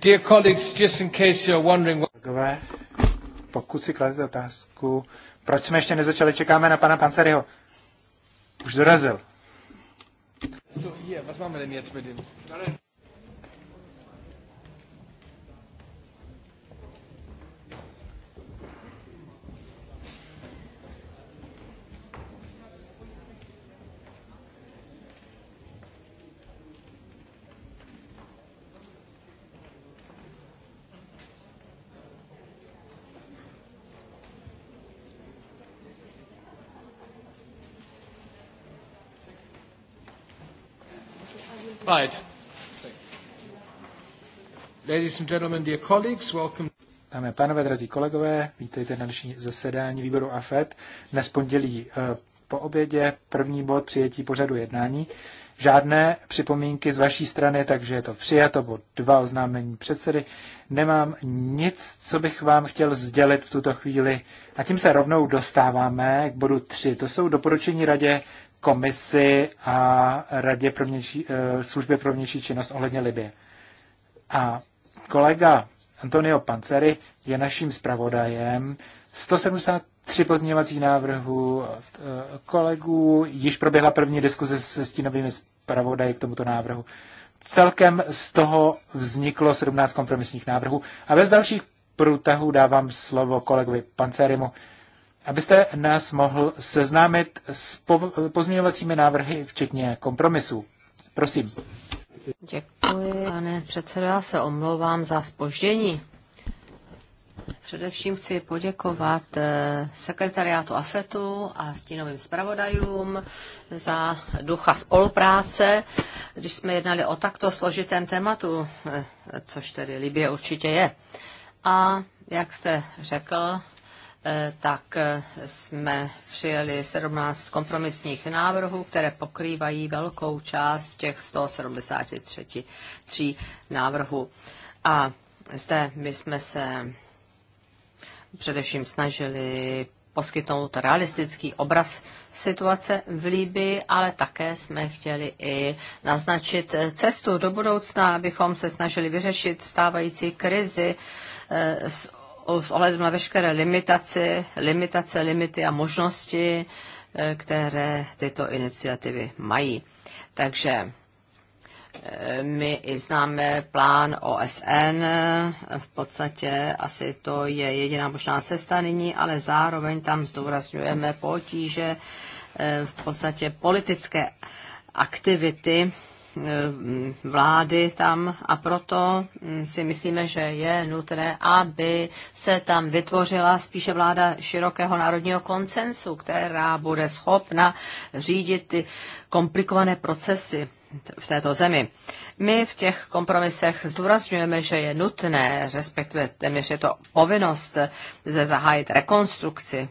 Dear colleagues, just in case you're wondering... Kolegové, pokud si kladete otázku, proč jsme ještě nezačali, čekáme na pana Panceryho. Už dorazil. So, yeah, was machen wir denn jetzt mit dem? Right. Ladies and gentlemen, dear colleagues, welcome. Dámy a pánové, drazí kolegové, vítejte na dnešní zasedání výboru AFED. Dnes pondělí eh, po obědě. První bod přijetí pořadu jednání. Žádné připomínky z vaší strany, takže je to přijato, bod dva oznámení předsedy. Nemám nic, co bych vám chtěl sdělit v tuto chvíli. A tím se rovnou dostáváme k bodu tři. To jsou doporučení radě komisi a radě pro vnější, eh, služby pro vnější činnost ohledně Libie. A kolega Antonio Panceri je naším zpravodajem. 170 tři pozměňovací návrhu od eh, kolegů. Již proběhla první diskuze se stínovými zpravodaji k tomuto návrhu. Celkem z toho vzniklo 17 kompromisních návrhů a bez dalších průtahů dávám slovo kolegovi Pancerimu, abyste nás mohl seznámit s po- pozměňovacími návrhy, včetně kompromisů. Prosím. Děkuji, pane předsedo, já se omlouvám za spoždění. Především chci poděkovat eh, sekretariátu AFETu a stínovým zpravodajům za ducha spolupráce. Když jsme jednali o takto složitém tématu, eh, což tedy Libie určitě je. A jak jste řekl, eh, tak jsme přijeli 17 kompromisních návrhů, které pokrývají velkou část těch 173 návrhů. A zde my jsme se především snažili poskytnout realistický obraz situace v Líbii, ale také jsme chtěli i naznačit cestu do budoucna, abychom se snažili vyřešit stávající krizi eh, s, s ohledem na veškeré limitace, limitace, limity a možnosti, eh, které tyto iniciativy mají. Takže my i známe plán OSN, v podstatě asi to je jediná možná cesta nyní, ale zároveň tam zdůrazňujeme potíže eh, v podstatě politické aktivity eh, vlády tam a proto hm, si myslíme, že je nutné, aby se tam vytvořila spíše vláda širokého národního koncensu, která bude schopna řídit ty komplikované procesy v této zemi. My v těch kompromisech zdůrazňujeme, že je nutné, respektive téměř je to povinnost, ze zahájit rekonstrukci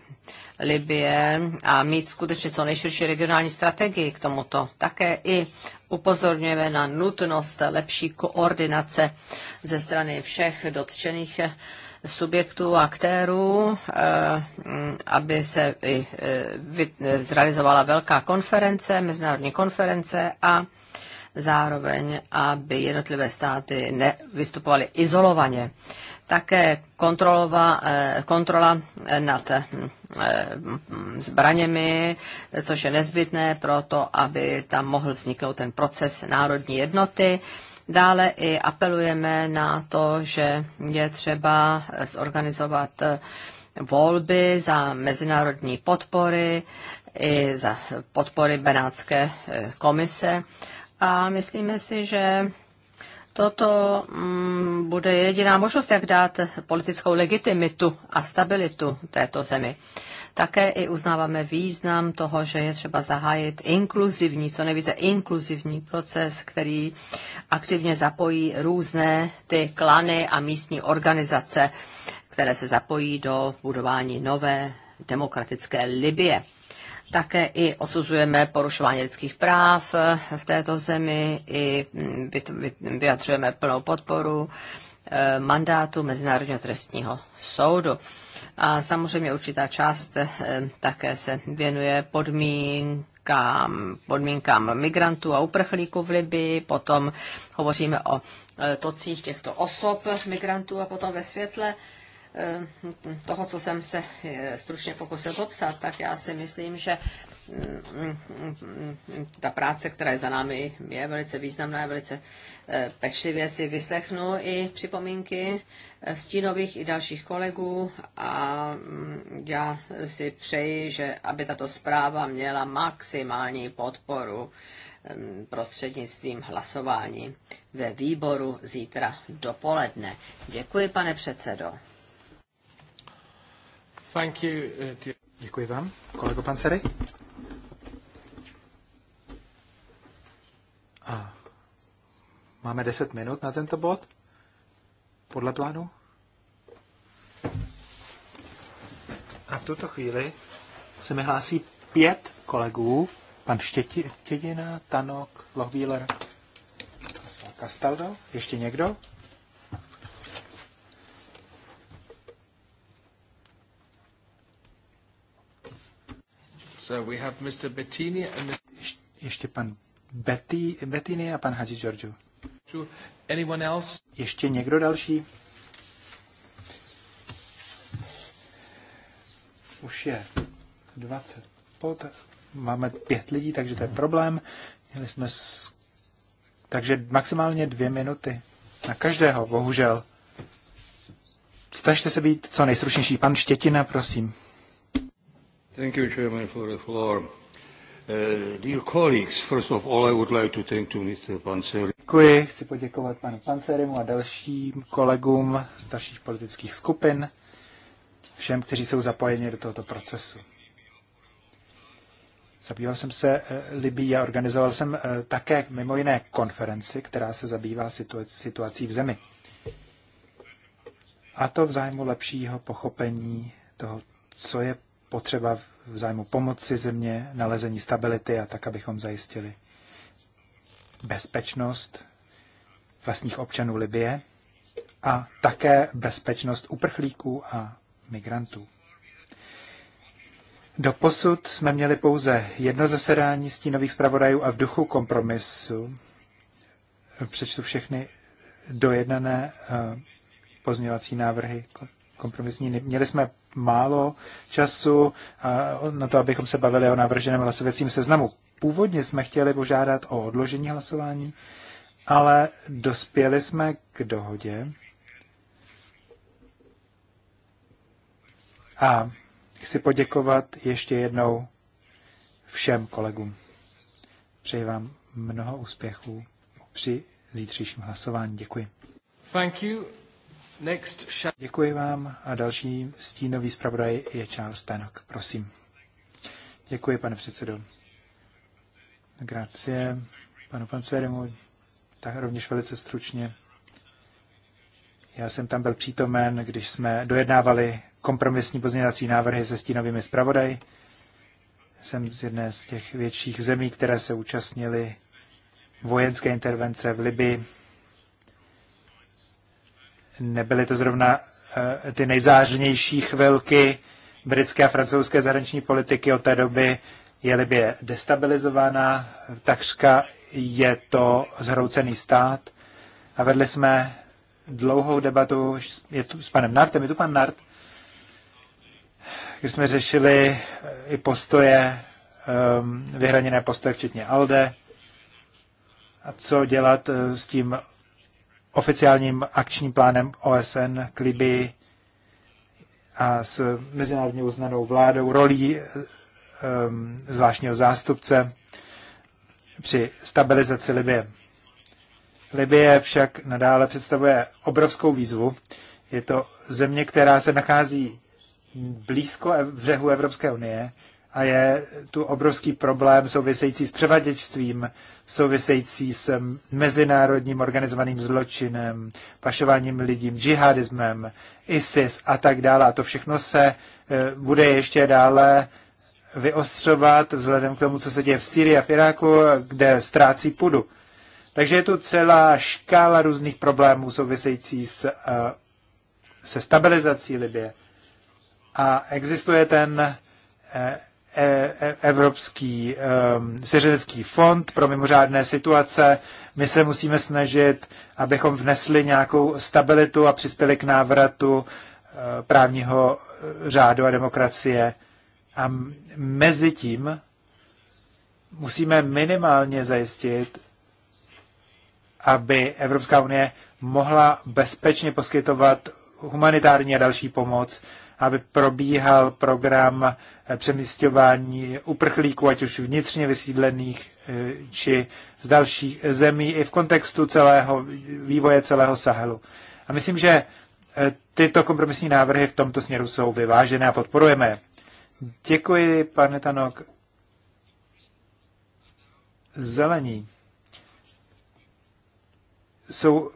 Libie a mít skutečně co nejširší regionální strategii k tomuto. Také i upozorňujeme na nutnost lepší koordinace ze strany všech dotčených subjektů a aktérů, eh, aby se eh, eh, zrealizovala velká konference, mezinárodní konference a zároveň aby jednotlivé státy nevystupovaly izolovaně. Také kontrolova, eh, kontrola nad eh, hm, zbraněmi, což je nezbytné pro to, aby tam mohl vzniknout ten proces národní jednoty. Dále i apelujeme na to, že je třeba zorganizovat eh, volby za mezinárodní podpory i za podpory Benátské komise a myslíme si, že toto mm, bude jediná možnost, jak dát politickou legitimitu a stabilitu této zemi. Také i uznáváme význam toho, že je třeba zahájit inkluzivní, co nejvíce inkluzivní proces, který aktivně zapojí různé ty klany a místní organizace, které se zapojí do budování nové demokratické Libie. Také i osuzujeme porušování lidských práv v této zemi, i vyjadřujeme plnou podporu eh, mandátu Mezinárodního trestního soudu. A samozřejmě určitá část eh, také se věnuje podmínkám, podmínkám migrantů a uprchlíků v Libii, potom hovoříme o eh, tocích těchto osob, migrantů a potom ve světle Eh, toho, co jsem se eh, stručně pokusil popsat, tak já si myslím, že mm, mm, ta práce, která je za námi, je velice významná, je velice eh, pečlivě si vyslechnu i připomínky stínových i dalších kolegů a mm, já si přeji, že aby tato zpráva měla maximální podporu prostřednictvím hlasování ve výboru zítra dopoledne. Děkuji, pane předsedo. Thank you. Uh, Děkuji vám. Kolego Pancery? A máme 10 minut na tento bod? Podle plánu? A v tuto chvíli se mi hlásí pět kolegů. Pan Štěti, Štětina, Tanok, Lohvíler, Kastaldo. Ještě někdo? So we have Mr. Bettini and Mr. Ještě pan Betty, Bettini a pan Hadži Giorgio. Anyone else? Ještě někdo další? Už je 20 pod. Máme pět lidí, takže to je problém. Měli jsme s... Takže maximálně dvě minuty. Na každého, bohužel. Stažte se být co nejstručnější. Pan Štětina, prosím. Thank you, Chairman, for the floor. Uh, dear colleagues, first of all, I would like to thank to Mr. Panseri. Děkuji, chci poděkovat panu Panserimu a dalším kolegům z dalších politických skupin, všem, kteří jsou zapojeni do tohoto procesu. Zabýval jsem se eh, Libí a organizoval jsem eh, také mimo jiné konferenci, která se zabývá situací v zemi. A to v zájmu lepšího pochopení toho, co je potřeba v zájmu pomoci země, nalezení stability a tak, abychom zajistili bezpečnost vlastních občanů Libie a také bezpečnost uprchlíků a migrantů. Doposud jsme měli pouze jedno zasedání stínových zpravodajů a v duchu kompromisu přečtu všechny dojednané eh, pozměňovací návrhy kompromisní. Měli jsme málo času na to, abychom se bavili o navrženém hlasovacím seznamu. Původně jsme chtěli požádat o odložení hlasování, ale dospěli jsme k dohodě. A chci poděkovat ještě jednou všem kolegům. Přeji vám mnoho úspěchů při zítřejším hlasování. Děkuji. Thank you. Děkuji vám a další stínový zpravodaj je Charles Tenok. Prosím. Děkuji, pane předsedo. Grazie panu Pancerimu, tak rovněž velice stručně. Já jsem tam byl přítomen, když jsme dojednávali kompromisní pozměňovací návrhy se stínovými zpravodaji. Jsem z jedné z těch větších zemí, které se účastnily vojenské intervence v Libii nebyly to zrovna eh, ty nejzářnější chvilky britské a francouzské zahraniční politiky od té doby je Libie destabilizovaná, takřka je to zhroucený stát a vedli jsme dlouhou debatu je tu, s panem Nartem, je tu pan Nart, když jsme řešili eh, i postoje, ehm, vyhraněné postoje, včetně ALDE, a co dělat eh, s tím oficiálním akčním plánem OSN k Libii a s mezinárodně uznanou vládou, rolí um, zvláštního zástupce při stabilizaci Libie. Libie však nadále představuje obrovskou výzvu. Je to země, která se nachází blízko břehu Evropské unie a je tu obrovský problém související s převaděčstvím, související s mezinárodním organizovaným zločinem, pašováním lidí, džihadismem, ISIS a tak dále. A to všechno se eh, bude ještě dále vyostřovat vzhledem k tomu, co se děje v Syrii a v Iráku, kde ztrácí půdu. Takže je tu celá škála různých problémů související s, eh, se stabilizací Libie. A existuje ten eh, E, e, Evropský svěřenecký fond pro mimořádné situace. My se musíme snažit, abychom vnesli nějakou stabilitu a přispěli k návratu e, právního řádu a demokracie. A mezi tím musíme minimálně zajistit, aby Evropská unie mohla bezpečně poskytovat humanitární a další pomoc aby probíhal program přemysťování uprchlíků, ať už vnitřně vysídlených eh, či z dalších zemí, i v kontextu celého vývoje celého Sahelu. A myslím, že eh, tyto kompromisní návrhy v tomto směru jsou vyvážené a podporujeme Děkuji, pane Tanok. Zelení. Jsou,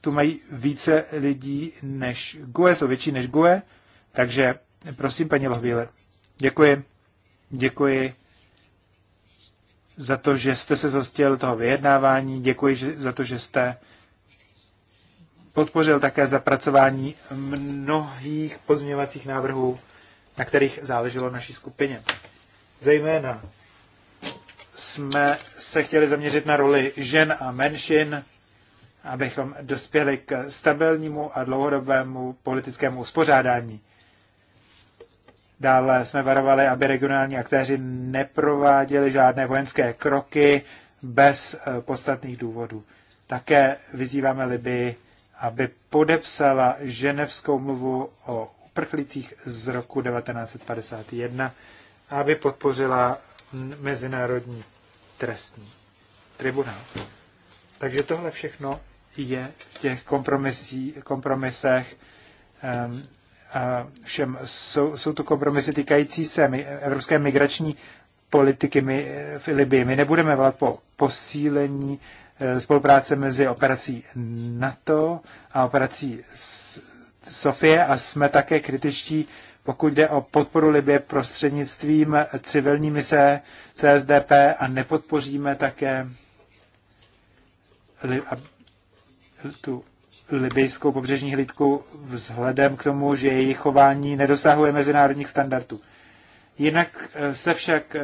tu mají více lidí než GUE, jsou větší než GUE. Takže prosím, paní Lohvíle, Děkuji. Děkuji za to, že jste se zhostil toho vyjednávání. Děkuji za to, že jste podpořil také zapracování mnohých pozměňovacích návrhů, na kterých záleželo naší skupině. Zejména jsme se chtěli zaměřit na roli žen a menšin, abychom dospěli k stabilnímu a dlouhodobému politickému uspořádání. Dále jsme varovali, aby regionální aktéři neprováděli žádné vojenské kroky bez eh, podstatných důvodů. Také vyzýváme Libii, aby podepsala ženevskou mluvu o uprchlících z roku 1951 a aby podpořila mezinárodní trestní tribunál. Takže tohle všechno je v těch kompromisech, ehm, všem. Jsou, jsou to kompromisy týkající se evropské migrační politiky my, v Libii. My nebudeme volat po posílení eh, spolupráce mezi operací NATO a operací Sofie a jsme také kritičtí, pokud jde o podporu Libie prostřednictvím civilní mise CSDP a nepodpoříme také li, a, tu libijskou pobřežní hlídku vzhledem k tomu, že jejich chování nedosahuje mezinárodních standardů. Jinak eh, se však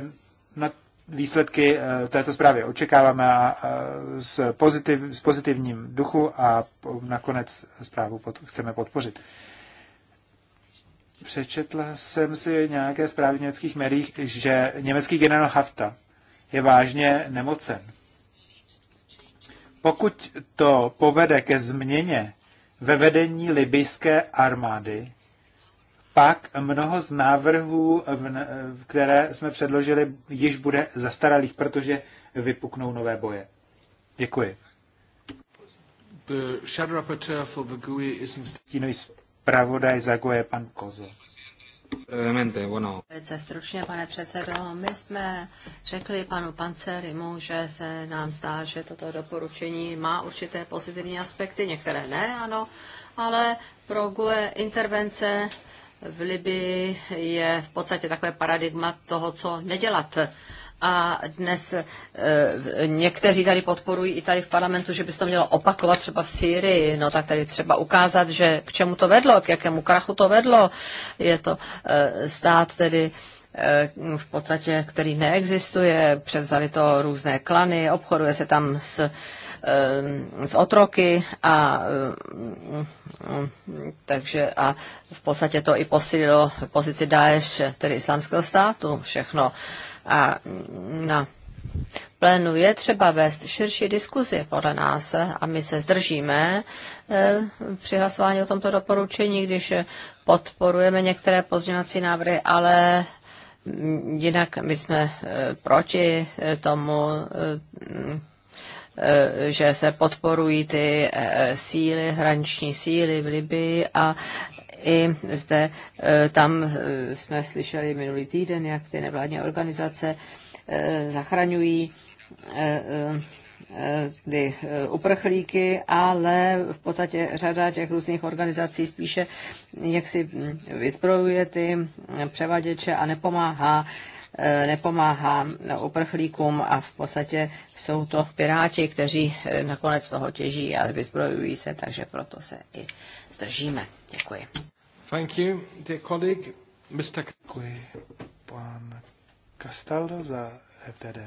na výsledky eh, této zprávy očekáváme a eh, s, pozitiv, s pozitivním duchu a nakonec zprávu pod, chceme podpořit. Přečetla jsem si nějaké zprávy v německých médiích, že německý generál Hafta je vážně nemocen pokud to povede ke změně ve vedení libijské armády, pak mnoho z návrhů, které jsme předložili, již bude zastaralých, protože vypuknou nové boje. Děkuji. Tínový zpravodaj za GUE je pan Kozel. Velice stručně, pane předsedo, my jsme řekli panu Pancerimu, že se nám zdá, že toto doporučení má určité pozitivní aspekty, některé ne, ano, ale pro GUE intervence v Libii je v podstatě takové paradigma toho, co nedělat a dnes e, někteří tady podporují i tady v parlamentu, že by se to mělo opakovat třeba v Sýrii. No tak tady třeba ukázat, že k čemu to vedlo, k jakému krachu to vedlo. Je to e, stát tedy eh, v podstatě, který neexistuje, převzali to různé klany, obchoduje se tam s, s otroky a takže a v podstatě to i posílilo pozici Daesh, tedy islamského státu, všechno. A na plénu je třeba vést širší diskuzi podle nás a my se zdržíme eh, při hlasování o tomto doporučení, když podporujeme některé pozměňovací návrhy, ale mm, jinak my jsme eh, proti eh, tomu, že se podporují ty síly, hraniční síly v Libii a i zde e, tam e, jsme slyšeli minulý týden, jak ty nevládní organizace e, zachraňují ty uprchlíky, ale v podstatě řada těch různých organizací spíše jak si mm, vyzbrojuje ty převaděče a nepomáhá nepomáhá uprchlíkům a v podstatě jsou to piráti, kteří nakonec toho těží a vyzbrojují se, takže proto se i zdržíme. Děkuji. Thank you, dear colleague. Mr. Děkuji, pan Castaldo, za FTD.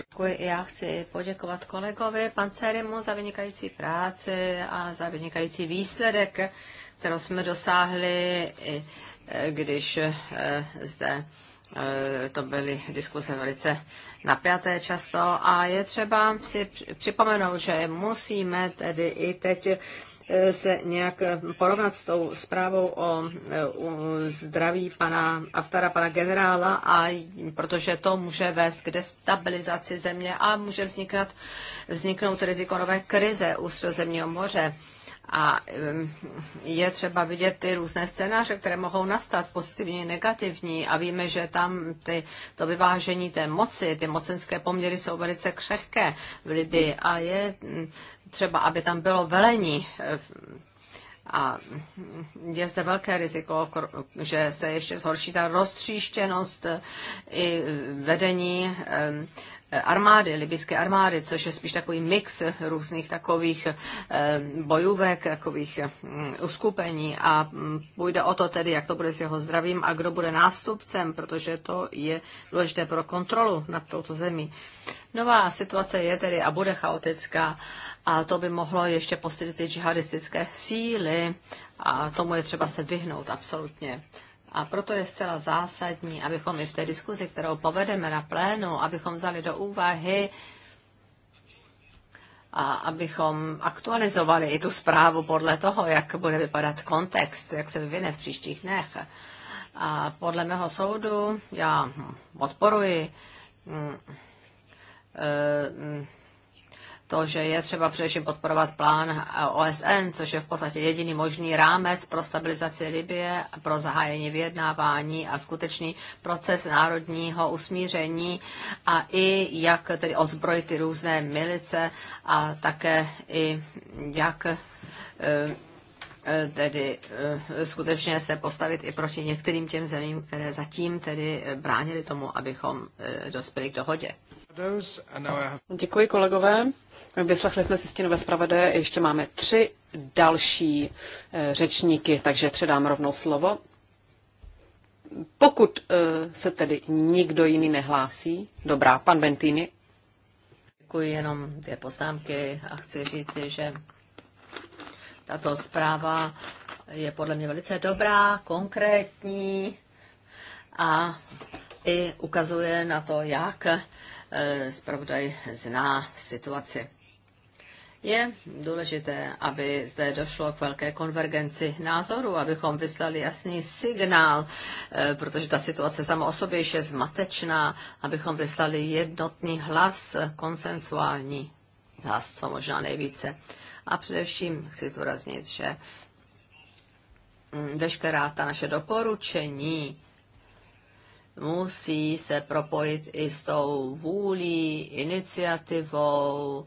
Děkuji. Já chci poděkovat kolegovi Cerimu, za vynikající práci a za vynikající výsledek, kterou jsme dosáhli, i e, když e, zde e, to byly diskuse velice napjaté často a je třeba si připomenout, že musíme tedy i teď se nějak porovnat s tou zprávou o zdraví pana Aftara, pana generála, a protože to může vést k destabilizaci země a může vzniknout, vzniknout riziko nové krize u středozemního moře. A um, je třeba vidět ty různé scénáře, které mohou nastat, pozitivní, negativní. A víme, že tam ty, to vyvážení té moci, ty mocenské poměry jsou velice křehké v Libii. A je třeba, aby tam bylo velení eh, a je zde velké riziko, že se ještě zhorší ta roztříštěnost eh, i vedení eh, armády, libyské armády, což je spíš takový mix různých takových bojůvek, takových mm, uskupení a mm, půjde o to tedy, jak to bude s jeho zdravím a kdo bude nástupcem, protože to je důležité pro kontrolu nad touto zemí. Nová situace je tedy a bude chaotická a to by mohlo ještě posílit ty džihadistické síly a tomu je třeba se vyhnout absolutně. A proto je zcela zásadní, abychom i v té diskuzi, kterou povedeme na plénu, abychom vzali do úvahy a abychom aktualizovali i tu zprávu podle toho, jak bude vypadat kontext, jak se vyvine v příštích dnech. A podle mého soudu já hm, podporuji hm, hm, to, že je třeba především podporovat plán OSN, což je v podstatě jediný možný rámec pro stabilizaci Libie, pro zahájení vyjednávání a skutečný proces národního usmíření a i jak tedy ozbrojit ty různé milice a také i jak eh, eh, tedy eh, skutečně se postavit i proti některým těm zemím, které zatím tedy bránili tomu, abychom dospěli k dohodě. Děkuji kolegové. Vyslechli jsme si stínové zpravodé, ještě máme tři další eh, řečníky, takže předám rovnou slovo. Pokud eh, se tedy nikdo jiný nehlásí, dobrá, pan Bentini. Děkuji, jenom dvě poznámky a chci říci, že tato zpráva je podle mě velice dobrá, konkrétní a i ukazuje na to, jak eh, zpravodaj zná situaci. Je důležité, aby zde došlo k velké konvergenci názorů, abychom vyslali jasný signál, eh, protože ta situace sama o sobě je zmatečná, abychom vyslali jednotný hlas, konsensuální hlas, co možná nejvíce. A především chci zdůraznit, že mm, veškerá ta naše doporučení musí se propojit i s tou vůlí, iniciativou,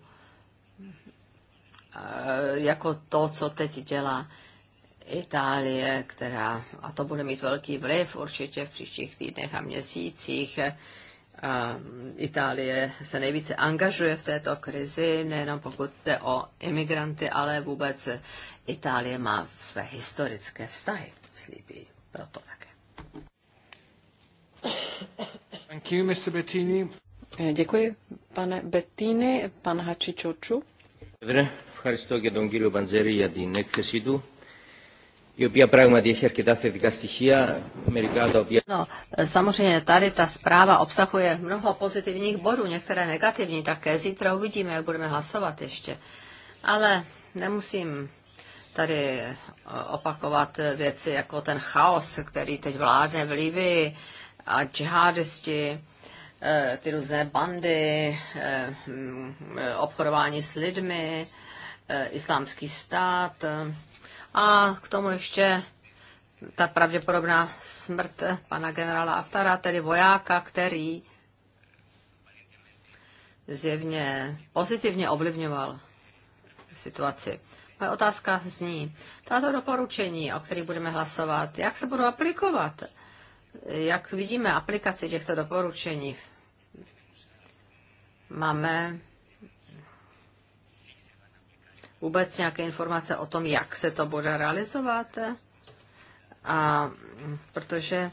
Eh, jako to, co teď dělá Itálie, která, a to bude mít velký vliv určitě v příštích týdnech a měsících, a eh, Itálie se nejvíce angažuje v této krizi, nejenom pokud jde o imigranty, ale vůbec Itálie má své historické vztahy v Slíbí. Proto také. Thank you, Mr. Bettini. Eh, děkuji, pane Bettini, pan Hačičoču. Dobře ευχαριστώ και τον κύριο Παντζέρη για την έκθεσή του η οποία πράγματι έχει αρκετά θετικά στοιχεία, μερικά τα οποία... No, samozřejmě tady ta zpráva obsahuje mnoho pozitivních bodů, některé negativní také. Zítra uvidíme, jak budeme hlasovat ještě. Ale nemusím tady eh, opakovat věci jako ten chaos, který teď vládne v Libii a džihadisti, eh, ty různé bandy, eh, mm, obchodování s lidmi, Eh, islámský stát eh, a k tomu ještě ta pravděpodobná smrt pana generála Aftara, tedy vojáka, který zjevně pozitivně ovlivňoval situaci. Moje otázka zní, tato doporučení, o kterých budeme hlasovat, jak se budou aplikovat? Jak vidíme aplikaci těchto doporučení? Máme vůbec nějaké informace o tom, jak se to bude realizovat? A protože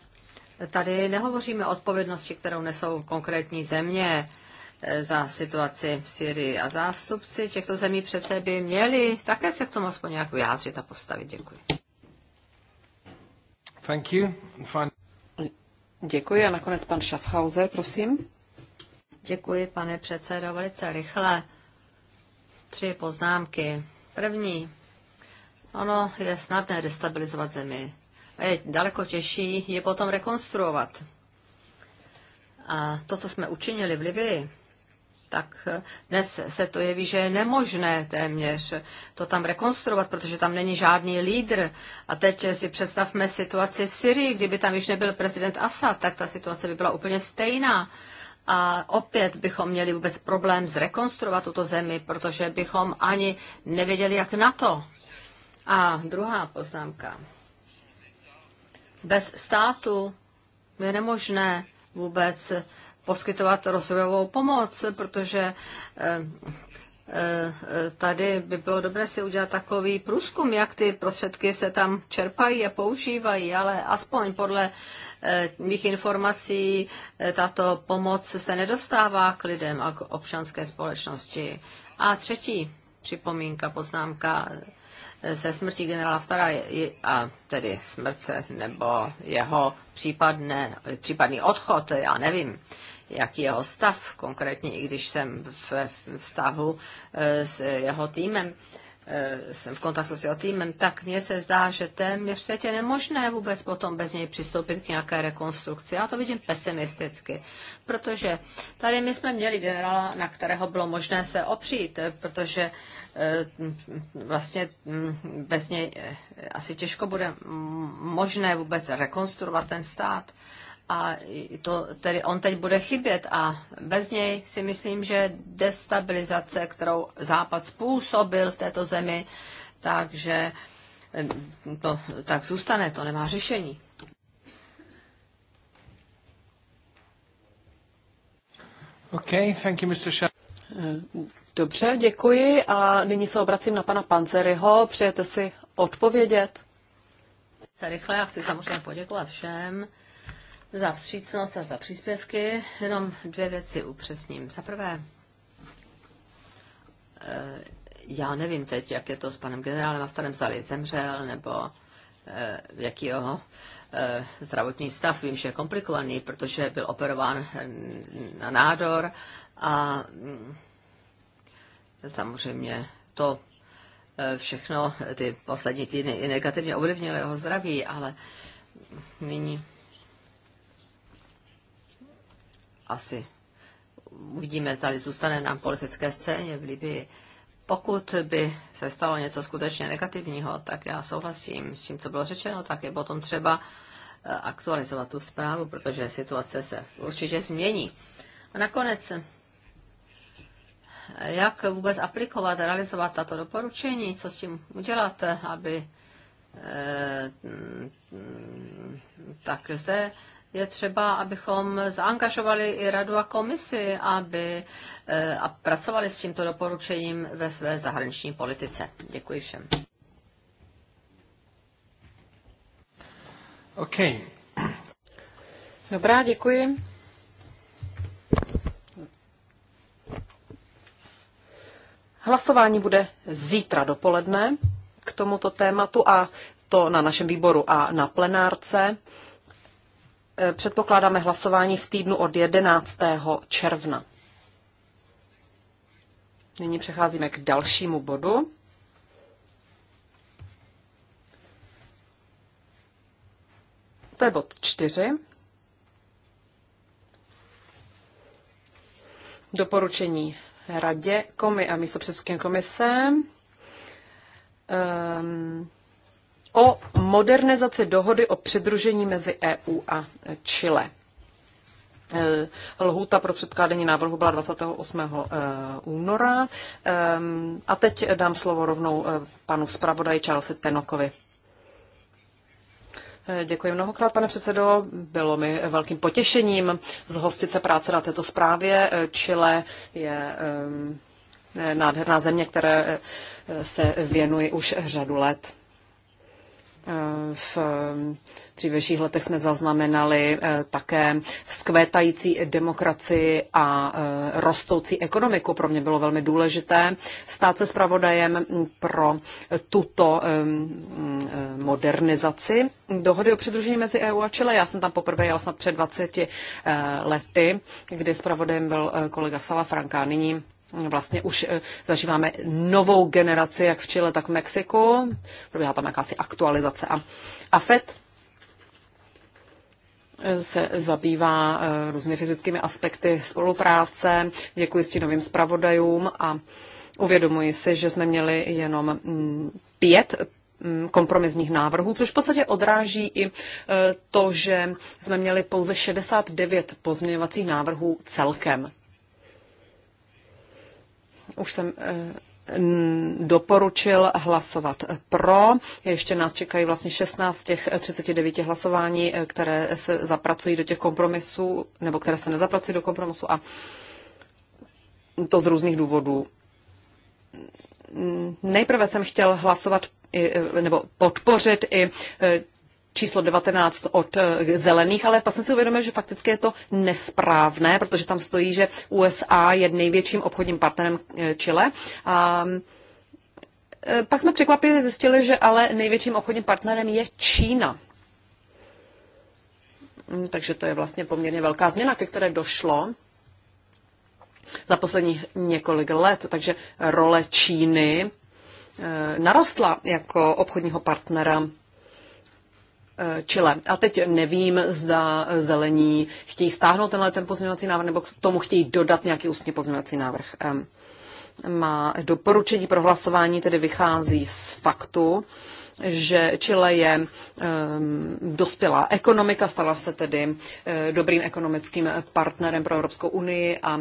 tady nehovoříme o odpovědnosti, kterou nesou konkrétní země eh, za situaci v Syrii a zástupci těchto zemí přece by měli také se k tomu aspoň nějak vyjádřit a postavit. Děkuji. Thank you. Děkuji a nakonec pan Schaffhauser, prosím. Děkuji, pane předsedo, velice rychle tři poznámky. První, ono je snadné destabilizovat zemi. A je daleko těžší je potom rekonstruovat. A to, co jsme učinili v Libii, tak dnes se to jeví, že je nemožné téměř to tam rekonstruovat, protože tam není žádný lídr. A teď si představme situaci v Syrii, kdyby tam již nebyl prezident Assad, tak ta situace by byla úplně stejná a opět bychom měli vůbec problém zrekonstruovat tuto zemi, protože bychom ani nevěděli, jak na to. A druhá poznámka. Bez státu je nemožné vůbec poskytovat rozvojovou pomoc, protože eh, tady by bylo dobré si udělat takový průzkum, jak ty prostředky se tam čerpají a používají, ale aspoň podle eh, mých informací eh, tato pomoc se nedostává k lidem a k občanské společnosti. A třetí připomínka, poznámka eh, se smrti generála Vtara a tedy smrt nebo jeho případné, případný odchod, já nevím jaký jeho stav, konkrétně i když jsem v vztahu e, s jeho týmem, e, jsem v kontaktu s jeho týmem, tak mně se zdá, že téměř teď je nemožné vůbec potom bez něj přistoupit k nějaké rekonstrukci. Já to vidím pesimisticky, protože tady my jsme měli generála, na kterého bylo možné se opřít, protože e, vlastně mm, bez něj asi těžko bude možné vůbec rekonstruovat ten stát a to, tedy on teď bude chybět a bez něj si myslím, že destabilizace, kterou Západ způsobil v této zemi, takže to no, tak zůstane, to nemá řešení. Okay, thank you, Mr. Sha- Dobře, děkuji a nyní se obracím na pana Panzeryho. Přejete si odpovědět? Se rychle, já chci samozřejmě poděkovat všem za vstřícnost a za příspěvky. Jenom dvě věci upřesním. Za prvé, eh, já nevím teď, jak je to s panem generálem Haftarem, zali zemřel, nebo eh, jaký jeho eh, zdravotní stav. Vím, že je komplikovaný, protože byl operován hm, na nádor a hm, samozřejmě to všechno ty poslední týdny i negativně ovlivnilo jeho zdraví, ale nyní asi uvidíme, zda zůstane na politické scéně v Libii. Pokud by se stalo něco skutečně negativního, tak já souhlasím s tím, co bylo řečeno, tak je potom třeba eh, aktualizovat tu zprávu, protože situace se určitě změní. A nakonec, jak vůbec aplikovat, realizovat tato doporučení, co s tím udělat, aby eh, mm, tak zde je třeba, abychom zaangažovali i radu a komisi, aby eh, a pracovali s tímto doporučením ve své zahraniční politice. Děkuji všem. OK. Dobrá, děkuji. Hlasování bude zítra dopoledne k tomuto tématu a to na našem výboru a na plenárce Eh, předpokládáme hlasování v týdnu od 11. června. Nyní přecházíme k dalšímu bodu. To je bod 4. Doporučení radě komi a místopředsedkyně komise. Um, o modernizaci dohody o přidružení mezi EU a Chile. Eh, lhůta pro předkládání návrhu byla 28. Eh, února. Ehm, a teď dám slovo rovnou eh, panu zpravodaji Charlesi Tenokovi. Děkuji mnohokrát, pane předsedo. Bylo mi velkým potěšením zhostit se práce na této zprávě. Chile je ehm, nádherná země, které se věnuji už řadu let. Eh, v eh, dřívějších letech jsme zaznamenali eh, také vzkvétající demokracii a rostoucí ekonomiku. Pro mě bylo velmi důležité stát se zpravodajem pro tuto mm, modernizaci dohody o přidružení mezi EU a Chile. Já jsem tam poprvé jel snad před 20 lety, kdy zpravodajem byl kolega Sala Franka. Nyní Vlastně už eh, zažíváme novou generaci, jak v Chile, tak v Mexiku. Probíhá tam jakási aktualizace. A, a FED se zabývá eh, různými fyzickými aspekty spolupráce. Děkuji novým zpravodajům a uvědomuji si, že jsme měli jenom mm, pět mm, kompromisních návrhů, což v podstatě odráží i eh, to, že jsme měli pouze 69 pozměňovacích návrhů celkem už jsem eh, doporučil hlasovat pro. Ještě nás čekají vlastně 16 z těch 39 hlasování, eh, které se zapracují do těch kompromisů, nebo které se nezapracují do kompromisu a to z různých důvodů. Nejprve jsem chtěl hlasovat eh, nebo podpořit i číslo 19 od eh, zelených, ale pak vlastně jsem si uvědomil, že fakticky je to nesprávné, protože tam stojí, že USA je největším obchodním partnerem eh, Chile. A eh, pak jsme překvapivě zjistili, že ale největším obchodním partnerem je Čína. Mm, takže to je vlastně poměrně velká změna, ke které došlo za posledních několik let. Takže role Číny narostla jako obchodního partnera Chile. A teď nevím, zda zelení chtějí stáhnout tenhle ten pozměňovací návrh, nebo k tomu chtějí dodat nějaký ústní pozměňovací návrh. Má doporučení pro hlasování tedy vychází z faktu, že Chile je um, dospělá ekonomika, stala se tedy uh, dobrým ekonomickým partnerem pro Evropskou unii a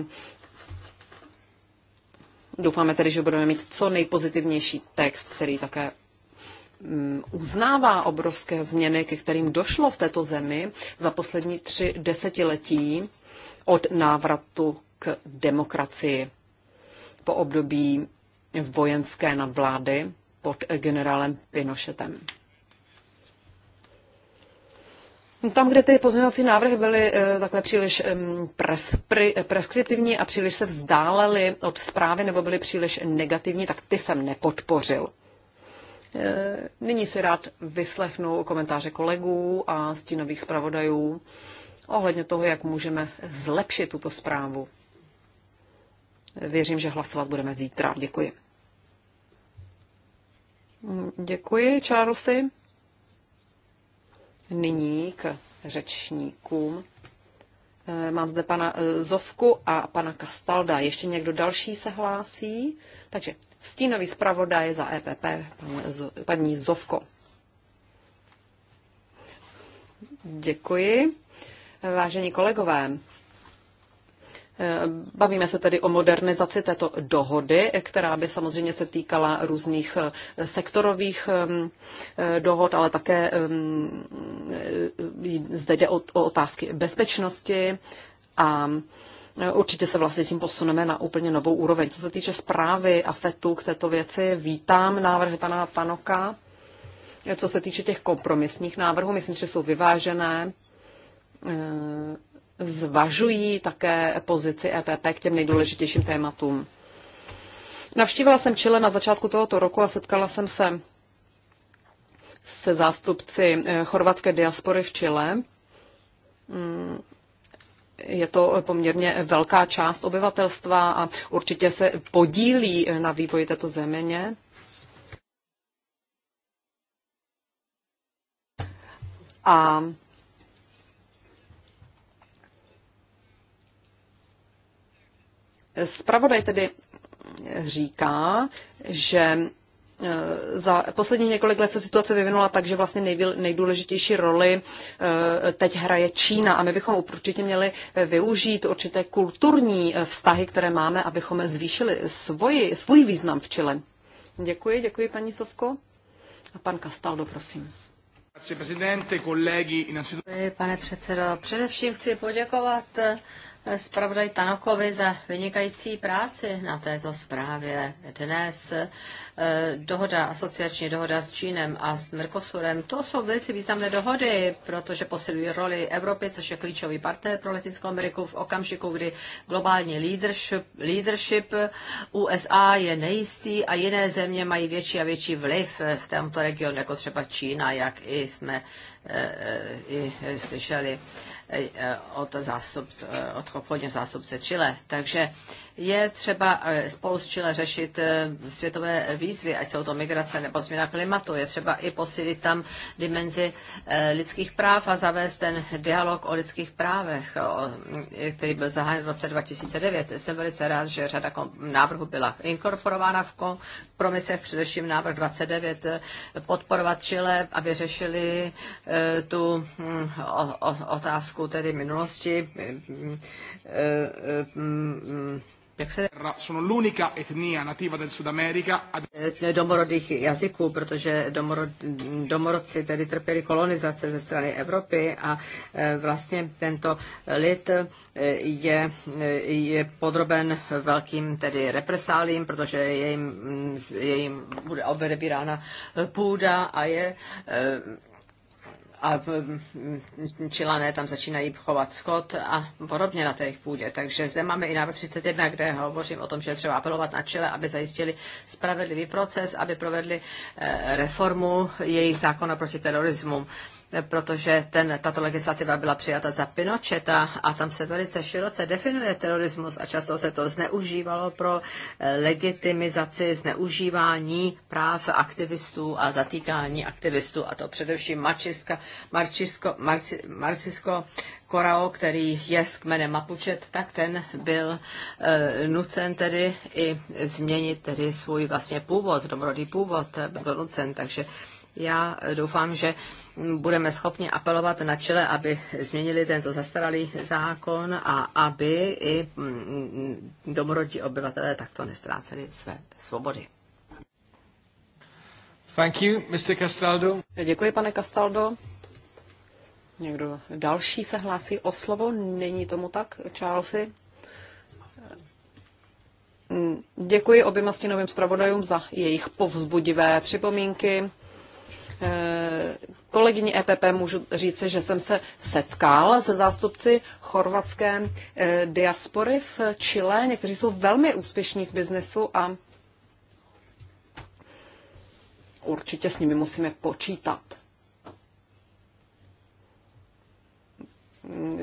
doufáme tedy, že budeme mít co nejpozitivnější text, který také Mm, uznává obrovské změny, ke kterým došlo v této zemi za poslední tři desetiletí od návratu k demokracii po období vojenské nadvlády pod generálem Pinochetem. Tam, kde ty pozměňovací návrhy byly eh, takhle příliš pres, pri, eh, preskriptivní a příliš se vzdálely od zprávy nebo byly příliš negativní, tak ty jsem nepodpořil. Eh, nyní si rád vyslechnu komentáře kolegů a stínových zpravodajů ohledně toho, jak můžeme zlepšit tuto zprávu. Věřím, že hlasovat budeme zítra. Děkuji. Mm, děkuji, Charlesy. Nyní k řečníkům. Eh, mám zde pana eh, Zovku a pana Kastalda. Ještě někdo další se hlásí? Takže Stínový zpravodaj za EPP, paní Zovko. Děkuji. Vážení kolegové, eh, Bavíme se tedy o modernizaci této dohody, která by samozřejmě se týkala různých eh, sektorových eh, dohod, ale také zde jde o otázky bezpečnosti a Eh, určitě se vlastně tím posuneme na úplně novou úroveň. Co se týče zprávy a fetu k této věci, vítám návrhy pana Tanoka. Eh, co se týče těch kompromisních návrhů, myslím, že jsou vyvážené eh, zvažují také pozici EPP k těm nejdůležitějším tématům. Navštívila jsem Chile na začátku tohoto roku a setkala jsem se se zástupci chorvatské diaspory v Chile. Hmm, je to poměrně velká část obyvatelstva a určitě se podílí na vývoji této země. A Spravodaj tedy říká, že Eh, za poslední několik let se situace vyvinula tak, že vlastně nejdůležitější roli eh, teď hraje Čína a my bychom určitě měli eh, využít určité kulturní vztahy, které máme, abychom zvýšili svoji, svůj význam v Čile. Děkuji, děkuji paní Sovko. A pan Castaldo, prosím. Pane předsedo, především chci poděkovat zpravodaj Tanokovi za vynikající práci na této zprávě. Dnes eh, dohoda, asociační dohoda s Čínem a s Mercosurem, to jsou velice významné dohody, protože posilují roli Evropy, což je klíčový partner pro Latinskou Ameriku v okamžiku, kdy globální leadership, leadership USA je nejistý a jiné země mají větší a větší vliv eh, v tomto regionu, jako třeba Čína, jak i jsme eh, i slyšeli. Eh, eh, od, zástupce, eh, od obchodního zástupce Chile. Takže je třeba eh, spolu s Chile řešit eh, světové výzvy, ať jsou to migrace nebo změna klimatu. Je třeba i posílit tam dimenzi eh, lidských práv a zavést ten dialog o lidských právech, který byl zahájen v roce 2009. Jsem velice rád, že řada návrhů byla inkorporována v kompromisech, především návrh 29, podporovat Chile, aby řešili tu hm, otázku tedy minulosti hm, hm, jak l'unica etnia nativa del Sud America. Eh, domorodých jazyků, protože domorod, domorodci tedy trpěli kolonizace ze strany Evropy a eh, vlastně tento lid eh, je, je podroben velkým tedy represálím, protože je jim, mm, je jim bude odebírána půda a je a mm, čilané tam začínají chovat skot a podobně na té půdě. Takže zde máme i návrh 31, kde hovořím o tom, že třeba apelovat na čile, aby zajistili spravedlivý proces, aby provedli eh, reformu jejich zákona proti terorismu protože ten, tato legislativa byla přijata za Pinocheta a tam se velice široce definuje terorismus a často se to zneužívalo pro eh, legitimizaci zneužívání práv aktivistů a zatýkání aktivistů a to především Marčiska, Marčisko, Marci, Marcisko Korao, který je z kmene Mapučet, tak ten byl e, nucen tedy i změnit tedy svůj vlastně původ, domorodý původ, eh, byl nucen, takže já doufám, že budeme schopni apelovat na čele, aby změnili tento zastaralý zákon a aby i mm, domorodí obyvatelé takto nestráceli své svobody. Thank you, Mr. Castaldo. Děkuji, pane Castaldo. Někdo další se hlásí o slovo? Není tomu tak, Charlesy? Děkuji oběma stěnovým zpravodajům za jejich povzbudivé připomínky. Eh, kolegyni EPP můžu říci, že jsem se setkal se zástupci chorvatské eh, diaspory v Chile. Někteří jsou velmi úspěšní v biznesu a určitě s nimi musíme počítat.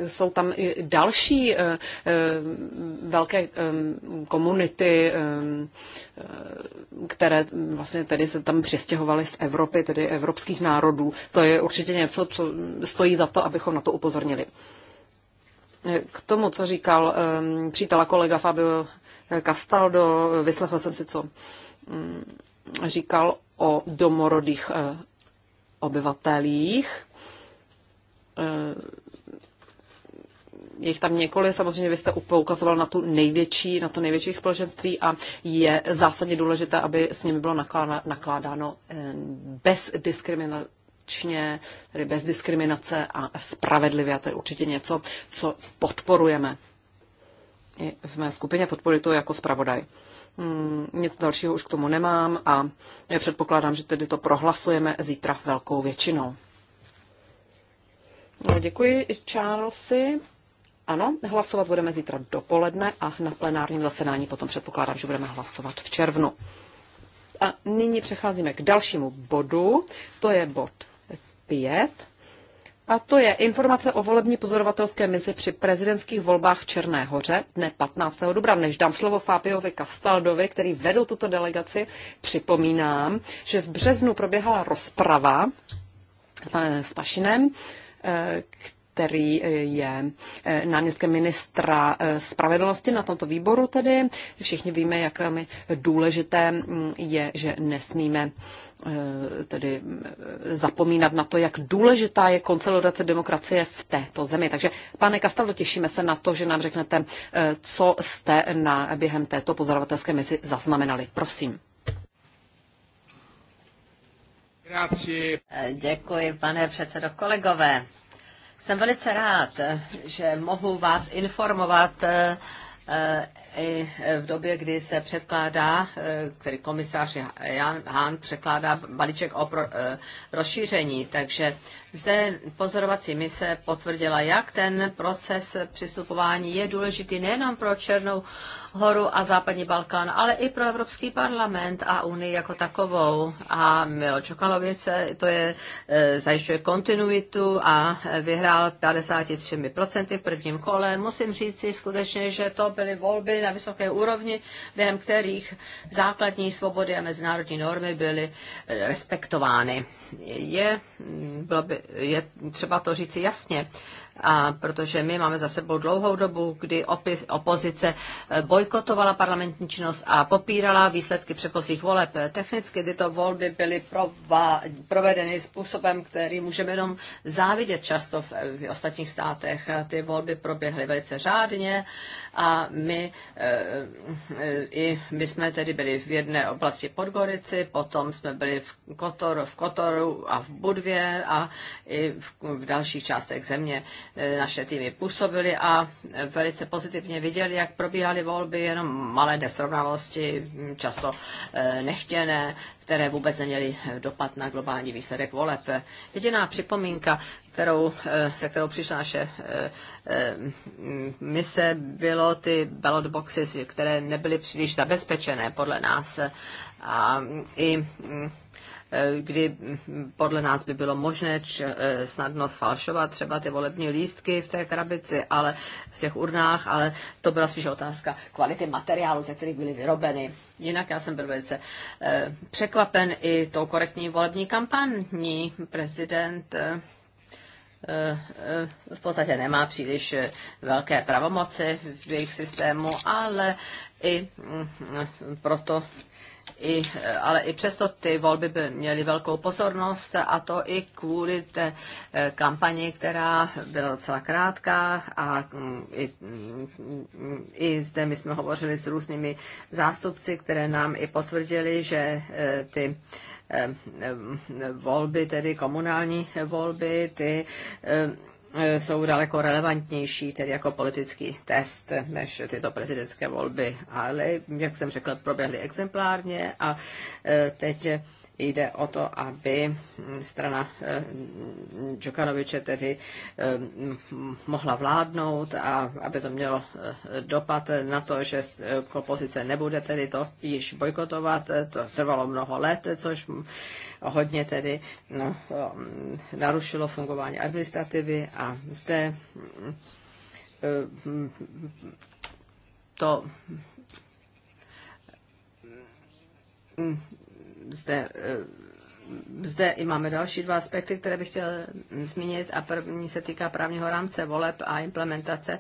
jsou tam i další eh, eh, velké eh, komunity, které vlastně tedy se tam přestěhovaly z Evropy, tedy evropských národů. To je určitě něco, co stojí za to, abychom na to upozornili. K tomu, co říkal přítela kolega Fabio Castaldo, vyslechl jsem si, co mm, říkal o domorodých obyvatelích je jich tam několik, samozřejmě vy jste poukazoval na, tu největší, na to největší společenství a je zásadně důležité, aby s nimi bylo nakládáno eh, bez diskriminačně, tedy bez diskriminace a spravedlivě. A to je určitě něco, co podporujeme. I v mé skupině podporuji to jako zpravodaj. Hmm, nic dalšího už k tomu nemám a předpokládám, že tedy to prohlasujeme zítra velkou většinou. No, děkuji, Charlesy. Ano, hlasovat budeme zítra dopoledne a na plenárním zasedání potom předpokládám, že budeme hlasovat v červnu. A nyní přecházíme k dalšímu bodu, to je bod 5. A to je informace o volební pozorovatelské misi při prezidentských volbách v Černé hoře dne 15. dubna. Než dám slovo Fábiovi Kastaldovi, který vedl tuto delegaci, připomínám, že v březnu proběhala rozprava eh, s Pašinem, eh, který eh, je eh, náměstkem ministra eh, spravedlnosti na tomto výboru tedy. Všichni víme, jak velmi důležité mm, je, že nesmíme tedy zapomínat na to, jak důležitá je konsolidace demokracie v této zemi. Takže, pane Kastaldo, těšíme se na to, že nám řeknete, co jste na, během této pozorovatelské misi zaznamenali. Prosím. Děkuji, pane předsedo. Kolegové, jsem velice rád, že mohu vás informovat eh, eh, i e, v době, kdy se předkládá, e, který komisář Jan Hahn překládá balíček o pro, e, rozšíření. Takže zde pozorovací mise potvrdila, jak ten proces přistupování je důležitý nejenom pro Černou horu a západní Balkán, ale i pro Evropský parlament a Unii jako takovou. A Milo Čokalovic to je, zajišťuje kontinuitu a vyhrál 53% v prvním kole. Musím říct si skutečně, že to byly volby byly na vysoké úrovni, během kterých základní svobody a mezinárodní normy byly eh, respektovány. Je, mm, bylo by, je třeba to říci jasně a protože my máme za sebou dlouhou dobu, kdy opis, opozice eh, bojkotovala parlamentní činnost a popírala výsledky předchozích voleb. Technicky tyto volby byly prova, provedeny způsobem, který můžeme jenom závidět často v, v ostatních státech. Ty volby proběhly velice řádně a my, eh, eh, i my jsme tedy byli v jedné oblasti Podgorici, potom jsme byli v, Kotor, v Kotoru a v Budvě a i v, v dalších částech země. Eh, naše týmy působily a velice pozitivně viděli, jak probíhaly volby, jenom malé nesrovnalosti, hm, často eh, nechtěné, které vůbec neměly eh, dopad na globální výsledek voleb. Jediná připomínka, kterou, se kterou přišla naše mise, bylo ty ballot boxes, které nebyly příliš zabezpečené podle nás. A hm, i hm, Eh, kdy hm, podle nás by bylo možné č, eh, snadno sfalšovat třeba ty volební lístky v té krabici, ale v těch urnách, ale to byla spíš otázka kvality materiálu, ze kterých byly vyrobeny. Jinak já jsem byl velice eh, překvapen i tou korektní volební kampaní. Prezident v podstatě nemá příliš velké pravomoci v jejich systému, ale i hm, hm, proto i, ale i přesto ty volby by měly velkou pozornost a to i kvůli té eh, kampani, která byla docela krátká a mm, i, mm, i zde my jsme hovořili s různými zástupci, které nám i potvrdili, že eh, ty eh, volby, tedy komunální volby, ty E, jsou daleko relevantnější, tedy jako politický test, než tyto prezidentské volby. Ale, jak jsem řekl, proběhly exemplárně a e, teď jde o to, aby strana Čokanoviče eh, tedy eh, mohla vládnout a aby to mělo eh, dopad na to, že opozice nebude tedy to již bojkotovat. To trvalo mnoho let, což hodně tedy no, narušilo fungování administrativy a zde to zde eh, zde i máme další dva aspekty, které bych chtěl zmínit a první se týká právního rámce voleb a implementace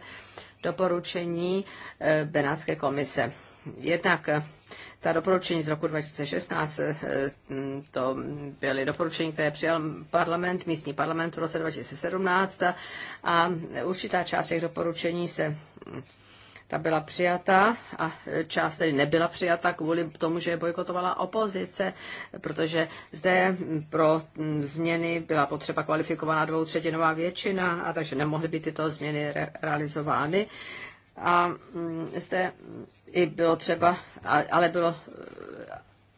doporučení eh, Benátské komise. Jednak eh, ta doporučení z roku 2016, hm, to byly doporučení, které přijal parlament, místní parlament v roce 2017 a určitá část těch doporučení se hm, ta byla přijata a část tedy nebyla přijata kvůli tomu, že bojkotovala opozice, protože zde pro změny byla potřeba kvalifikovaná dvoutřetinová většina a takže nemohly být tyto změny re- realizovány. A mm, zde i bylo třeba, ale bylo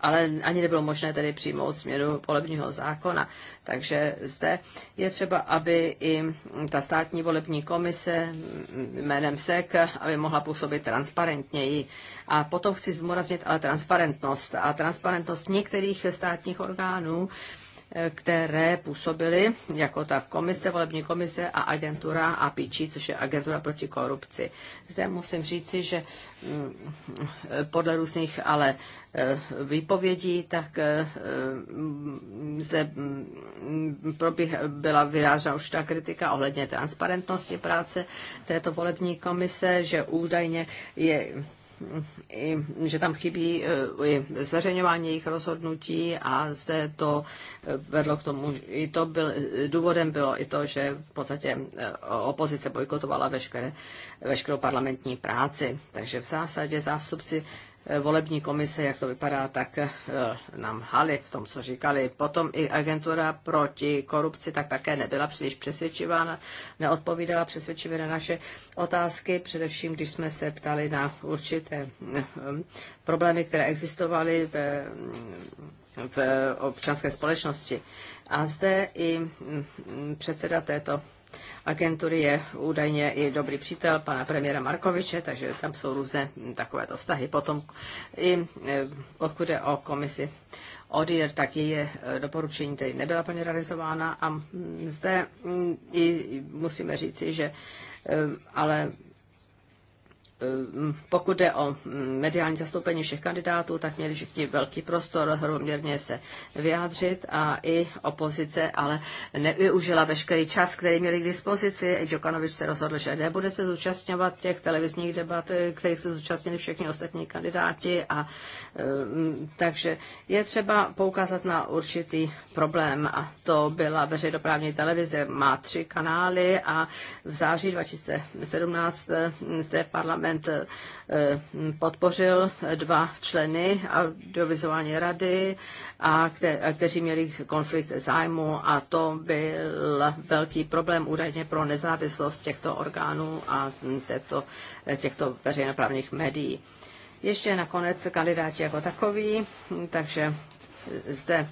ale ani nebylo možné tedy přijmout změnu volebního zákona. Takže zde je třeba, aby i ta státní volební komise jménem SEK, aby mohla působit transparentněji. A potom chci zmoraznit ale transparentnost. A transparentnost některých státních orgánů, které působily jako ta komise, volební komise a agentura APIČI, což je agentura proti korupci. Zde musím říci, že mm, podle různých ale e, výpovědí, tak se mm, mm, proběh, byla vyrážena už ta kritika ohledně transparentnosti práce této volební komise, že údajně je i, že tam chybí eh, i zveřejňování jejich rozhodnutí a zde to eh, vedlo k tomu, i to byl, důvodem bylo i to, že v podstatě eh, opozice bojkotovala veškeré, veškerou parlamentní práci. Takže v zásadě zástupci Eh, volební komise, jak to vypadá, tak eh, nám hali v tom, co říkali. Potom i agentura proti korupci tak také nebyla příliš přesvědčivá, neodpovídala přesvědčivě na naše otázky, především když jsme se ptali na určité eh, problémy, které existovaly v, v občanské společnosti. A zde i mm, předseda této agentury je údajně i dobrý přítel pana premiéra Markoviče, takže tam jsou různé hm, takovéto vztahy. Potom i pokud e, jde o komisi ODIR, tak její e, doporučení tedy nebyla plně realizována a hm, zde hm, i musíme říci, že e, ale Ehm, pokud jde o mm, mediální zastoupení všech kandidátů, tak měli všichni velký prostor rovnoměrně se vyjádřit a i opozice, ale nevyužila veškerý čas, který měli k dispozici. Djokanovič se rozhodl, že nebude se zúčastňovat těch televizních debat, eh, kterých se zúčastnili všichni ostatní kandidáti. A, ehm, takže je třeba poukázat na určitý problém a to byla veřejnoprávní televize. Má tři kanály a v září 2017 eh, zde parlament parlament eh, podpořil dva členy audiovizuální rady, a kteří měli konflikt zájmu a to byl velký problém údajně pro nezávislost těchto orgánů a této, těchto veřejnoprávních médií. Ještě nakonec kandidáti jako takový, takže zde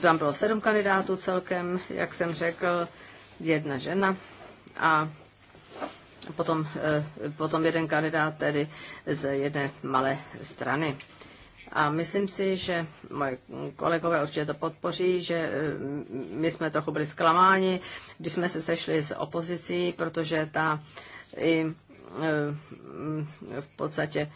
tam bylo sedm kandidátů celkem, jak jsem řekl, jedna žena a potom, eh, potom jeden kandidát tedy z jedné malé strany. A myslím si, že moje kolegové určitě to podpoří, že eh, my jsme trochu byli zklamáni, když jsme se sešli s opozicí, protože ta i eh, v podstatě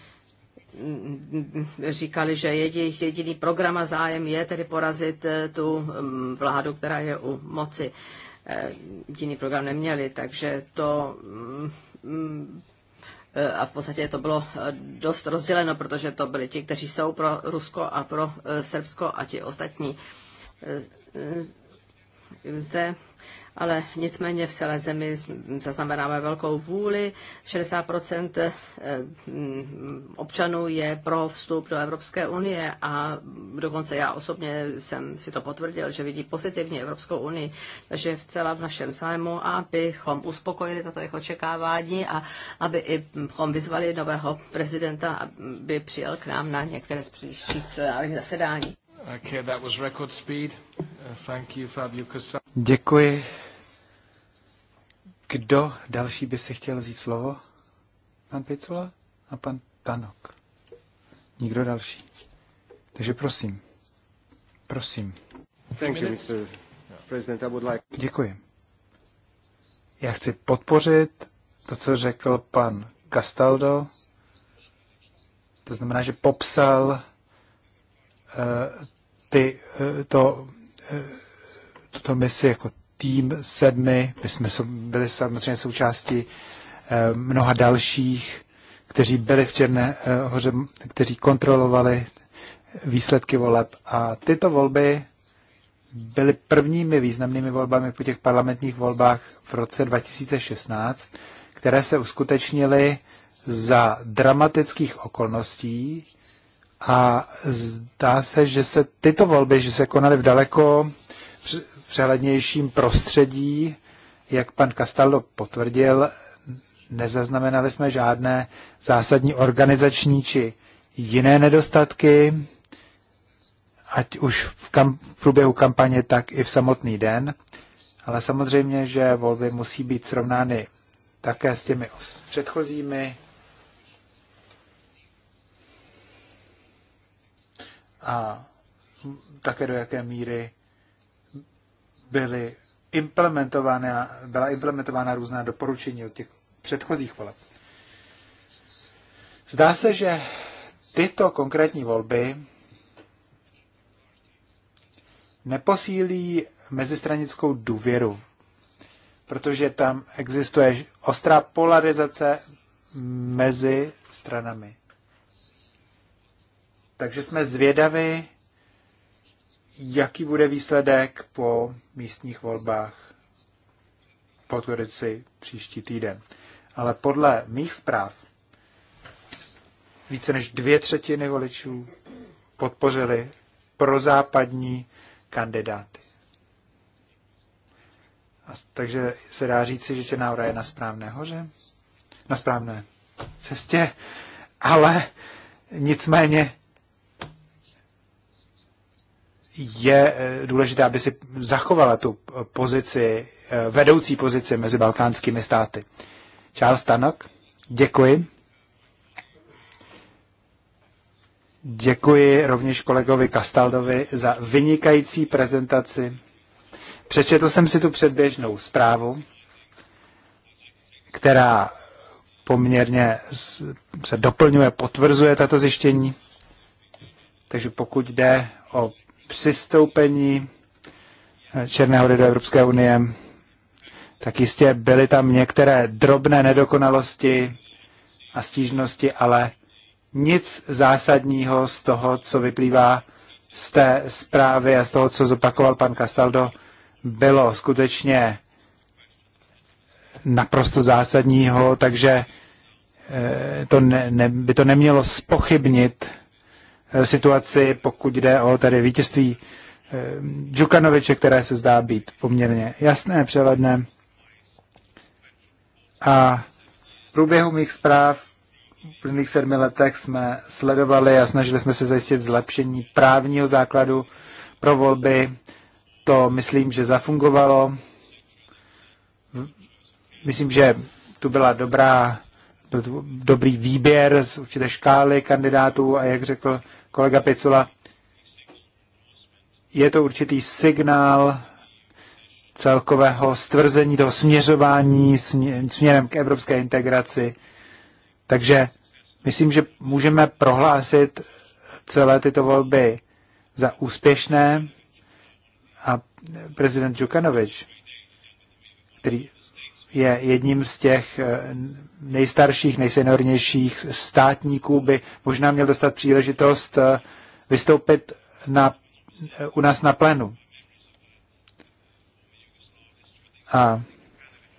říkali, že jejich jediný program a zájem je tedy porazit tu vládu, která je u moci. Eh, jiný program neměli, takže to mm, mm, eh, a v podstatě to bylo eh, dost rozděleno, protože to byli ti, kteří jsou pro Rusko a pro Srbsko a ti ostatní. Zde ale nicméně v celé zemi zaznamenáme velkou vůli. 60% eh, mm, občanů je pro vstup do Evropské unie a dokonce já osobně jsem si to potvrdil, že vidí pozitivně Evropskou unii, takže v celá v našem zájmu, abychom uspokojili tato jejich očekávání a aby i vyzvali nového prezidenta, aby přijel k nám na některé z příštích eh, zasedání. Okay, that was record speed. Uh, thank you, Fabio Děkuji kdo další by si chtěl vzít slovo? Pan Picula a pan Tanok. Nikdo další. Takže prosím. Prosím. Děkuji. Já chci podpořit to, co řekl pan Castaldo. To znamená, že popsal uh, ty, uh, to, uh, tuto misi jako tým sedmi, my jsme byli samozřejmě součástí eh, mnoha dalších, kteří byli v Černé eh, hoře, kteří kontrolovali výsledky voleb. A tyto volby byly prvními významnými volbami po těch parlamentních volbách v roce 2016, které se uskutečnily za dramatických okolností a zdá se, že se tyto volby, že se konaly v daleko přehlednějším prostředí, jak pan Castaldo potvrdil, nezaznamenali jsme žádné zásadní organizační či jiné nedostatky, ať už v, kam, v průběhu kampaně, tak i v samotný den. Ale samozřejmě, že volby musí být srovnány také s těmi předchozími. A také do jaké míry byly implementována, byla implementována různá doporučení od těch předchozích voleb. Zdá se, že tyto konkrétní volby neposílí mezistranickou důvěru, protože tam existuje ostrá polarizace mezi stranami. Takže jsme zvědaví, jaký bude výsledek po místních volbách po Turici příští týden. Ale podle mých zpráv více než dvě třetiny voličů podpořili prozápadní kandidáty. A takže se dá říci, že Černá hora je na správné hoře, na správné cestě, ale nicméně je eh, důležité, aby si zachovala tu pozici, eh, vedoucí pozici mezi balkánskými státy. Charles Tanok, děkuji. Děkuji rovněž kolegovi Kastaldovi za vynikající prezentaci. Přečetl jsem si tu předběžnou zprávu, která poměrně se doplňuje, potvrzuje tato zjištění. Takže pokud jde o přistoupení Černého hory do Evropské unie, tak jistě byly tam některé drobné nedokonalosti a stížnosti, ale nic zásadního z toho, co vyplývá z té zprávy a z toho, co zopakoval pan Castaldo, bylo skutečně naprosto zásadního, takže eh, to ne, ne, by to nemělo spochybnit Eh, situaci, pokud jde o tady vítězství eh, Džukanoviče, které se zdá být poměrně jasné, převadné, A v průběhu mých zpráv v plných sedmi letech jsme sledovali a snažili jsme se zajistit zlepšení právního základu pro volby. To myslím, že zafungovalo. Myslím, že tu byla dobrá dobrý výběr z určité škály kandidátů a jak řekl kolega Picula, je to určitý signál celkového stvrzení, toho směřování směrem k evropské integraci. Takže myslím, že můžeme prohlásit celé tyto volby za úspěšné a prezident Djukanovič, který je jedním z těch eh, nejstarších, nejseniornějších státníků by možná měl dostat příležitost eh, vystoupit na, eh, u nás na plénu. A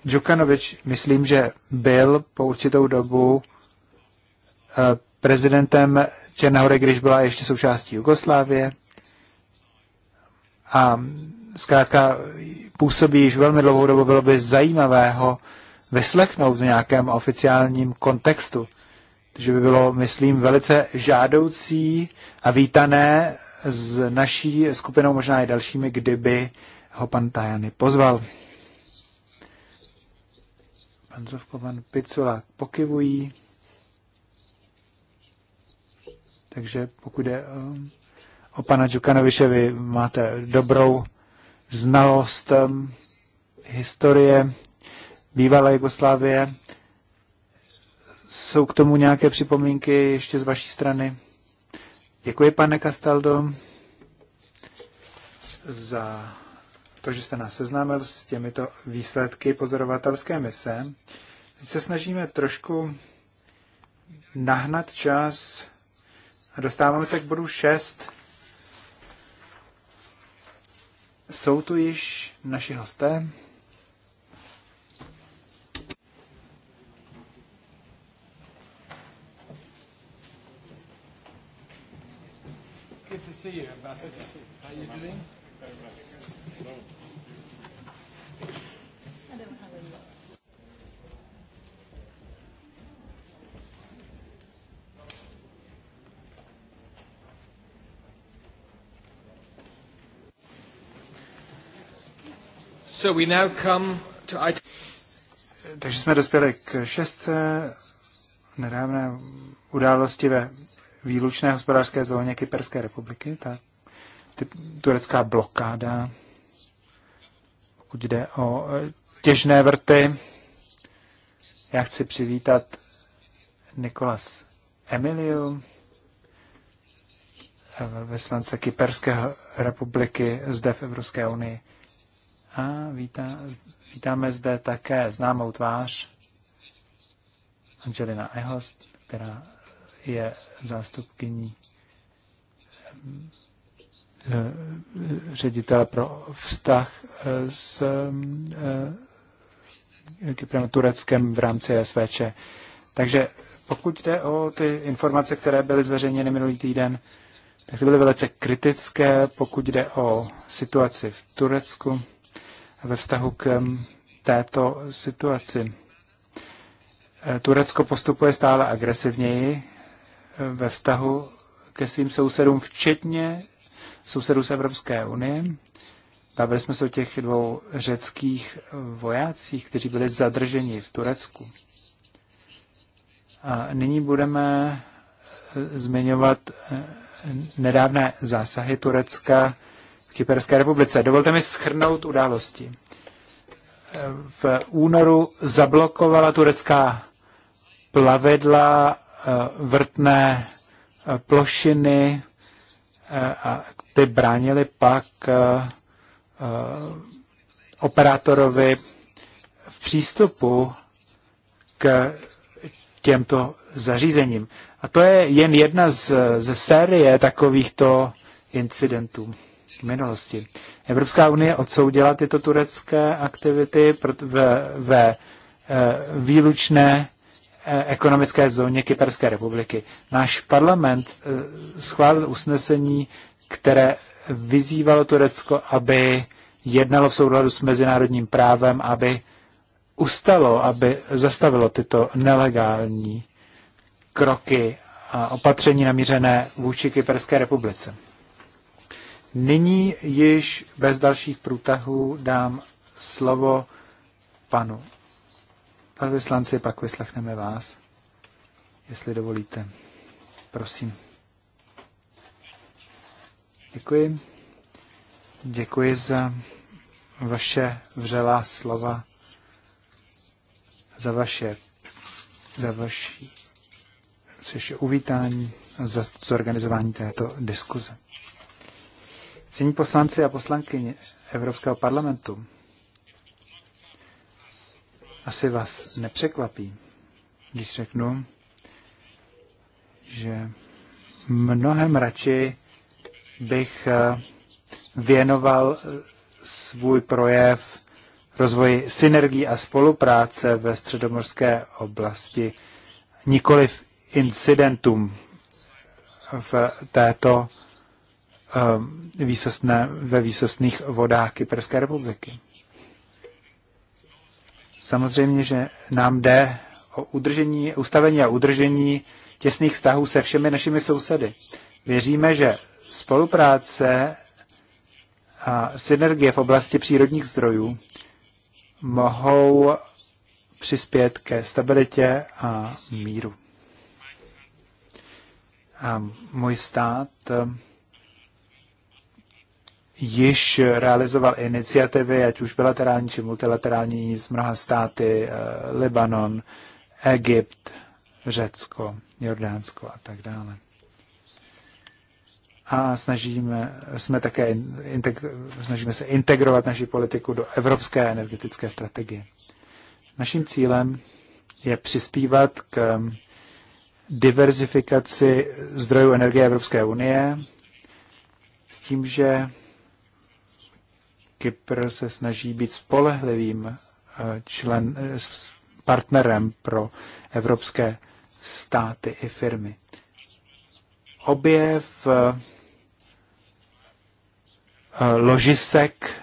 Djukanovič, myslím, že byl po určitou dobu eh, prezidentem Černohory, když byla ještě součástí Jugoslávie. A zkrátka působí již velmi dlouhou dobu, bylo by zajímavého vyslechnout v nějakém oficiálním kontextu. Takže by bylo, myslím, velice žádoucí a vítané s naší skupinou, možná i dalšími, kdyby ho pan Tajany pozval. Pan Zovko, pan Picula pokivují. Takže pokud je eh, o pana Džukanoviše, vy máte dobrou znalost eh, historie bývalé Jugoslávie. Jsou k tomu nějaké připomínky ještě z vaší strany? Děkuji, pane Castaldo, za to, že jste nás seznámil s těmito výsledky pozorovatelské mise. Teď se snažíme trošku nahnat čas a dostáváme se k bodu 6. Jsou tu již naši hosté? How you doing? I don't have any. So we now come to Takže jsme dospěli k šestce nedávné události ve výlučné hospodářské zóně Kyperské republiky. Ta turecká blokáda, pokud jde o e, těžné vrty. Já chci přivítat Nikolas Emiliu, e, veslance Kyperské republiky zde v Evropské unii. A vítá, vítáme zde také známou tvář Angelina Ehost, která je zástupkyní Eh, ředitele pro vztah eh, s eh, Kyprem Tureckem v rámci SVČ. Takže pokud jde o ty informace, které byly zveřejněny minulý týden, tak ty byly velice kritické, pokud jde o situaci v Turecku a ve vztahu k této situaci. Turecko postupuje stále agresivněji ve vztahu ke svým sousedům, včetně sousedů z Evropské unie. Bavili jsme se o těch dvou řeckých vojácích, kteří byli zadrženi v Turecku. A nyní budeme eh, zmiňovat eh, nedávné zásahy Turecka v Kyperské republice. Dovolte mi schrnout události. Eh, v únoru zablokovala turecká plavidla vrtné plošiny Eh, a ty bránili pak eh, eh, operátorovi v přístupu k těmto zařízením. A to je jen jedna z, ze série takovýchto incidentů v minulosti. Evropská unie odsoudila tyto turecké aktivity ve, ve výlučné E, ekonomické zóně Kyperské republiky. Náš parlament e, schválil usnesení, které vyzývalo Turecko, aby jednalo v souladu s mezinárodním právem, aby ustalo, aby zastavilo tyto nelegální kroky a opatření namířené vůči Kyperské republice. Nyní již bez dalších průtahů dám slovo panu Pane vyslanci, pak vyslechneme vás, jestli dovolíte. Prosím. Děkuji. Děkuji za vaše vřelá slova, za vaše, za vaši, vaše uvítání za zorganizování této diskuze. Cení poslanci a poslankyně Evropského parlamentu, asi vás nepřekvapí, když řeknu, že mnohem radši bych eh, věnoval eh, svůj projev rozvoji synergií a spolupráce ve středomorské oblasti, v incidentům v této eh, výsostné, ve výsostných vodách Kyperské republiky. Samozřejmě, že nám jde o udržení, ustavení a udržení těsných vztahů se všemi našimi sousedy. Věříme, že spolupráce a synergie v oblasti přírodních zdrojů mohou přispět ke stabilitě a míru. A můj stát již realizoval iniciativy, ať už bilaterální či multilaterální s mnoha státy, eh, Libanon, Egypt, Řecko, Jordánsko a tak dále. A snažíme, jsme také, integ, snažíme se integrovat naši politiku do evropské energetické strategie. Naším cílem je přispívat k diverzifikaci zdrojů energie Evropské unie s tím, že Kypr se snaží být spolehlivým eh, člen, eh, partnerem pro evropské státy i firmy. Obě v eh, ložisek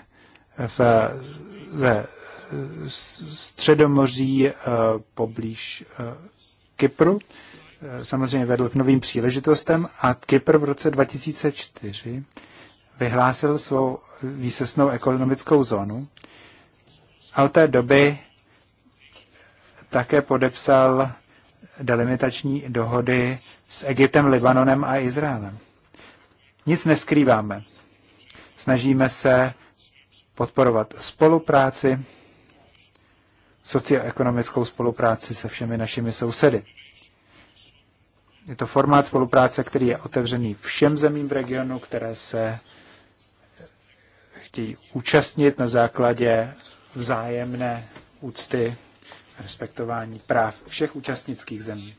v, ve středomoří poblíž Kypru samozřejmě vedl k novým příležitostem a Kypr v roce 2004 vyhlásil svou výsostnou ekonomickou zónu a od té doby také podepsal delimitační dohody s Egyptem, Libanonem a Izraelem. Nic neskrýváme. Snažíme se podporovat spolupráci, socioekonomickou spolupráci se všemi našimi sousedy. Je to formát spolupráce, který je otevřený všem zemím v regionu, které se chtějí účastnit na základě vzájemné úcty a respektování práv všech účastnických zemí.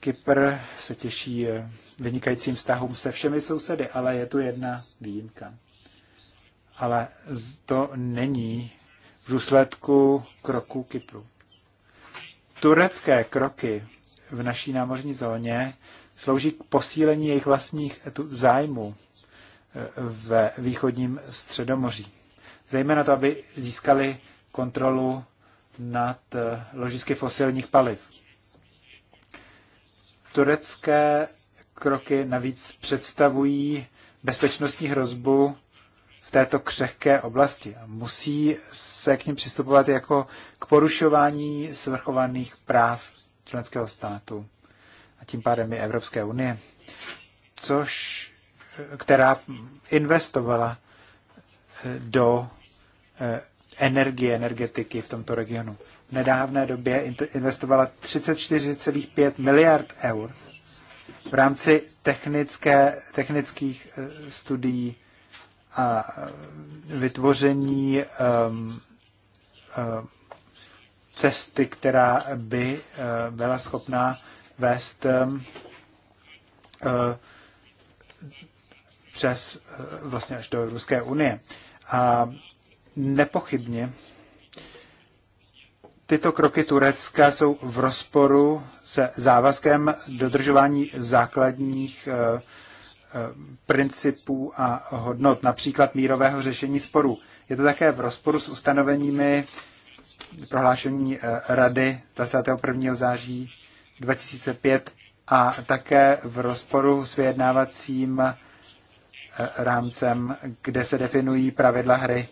Kypr se těší eh, vynikajícím vztahům se všemi sousedy, ale je tu jedna výjimka. Ale to není v důsledku kroku Kypru. Turecké kroky v naší námořní zóně slouží k posílení jejich vlastních zájmů ve východním středomoří. Zejména to, aby získali kontrolu nad eh, ložisky fosilních paliv. Turecké kroky navíc představují bezpečnostní hrozbu v této křehké oblasti. Musí se k ním přistupovat jako k porušování svrchovaných práv členského státu a tím pádem i Evropské unie, což která investovala eh, do eh, energie, energetiky v tomto regionu. V nedávné době investovala 34,5 miliard eur v rámci technické, technických eh, studií a vytvoření um, um, cesty, která by uh, byla schopná vést um, uh, přes eh, vlastně až do Ruské unie. A nepochybně tyto kroky Turecka jsou v rozporu se závazkem dodržování základních eh, eh, principů a hodnot, například mírového řešení sporů. Je to také v rozporu s ustanoveními prohlášení Rady 21. září 2005 a také v rozporu s vyjednávacím rámcem, kde se definují pravidla hry,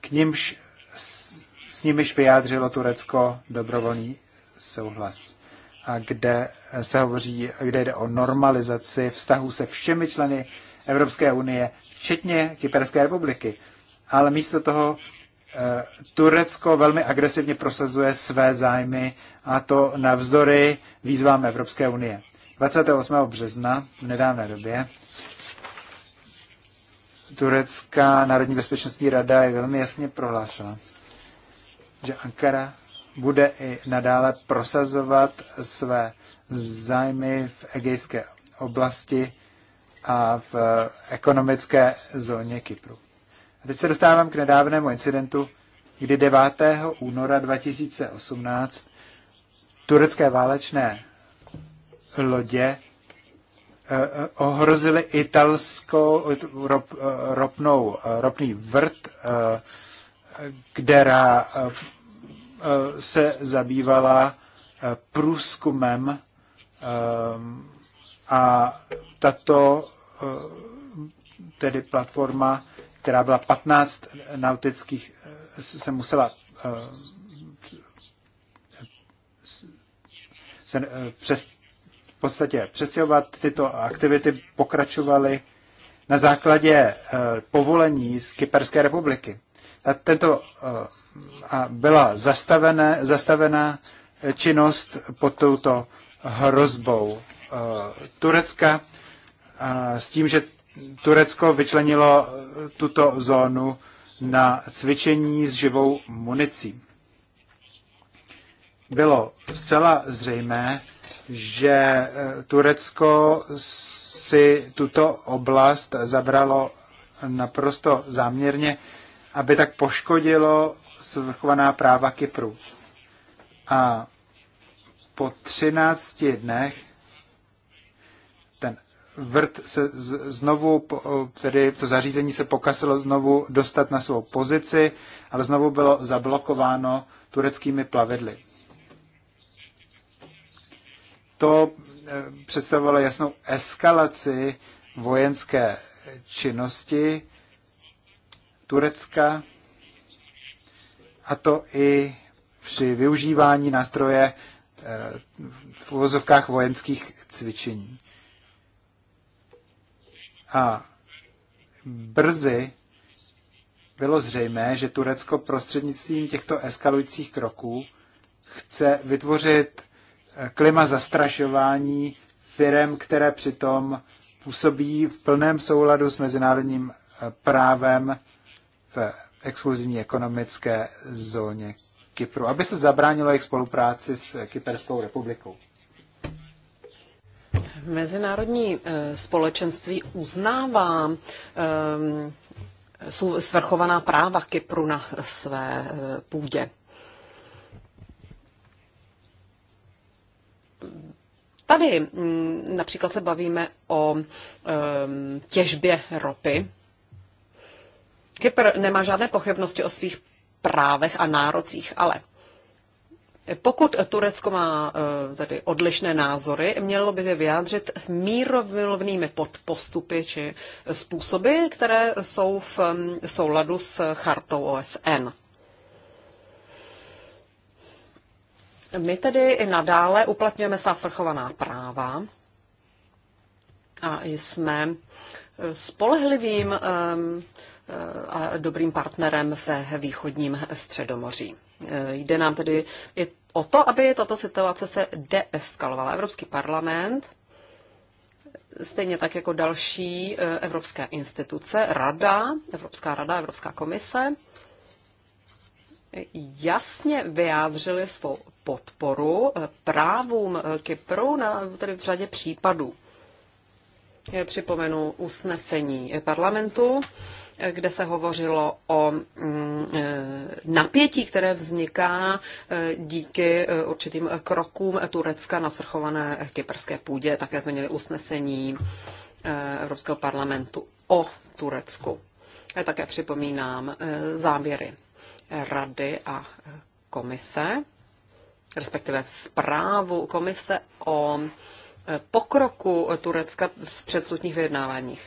k nimž, s nimiž vyjádřilo Turecko dobrovolný souhlas a kde se hovoří, kde jde o normalizaci vztahů se všemi členy Evropské unie, včetně Kyperské republiky. Ale místo toho eh, Turecko velmi agresivně prosazuje své zájmy a to navzdory výzvám Evropské unie. 28. března v nedávné době Turecká Národní bezpečnostní rada je velmi jasně prohlásila, že Ankara bude i nadále prosazovat své zájmy v egejské oblasti a v ekonomické zóně Kypru. A teď se dostávám k nedávnému incidentu, kdy 9. února 2018 turecké válečné lodě Eh, ohrozili italskou rop, eh, ropnou, eh, ropný vrt, která se zabývala průzkumem a tato tedy platforma, která byla 15 nautických, se musela se přes, v podstatě přesilovat Tyto aktivity pokračovaly na základě eh, povolení z Kyperské republiky. A tento eh, a byla zastavené, zastavená eh, činnost pod touto hrozbou Turecka s tím, že Turecko vyčlenilo tuto zónu na cvičení s živou municí. Bylo zcela zřejmé, že eh, Turecko si tuto oblast zabralo naprosto záměrně, aby tak poškodilo svrchovaná práva Kypru. A po 13 dnech ten vrt se znovu, tedy to zařízení se pokasilo znovu dostat na svou pozici, ale znovu bylo zablokováno tureckými plavidly to eh, představovalo jasnou eskalaci vojenské činnosti Turecka, a to i při využívání nástroje eh, v uvozovkách vojenských cvičení. A brzy bylo zřejmé, že Turecko prostřednictvím těchto eskalujících kroků chce vytvořit klima zastrašování firem, které přitom působí v plném souladu s mezinárodním eh, právem v exkluzivní ekonomické zóně Kypru, aby se zabránilo jejich spolupráci s Kyperskou republikou. Mezinárodní eh, společenství uznává ehm, svrchovaná práva Kypru na své eh, půdě. Tady mm, například se bavíme o těžbě ropy. Kypr nemá žádné pochybnosti o svých právech a nárocích, ale pokud Turecko má e, tady odlišné názory, mělo by je vyjádřit mírovilovnými podpostupy, či způsoby, které jsou v souladu s chartou OSN. My tedy i nadále uplatňujeme svá svrchovaná práva a jsme eh, spolehlivým ehm, eh, a dobrým partnerem ve východním středomoří. Eh, jde nám tedy i o to, aby tato situace se deeskalovala. Evropský parlament, stejně tak jako další evropské instituce, Rada, Evropská rada, Evropská komise, jasně vyjádřili svou podporu eh, právům eh, Kypru na, tedy v řadě případů. Eh, připomenu usnesení parlamentu, kde se hovořilo o mm, napětí, které vzniká díky určitým krokům Turecka na svrchované kyperské půdě. Také měli usnesení Evropského parlamentu o Turecku. Já také připomínám závěry Rady a komise respektive zprávu komise o e, pokroku Turecka v předstupních vyjednáváních.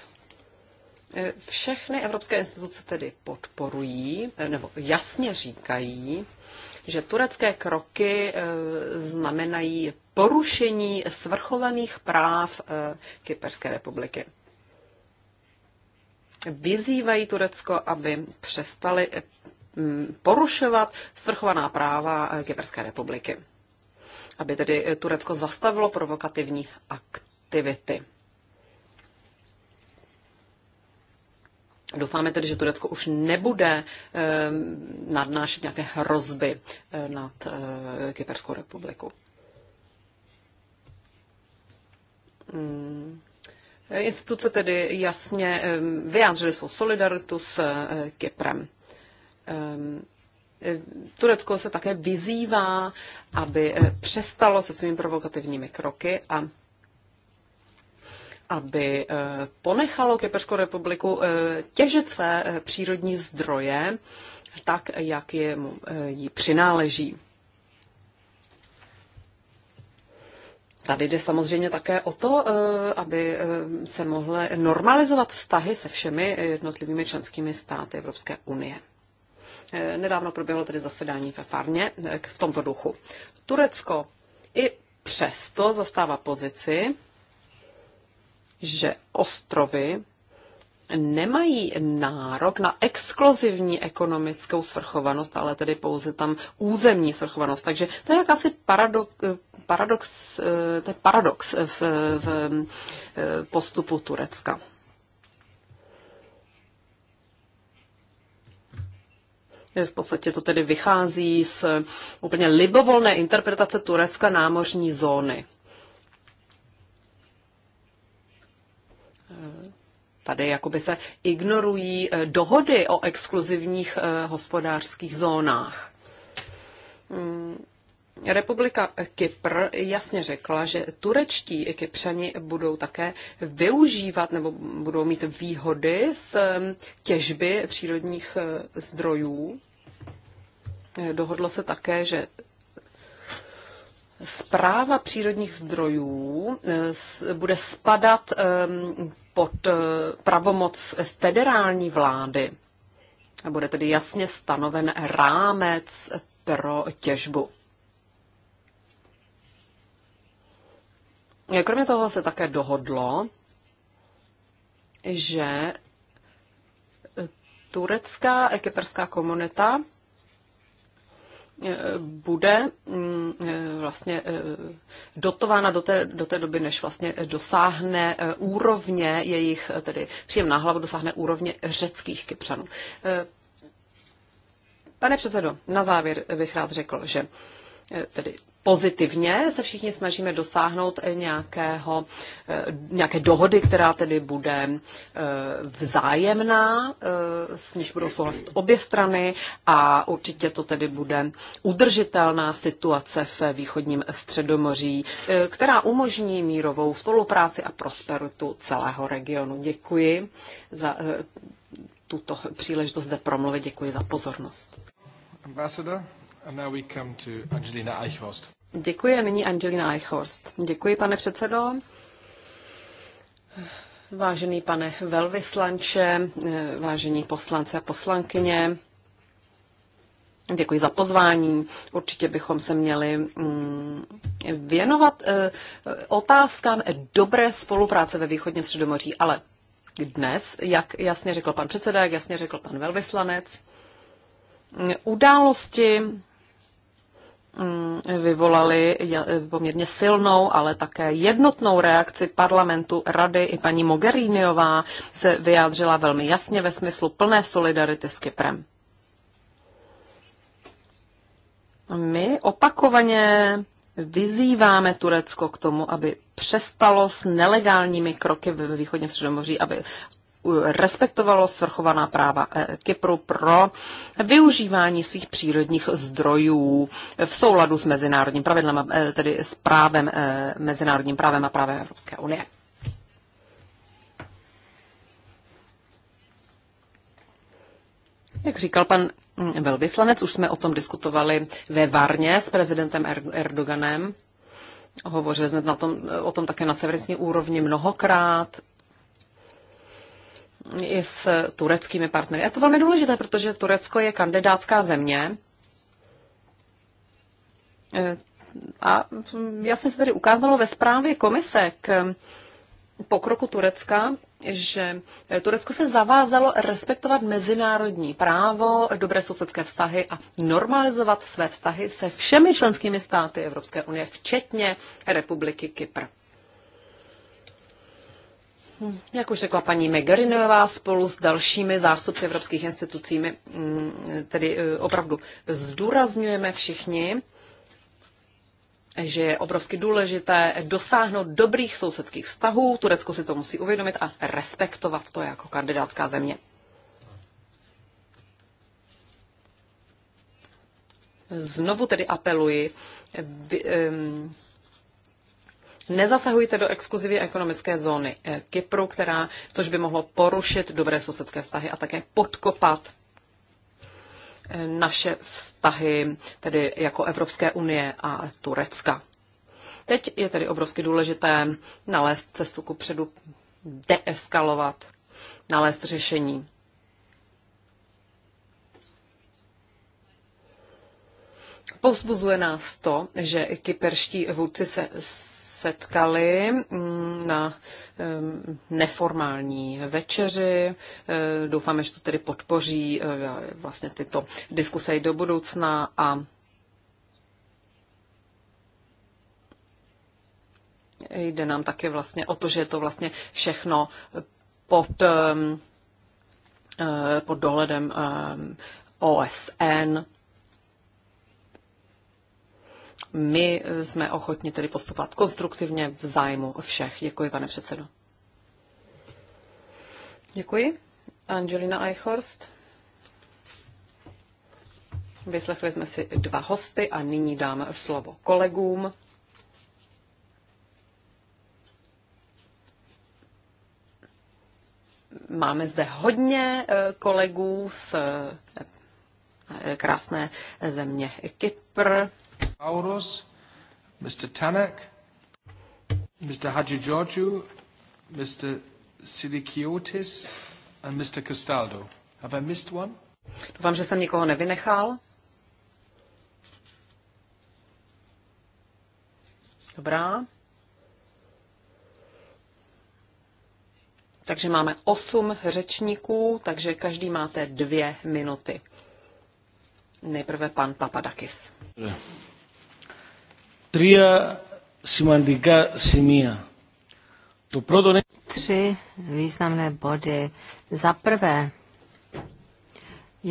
E, všechny evropské instituce tedy podporují, e, nebo jasně říkají, že turecké kroky znamenají porušení svrchovaných práv Kyperské republiky. Vyzývají Turecko, aby přestali Mm, porušovat svrchovaná práva Kyperské republiky, aby tedy Turecko zastavilo provokativní aktivity. Doufáme tedy, že Turecko už nebude ehm, nadnášet nějaké hrozby eh, nad eh, Kyperskou republiku. Mm. Instituce tedy jasně ehm, vyjádřily svou solidaritu s eh, Kyprem. Ehm, e, Turecko se také vyzývá, aby e, přestalo se svými provokativními kroky a aby e, ponechalo Kyperskou republiku těžit své přírodní zdroje tak, jak je mu, jí přináleží. Tady jde samozřejmě také o to, aby se mohly normalizovat vztahy se všemi jednotlivými členskými státy Evropské unie. Eh, nedávno proběhlo tedy zasedání ve Farně eh, v tomto duchu. Turecko i přesto zastává pozici, že ostrovy nemají nárok na exkluzivní ekonomickou svrchovanost, ale tedy pouze tam územní svrchovanost. Takže to je jakási paradox, paradox, eh, to je paradox v, v postupu Turecka. V podstatě to tedy vychází z úplně libovolné interpretace Turecka námořní zóny. Tady jakoby se ignorují eh, dohody o exkluzivních eh, hospodářských zónách. Hmm. Republika Kypr jasně řekla, že turečtí kypřani budou také využívat nebo budou mít výhody z těžby přírodních eh, zdrojů. Eh, dohodlo se také, že zpráva přírodních zdrojů eh, bude spadat pod pravomoc federální vlády. Bude tedy jasně stanoven rámec pro těžbu. Kromě toho se také dohodlo, že turecká kyperská komunita eh, bude mm, eh, vlastně eh, dotována do té, do té doby, než vlastně dosáhne úrovně jejich, tedy příjem na hlavu dosáhne úrovně řeckých kypřanů. Pane předsedo, na závěr bych rád řekl, že tedy pozitivně se všichni snažíme dosáhnout nějakého, eh, nějaké dohody, která tedy bude eh, vzájemná, eh, s níž budou souhlasit obě strany a určitě to tedy bude udržitelná situace v východním středomoří, která umožní mírovou spolupráci a prosperitu celého regionu. Děkuji za tuto příležitost zde promluvit. Děkuji za pozornost. Ambassador? now we come to Angelina Eichhorst. Děkuji a nyní Angelina Eichhorst. Děkuji, pane předsedo. Vážený pane velvyslanče, vážení poslance a poslankyně, Děkuji za pozvání. Určitě bychom se měli mm, věnovat eh, otázkám dobré spolupráce ve východním středomoří, ale dnes, jak jasně řekl pan předseda, jak jasně řekl pan velvyslanec, mm, události Mm, vyvolali eh, poměrně silnou, ale také jednotnou reakci parlamentu, rady i paní Mogheriniová se vyjádřila velmi jasně ve smyslu plné solidarity s Kyprem. My opakovaně vyzýváme Turecko k tomu, aby přestalo s nelegálními kroky ve východně středomoří, aby respektovalo svrchovaná práva eh, Kypru pro využívání svých přírodních zdrojů v souladu s mezinárodním pravidlem, eh, tedy s právem, eh, mezinárodním právem a právem Evropské unie. Jak říkal pan mm, velvyslanec, už jsme o tom diskutovali ve Varně s prezidentem Erdoganem. Hovořili jsme na tom, o tom také na severní úrovni mnohokrát i s tureckými partnery. A to velmi důležité, protože Turecko je kandidátská země. Eh, a jasně se tady ukázalo ve zprávě komise k pokroku Turecka, že Turecko se zavázalo respektovat mezinárodní právo, dobré sousedské vztahy a normalizovat své vztahy se všemi členskými státy Evropské unie, včetně Republiky Kypr. Hm, jak už řekla paní Megarinová, spolu s dalšími zástupci evropských institucí, hm, tedy eh, opravdu zdůrazňujeme všichni, že je obrovsky důležité dosáhnout dobrých sousedských vztahů. Turecko si to musí uvědomit a respektovat to jako kandidátská země. Znovu tedy apeluji, Nezasahujte do exkluzivní ekonomické zóny eh, Kypru, která, což by mohlo porušit dobré sousedské vztahy a také podkopat eh, naše vztahy, tedy jako Evropské unie a Turecka. Teď je tedy obrovsky důležité nalézt cestu ku předu, deeskalovat, nalézt řešení. Povzbuzuje nás to, že kyperští vůdci se setkali mm, na neformální večeři. E, doufáme, že to tedy podpoří e, vlastně tyto diskuse i do budoucna a jde nám také vlastně o to, že je to vlastně všechno pod, e, pod dohledem OSN, my jsme ochotni tedy postupovat konstruktivně v zájmu všech. Děkuji, pane předsedo. Děkuji. Angelina Eichhorst. Vyslechli jsme si dva hosty a nyní dám slovo kolegům. Máme zde hodně eh, kolegů z eh, krásné země Kypr. Auros, Mr. Tanak, Mr. Haji Georgiou, Mr. Silikiotis and Mr. Castaldo. Have I missed one? Doufám, že jsem nikoho nevynechal. Dobrá. Takže máme osm řečníků, takže každý máte dvě minuty. Nejprve pan Papadakis. Yeah. Τρία σημαντικά σημεία. Το πρώτο είναι... Tři významné body. Za prvé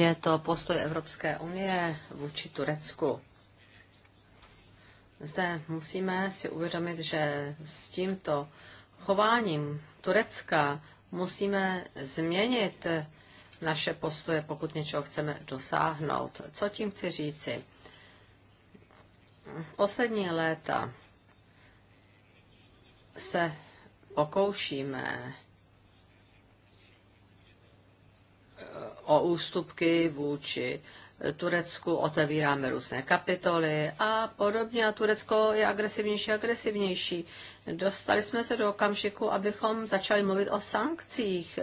je to postoj Evropské unie vůči Turecku. Zde musíme si uvědomit, že s tímto chováním Turecka musíme změnit naše postoje, pokud něčeho chceme dosáhnout. Co tím chci říci? poslední léta se pokoušíme eh, o ústupky vůči Turecku, otevíráme různé kapitoly a podobně. A Turecko je agresivnější a agresivnější. Dostali jsme se do okamžiku, abychom začali mluvit o sankcích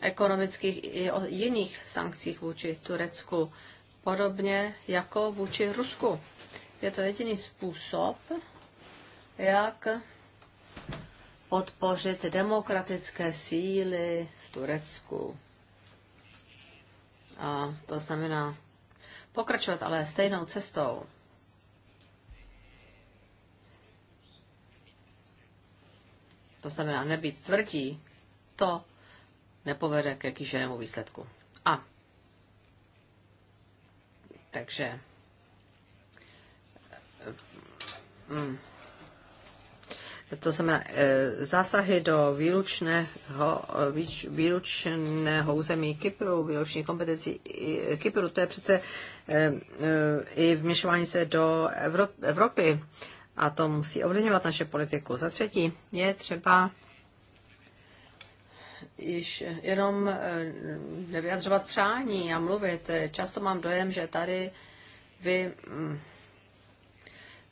ekonomických i o jiných sankcích vůči Turecku podobně jako vůči Rusku. Je to jediný způsob, jak podpořit demokratické síly v Turecku. A to znamená pokračovat ale stejnou cestou. To znamená nebýt tvrdí, to nepovede ke kýženému výsledku. Takže mm, to znamená e, zásahy do výlučného, výlučného území Kypru, výlučných kompetencí Kypru, to je přece e, e, i vměšování se do Evropy a to musí ovlivňovat naše politiku. Za třetí je třeba již jenom eh, nevyjadřovat přání a mluvit. Eh, často mám dojem, že tady vy mm,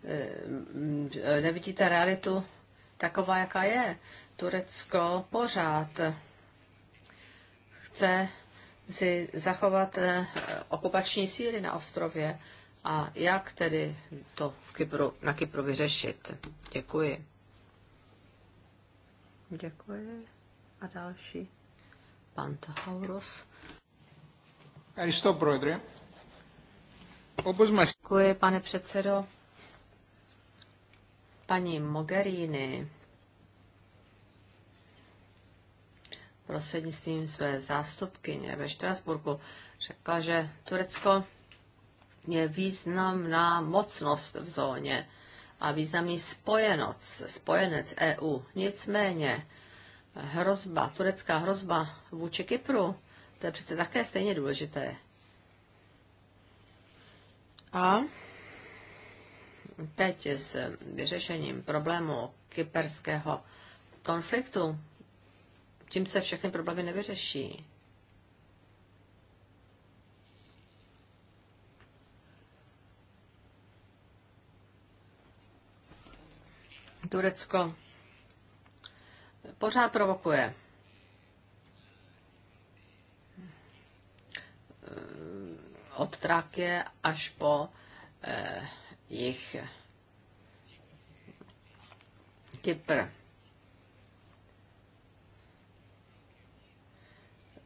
eh, mm, nevidíte realitu taková, jaká je. Turecko pořád chce si zachovat okupační síly na ostrově. A jak tedy to v Kypru, na Kypru vyřešit? Děkuji. Děkuji a další. Pan Tahauros. Děkuji, pane předsedo. Paní Mogherini prostřednictvím své zástupkyně ve Štrasburku řekla, že Turecko je významná mocnost v zóně a významný spojenec, spojenec EU. Nicméně hrozba, turecká hrozba vůči Kypru, to je přece také stejně důležité. A teď s vyřešením problému kyperského konfliktu, tím se všechny problémy nevyřeší. Turecko pořád provokuje. Od Trakie až po eh, jich Kypr.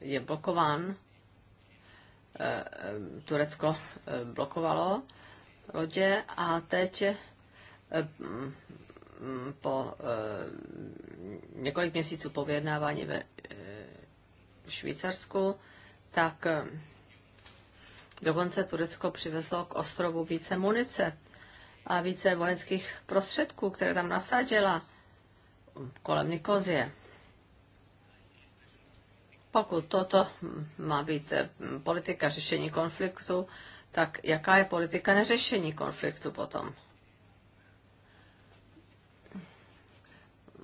Je blokován. Eh, Turecko eh, blokovalo lodě a teď eh, po eh, několik měsíců po vyjednávání ve eh, Švýcarsku, tak eh, dokonce Turecko přivezlo k ostrovu více munice a více vojenských prostředků, které tam nasadila kolem Nikozie. Pokud toto má být politika řešení konfliktu, tak jaká je politika neřešení konfliktu potom?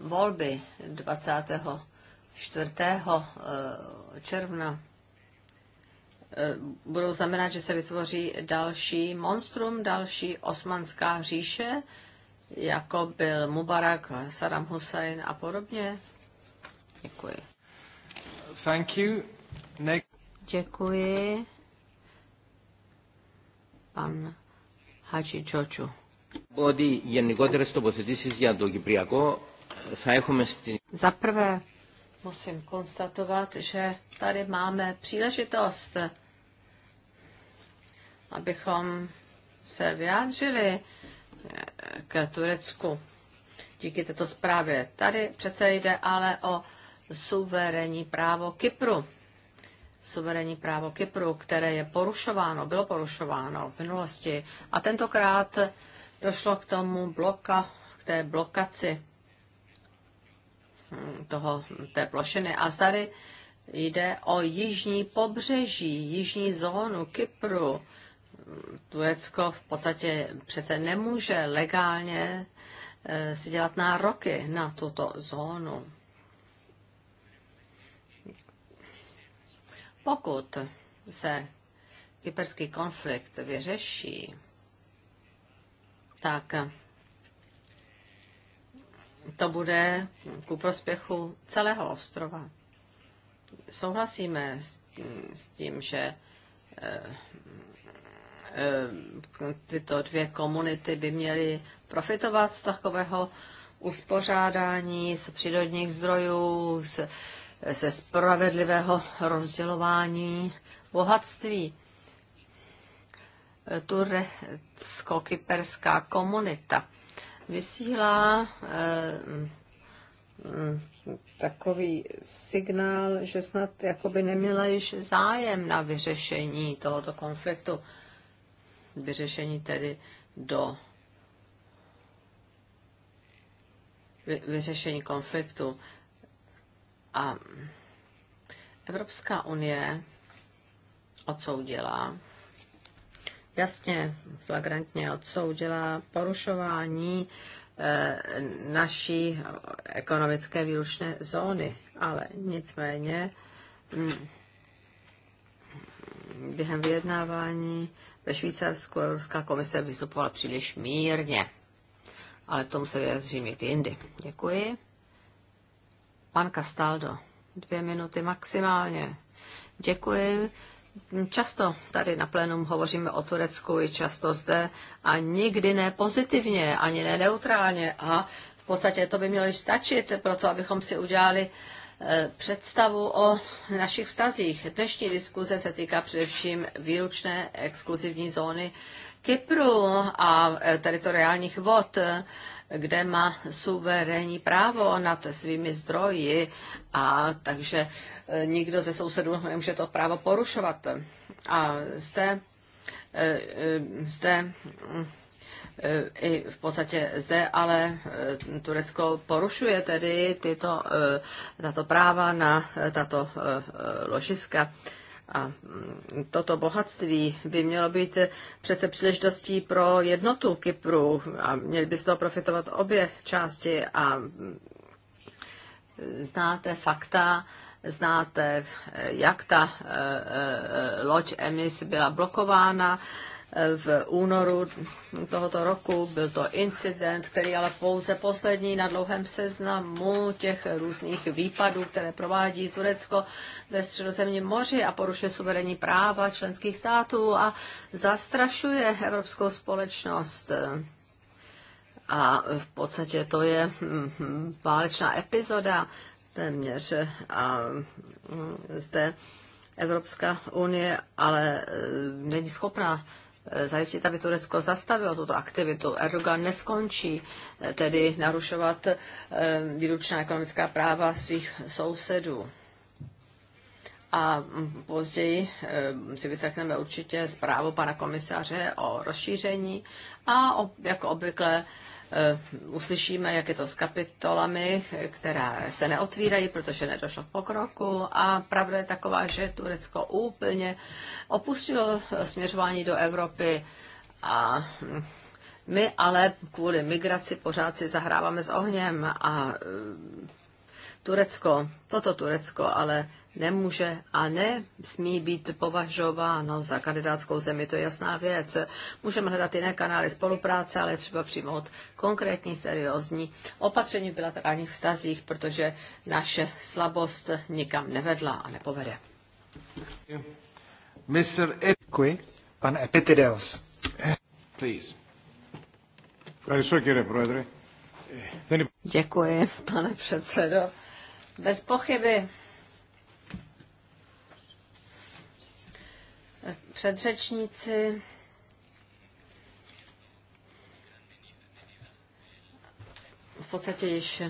volby 24. Eh, června eh, budou znamenat, že se vytvoří další monstrum, další osmanská říše, jako byl Mubarak, Saddam Hussein a podobně. Děkuji. Thank you. Ne- Děkuji. Pan Hači Čoču. Ότι γενικότερε τοποθετήσει για το Κυπριακό za prvé musím konstatovat, že tady máme příležitost, abychom se vyjádřili eh, k Turecku díky této zprávě. Tady přece jde ale o suverénní právo Kypru. Suverénní právo Kypru, které je porušováno, bylo porušováno v minulosti. A tentokrát došlo k tomu bloka, k té blokaci toho, té plošiny. A tady jde o jižní pobřeží, jižní zónu Kypru. Turecko v podstatě přece nemůže legálně eh, si dělat nároky na tuto zónu. Pokud se kyperský konflikt vyřeší, tak to bude ku prospěchu celého ostrova. Souhlasíme s tím, že eh, eh, tyto dvě komunity by měly profitovat z takového uspořádání, z přírodních zdrojů, z, ze spravedlivého rozdělování bohatství. Eh, Turecko-kyperská komunita vysílá eh, mm, takový signál, že snad jakoby neměla již zájem na vyřešení tohoto konfliktu. Vyřešení tedy do vyřešení konfliktu. A Evropská unie odsoudila jasně, flagrantně odsoudila porušování eh, naší ekonomické výlučné zóny. Ale nicméně mm, během vyjednávání ve Švýcarsku Evropská komise vystupovala příliš mírně. Ale tomu se vyjadřím i jindy. Děkuji. Pan Castaldo, dvě minuty maximálně. Děkuji. Často tady na plénum hovoříme o Turecku i často zde a nikdy ne pozitivně, ani ne neutrálně a v podstatě to by mělo stačit pro to, abychom si udělali eh, představu o našich vztazích. Dnešní diskuze se týká především výlučné exkluzivní zóny Kypru a eh, teritoriálních vod kde má suverénní právo nad svými zdroji a takže eh, nikdo ze sousedů nemůže to právo porušovat. A zde, eh, eh, zde i v podstatě zde, ale Turecko porušuje tedy tyto, tato práva na tato ložiska. A mm, toto bohatství by mělo být přece příležitostí pro jednotu Kypru a měly by z toho profitovat obě části a mm, znáte fakta, znáte, eh, jak ta eh, eh, loď Emis byla blokována v únoru tohoto roku. Byl to incident, který ale pouze poslední na dlouhém seznamu těch různých výpadů, které provádí Turecko ve středozemním moři a porušuje suverénní práva členských států a zastrašuje evropskou společnost. A v podstatě to je hm, válečná epizoda téměř. A hm, zde Evropská unie ale hm, není schopná Eh, zajistit, aby Turecko zastavilo tuto aktivitu. Erdogan neskončí eh, tedy narušovat eh, výručná ekonomická práva svých sousedů. A mm, později si vyslechneme určitě zprávu pana komisaře o rozšíření a jako obvykle Eh, uslyšíme, jak je to s kapitolami, která se neotvírají, protože nedošlo k pokroku. A pravda je taková, že Turecko úplně opustilo směřování do Evropy a my ale kvůli migraci pořád si zahráváme s ohněm a eh, Turecko, toto Turecko ale nemůže a nesmí být považováno za kandidátskou zemi, to je jasná věc. Můžeme hledat jiné kanály spolupráce, ale třeba přijmout konkrétní, seriózní opatření v bilaterálních vztazích, protože naše slabost nikam nevedla a nepovede. E- Děkuji. Pan Epitideos. Please. Děkuji, pane předsedo. Bez pochyby předřečníci. V podstatě již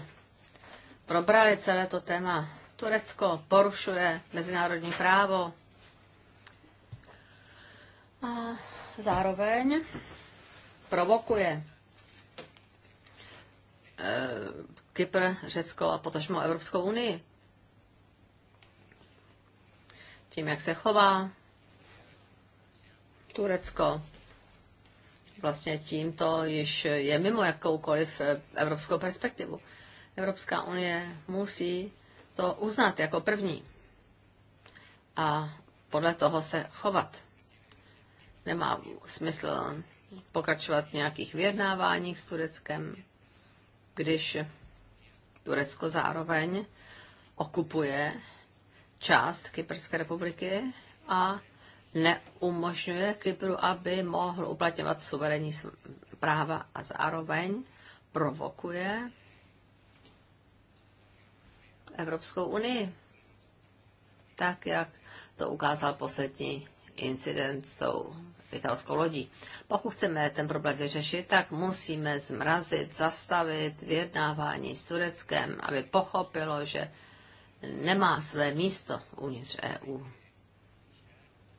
probrali celé to téma. Turecko porušuje mezinárodní právo. A zároveň provokuje eh, Kypr, Řecko a potažmo Evropskou unii. Tím, jak se chová, Turecko vlastně tímto již je mimo jakoukoliv eh, evropskou perspektivu. Evropská unie musí to uznat jako první a podle toho se chovat. Nemá smysl pokračovat v nějakých vyjednáváních s Tureckem, když Turecko zároveň okupuje část Kyperské republiky a neumožňuje Kypru, aby mohl uplatňovat suverénní práva a zároveň provokuje Evropskou unii. Tak, jak to ukázal poslední incident s tou italskou lodí. Pokud chceme ten problém vyřešit, tak musíme zmrazit, zastavit vyjednávání s Tureckem, aby pochopilo, že nemá své místo uvnitř EU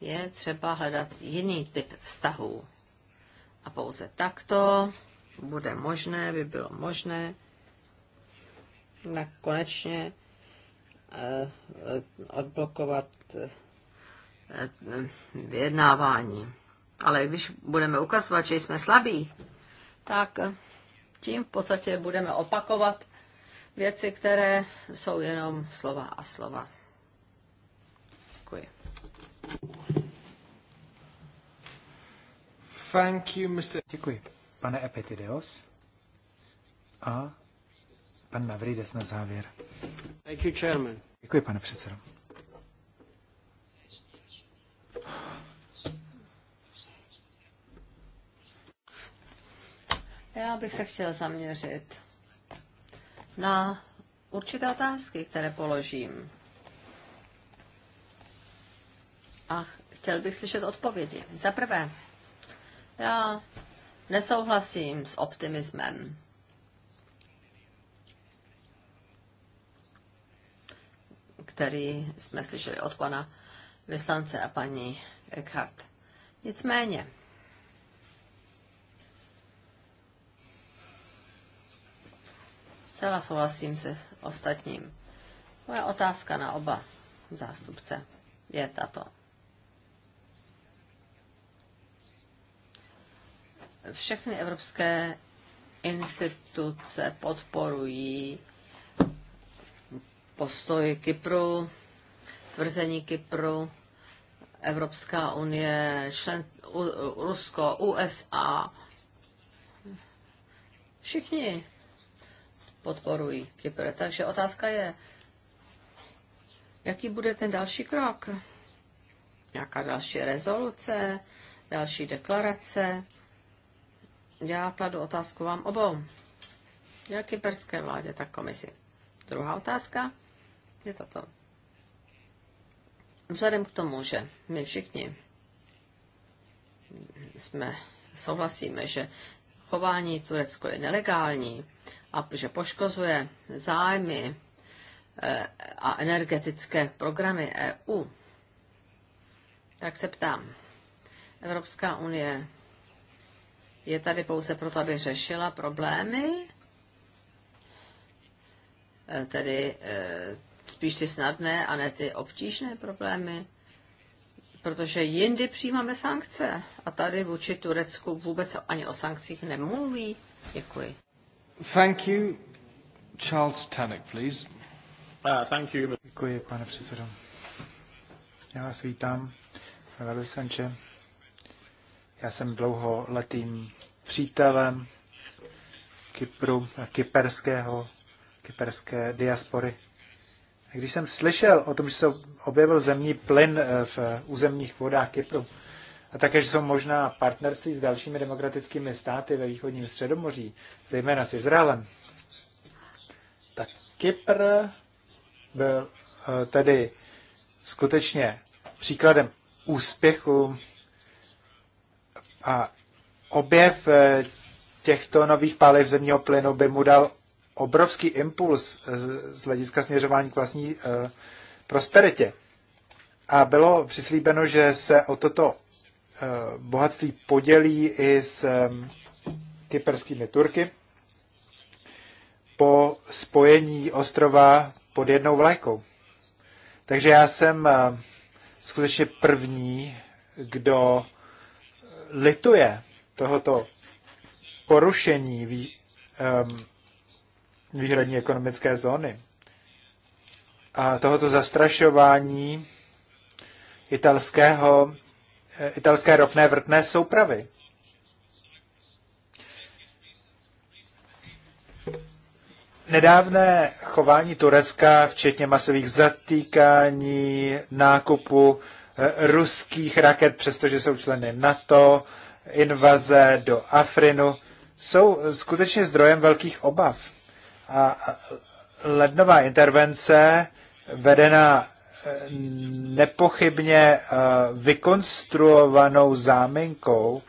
je třeba hledat jiný typ vztahů. A pouze takto bude možné, by bylo možné nakonečně eh, eh, odblokovat eh, vyjednávání. Ale když budeme ukazovat, že jsme slabí, tak tím v podstatě budeme opakovat věci, které jsou jenom slova a slova. Thank you, Mr. Děkuji. Pane Epitideos a pan Navrides na závěr. Thank you, Chairman. Děkuji, pane předsedo. Já bych se chtěl zaměřit na určité otázky, které položím. a chtěl bych slyšet odpovědi. Za prvé, já nesouhlasím s optimismem. který jsme slyšeli od pana vyslance a paní Eckhart. Nicméně, zcela souhlasím se ostatním. Moje otázka na oba zástupce je tato. všechny evropské instituce podporují postoj Kypru, tvrzení Kypru, Evropská unie, člen, U, Rusko, USA. Všichni podporují Kypr. Takže otázka je, jaký bude ten další krok? Nějaká další rezoluce, další deklarace? já kladu otázku vám obou. Jak kyperské vládě, tak komisi. Druhá otázka je tato. Vzhledem k tomu, že my všichni jsme, souhlasíme, že chování Turecko je nelegální a že poškozuje zájmy eh, a energetické programy EU, tak se ptám, Evropská unie je tady pouze proto, aby řešila problémy, eh, tedy eh, spíš ty snadné a ne ty obtížné problémy, protože jindy přijímáme sankce a tady vůči Turecku vůbec ani o sankcích nemluví. Děkuji. Thank you. Charles Tannock, please. Uh, thank you. Děkuji, pane předsedo. Já vás vítám, velvyslanče. Já jsem dlouholetým přítelem Kypru, kyperského, kyperské diaspory. A když jsem slyšel o tom, že se objevil zemní plyn eh, v územních vodách Kypru, a také, že jsou možná partnerství s dalšími demokratickými státy ve východním středomoří, zejména s Izraelem, tak Kypr byl eh, tedy skutečně příkladem úspěchu a objev eh, těchto nových paliv zemního plynu by mu dal obrovský impuls eh, z hlediska směřování k vlastní eh, prosperitě. A bylo přislíbeno, že se o toto bohatství podělí i s kyperskými Turky po spojení ostrova pod jednou vlajkou. Takže já jsem skutečně první, kdo lituje tohoto porušení vý, um, výhradní ekonomické zóny a tohoto zastrašování italského, eh, italské ropné vrtné soupravy. Nedávné chování Turecka, včetně masových zatýkání, nákupu Eh, ruských raket, přestože jsou členy NATO, invaze do Afrinu, jsou skutečně zdrojem velkých obav. A lednová intervence vedená eh, nepochybně eh, vykonstruovanou záminkou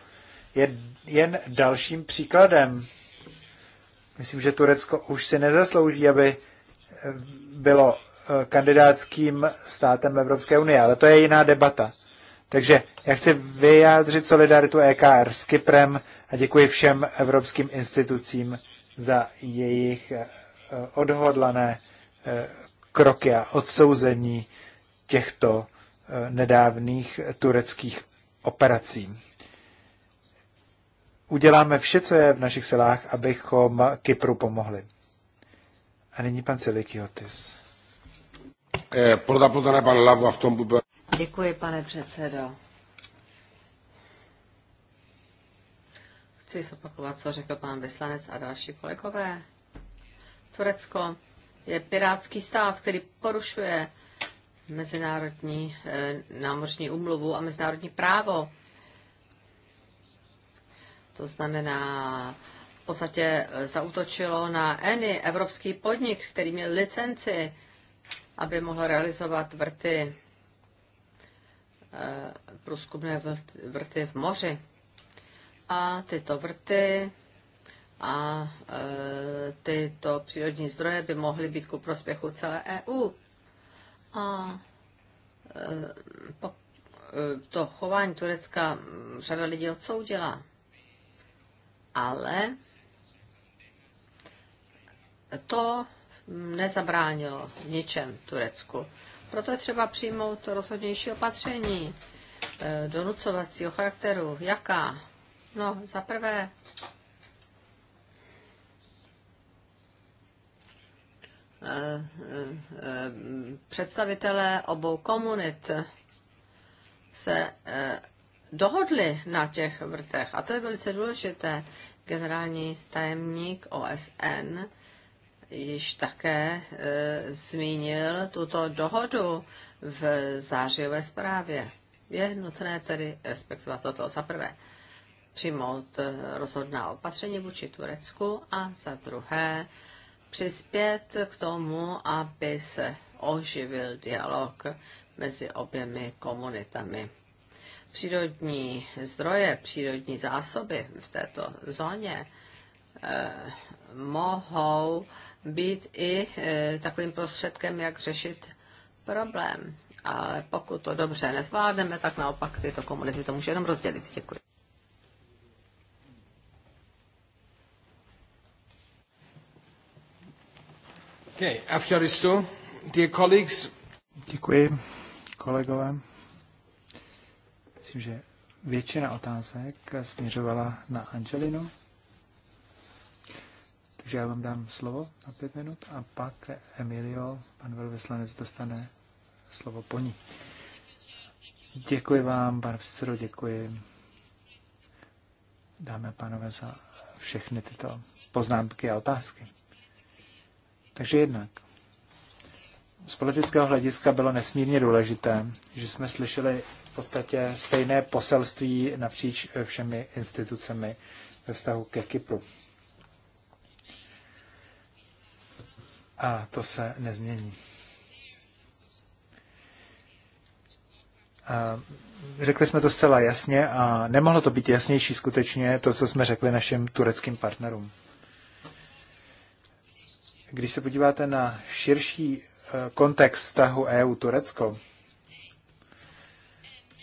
je jen dalším příkladem. Myslím, že Turecko už si nezaslouží, aby bylo Eh, kandidátským státem Evropské unie, ale to je jiná debata. Takže já chci vyjádřit solidaritu EKR s Kyprem a děkuji všem evropským institucím za jejich eh, odhodlané eh, kroky a odsouzení těchto nedávných tureckých operací. Uděláme vše, co je v našich silách, abychom Kypru pomohli. A nyní pan Silikiotis. Eh, Děkuji, pane předsedo. Chci zopakovat, co řekl pan vyslanec a další kolegové. Turecko je pirátský stát, který porušuje mezinárodní eh, námořní umluvu a mezinárodní právo. To znamená, v podstatě eh, zautočilo na ENI, evropský podnik, který měl licenci aby mohl realizovat vrty, eh, průzkumné vrty v moři. A tyto vrty a eh, tyto přírodní zdroje by mohly být ku prospěchu celé EU. A eh, to chování Turecka mm, řada lidí odsoudila. Ale to nezabránilo v ničem Turecku. Proto je třeba přijmout rozhodnější opatření eh, donucovacího charakteru. Jaká? No, za prvé, eh, eh, představitelé obou komunit se dohodli na těch vrtech. A to je velice důležité. Generální tajemník OSN již také e, zmínil tuto dohodu v zářivé zprávě. Je nutné tedy respektovat toto za prvé přijmout e, rozhodná opatření vůči Turecku a za druhé přispět k tomu, aby se oživil dialog mezi oběmi komunitami. Přírodní zdroje, přírodní zásoby v této zóně eh, mohou eh, být i e, takovým prostředkem, jak řešit problém. Ale pokud to dobře nezvládneme, tak naopak tyto komunity to může jenom rozdělit. Děkuji. Okay, Afcharisto, dear colleagues. Děkuji, kolegové. Myslím, že většina otázek směřovala na Angelinu. Takže já vám dám slovo na pět minut a pak Emilio, pan velvyslanec, dostane slovo po ní. Děkuji vám, pane předsedo, děkuji. Dámy a pánové, za všechny tyto poznámky a otázky. Takže jednak, z politického hlediska bylo nesmírně důležité, že jsme slyšeli v podstatě stejné poselství napříč všemi institucemi ve vztahu ke Kypru. a to se nezmění. A řekli jsme to zcela jasně a nemohlo to být jasnější skutečně to, co jsme řekli našim tureckým partnerům. Když se podíváte na širší eh, kontext vztahu EU-Turecko,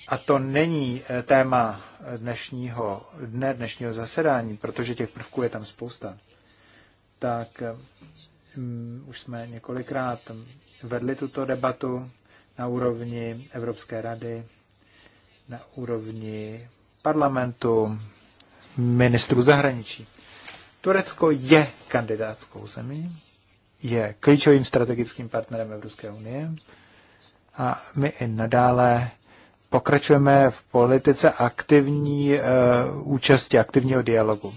a to není eh, téma dnešního dne, dnešního zasedání, protože těch prvků je tam spousta, tak eh, Mm, už jsme několikrát vedli tuto debatu na úrovni Evropské rady, na úrovni parlamentu, ministrů zahraničí. Turecko je kandidátskou zemí, je klíčovým strategickým partnerem Evropské unie a my i nadále pokračujeme v politice aktivní e, účasti, aktivního dialogu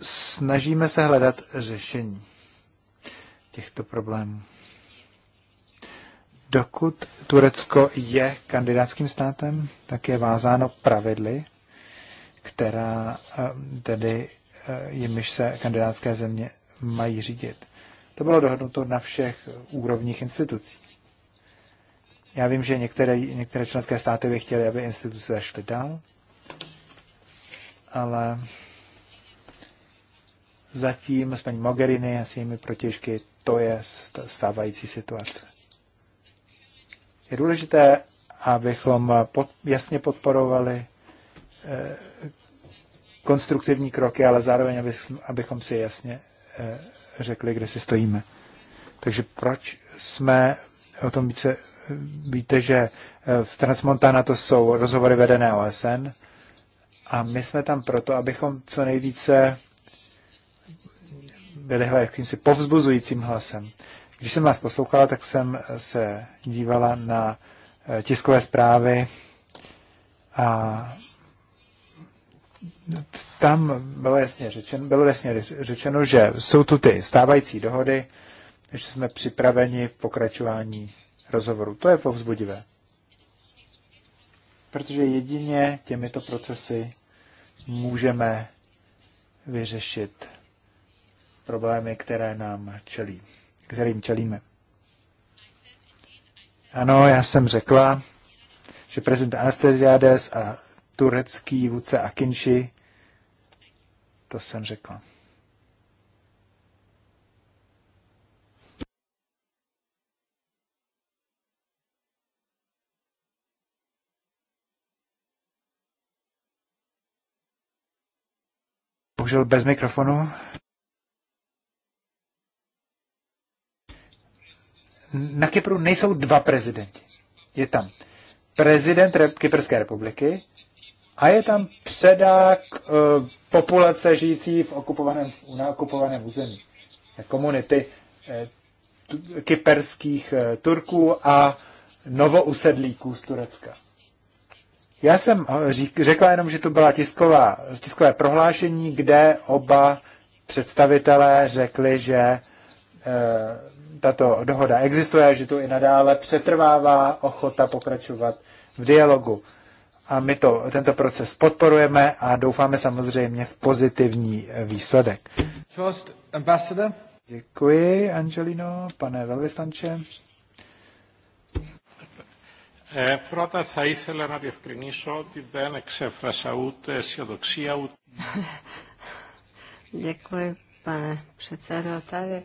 snažíme se hledat řešení těchto problémů. Dokud Turecko je kandidátským státem, tak je vázáno pravidly, která eh, tedy eh, jimiž se kandidátské země mají řídit. To bylo dohodnuto na všech úrovních institucí. Já vím, že některé, některé členské státy by chtěly, aby instituce šly dál, ale zatím s paní Mogherini a s jejími protěžky, to je stávající situace. Je důležité, abychom pod, jasně podporovali eh, konstruktivní kroky, ale zároveň, abychom, abychom si jasně eh, řekli, kde si stojíme. Takže proč jsme o tom více, eh, víte, že eh, v Transmontana to jsou rozhovory vedené OSN a my jsme tam proto, abychom co nejvíce vedehla jakýmsi povzbuzujícím hlasem. Když jsem vás poslouchala, tak jsem se dívala na eh, tiskové zprávy a tam bylo jasně řečeno, bylo jasně řečeno že jsou tu ty stávající dohody, že jsme připraveni v pokračování rozhovoru. To je povzbudivé. Protože jedině těmito procesy můžeme vyřešit problémy, které nám čelí, kterým čelíme. Ano, já jsem řekla, že prezident Anastasiades a turecký vůdce Akinci, to jsem řekla. Bohužel bez mikrofonu. na Kypru nejsou dva prezidenti. Je tam prezident Kyperské republiky a je tam předák e, populace žijící v okupovaném, na okupovaném území. Eh, komunity e, eh, t, kyperských e, Turků a novousedlíků z Turecka. Já jsem řík, řekla jenom, že to byla tisková, tiskové prohlášení, kde oba představitelé řekli, že tato dohoda existuje že tu i nadále přetrvává ochota pokračovat v dialogu. A my to, tento proces podporujeme a doufáme samozřejmě v pozitivní výsledek. First, ambassador. Děkuji, Angelino, pane velvyslanče. Děkuji, pane předsedo. Tady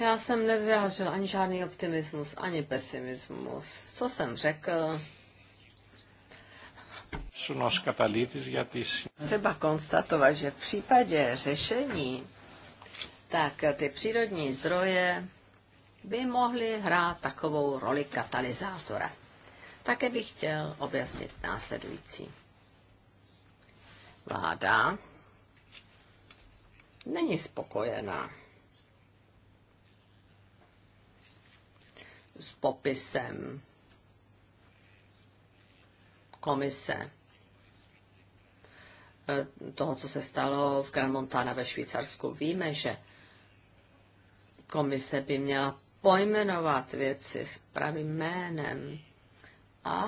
já jsem nevyjádřil ani žádný optimismus, ani pesimismus. Co jsem řekl? Třeba konstatovat, že v případě řešení, tak ty přírodní zdroje by mohly hrát takovou roli katalyzátora. Také bych chtěl objasnit následující. Vláda není spokojená s popisem komise e, toho, co se stalo v Gran Montana ve Švýcarsku. Víme, že komise by měla pojmenovat věci s pravým jménem a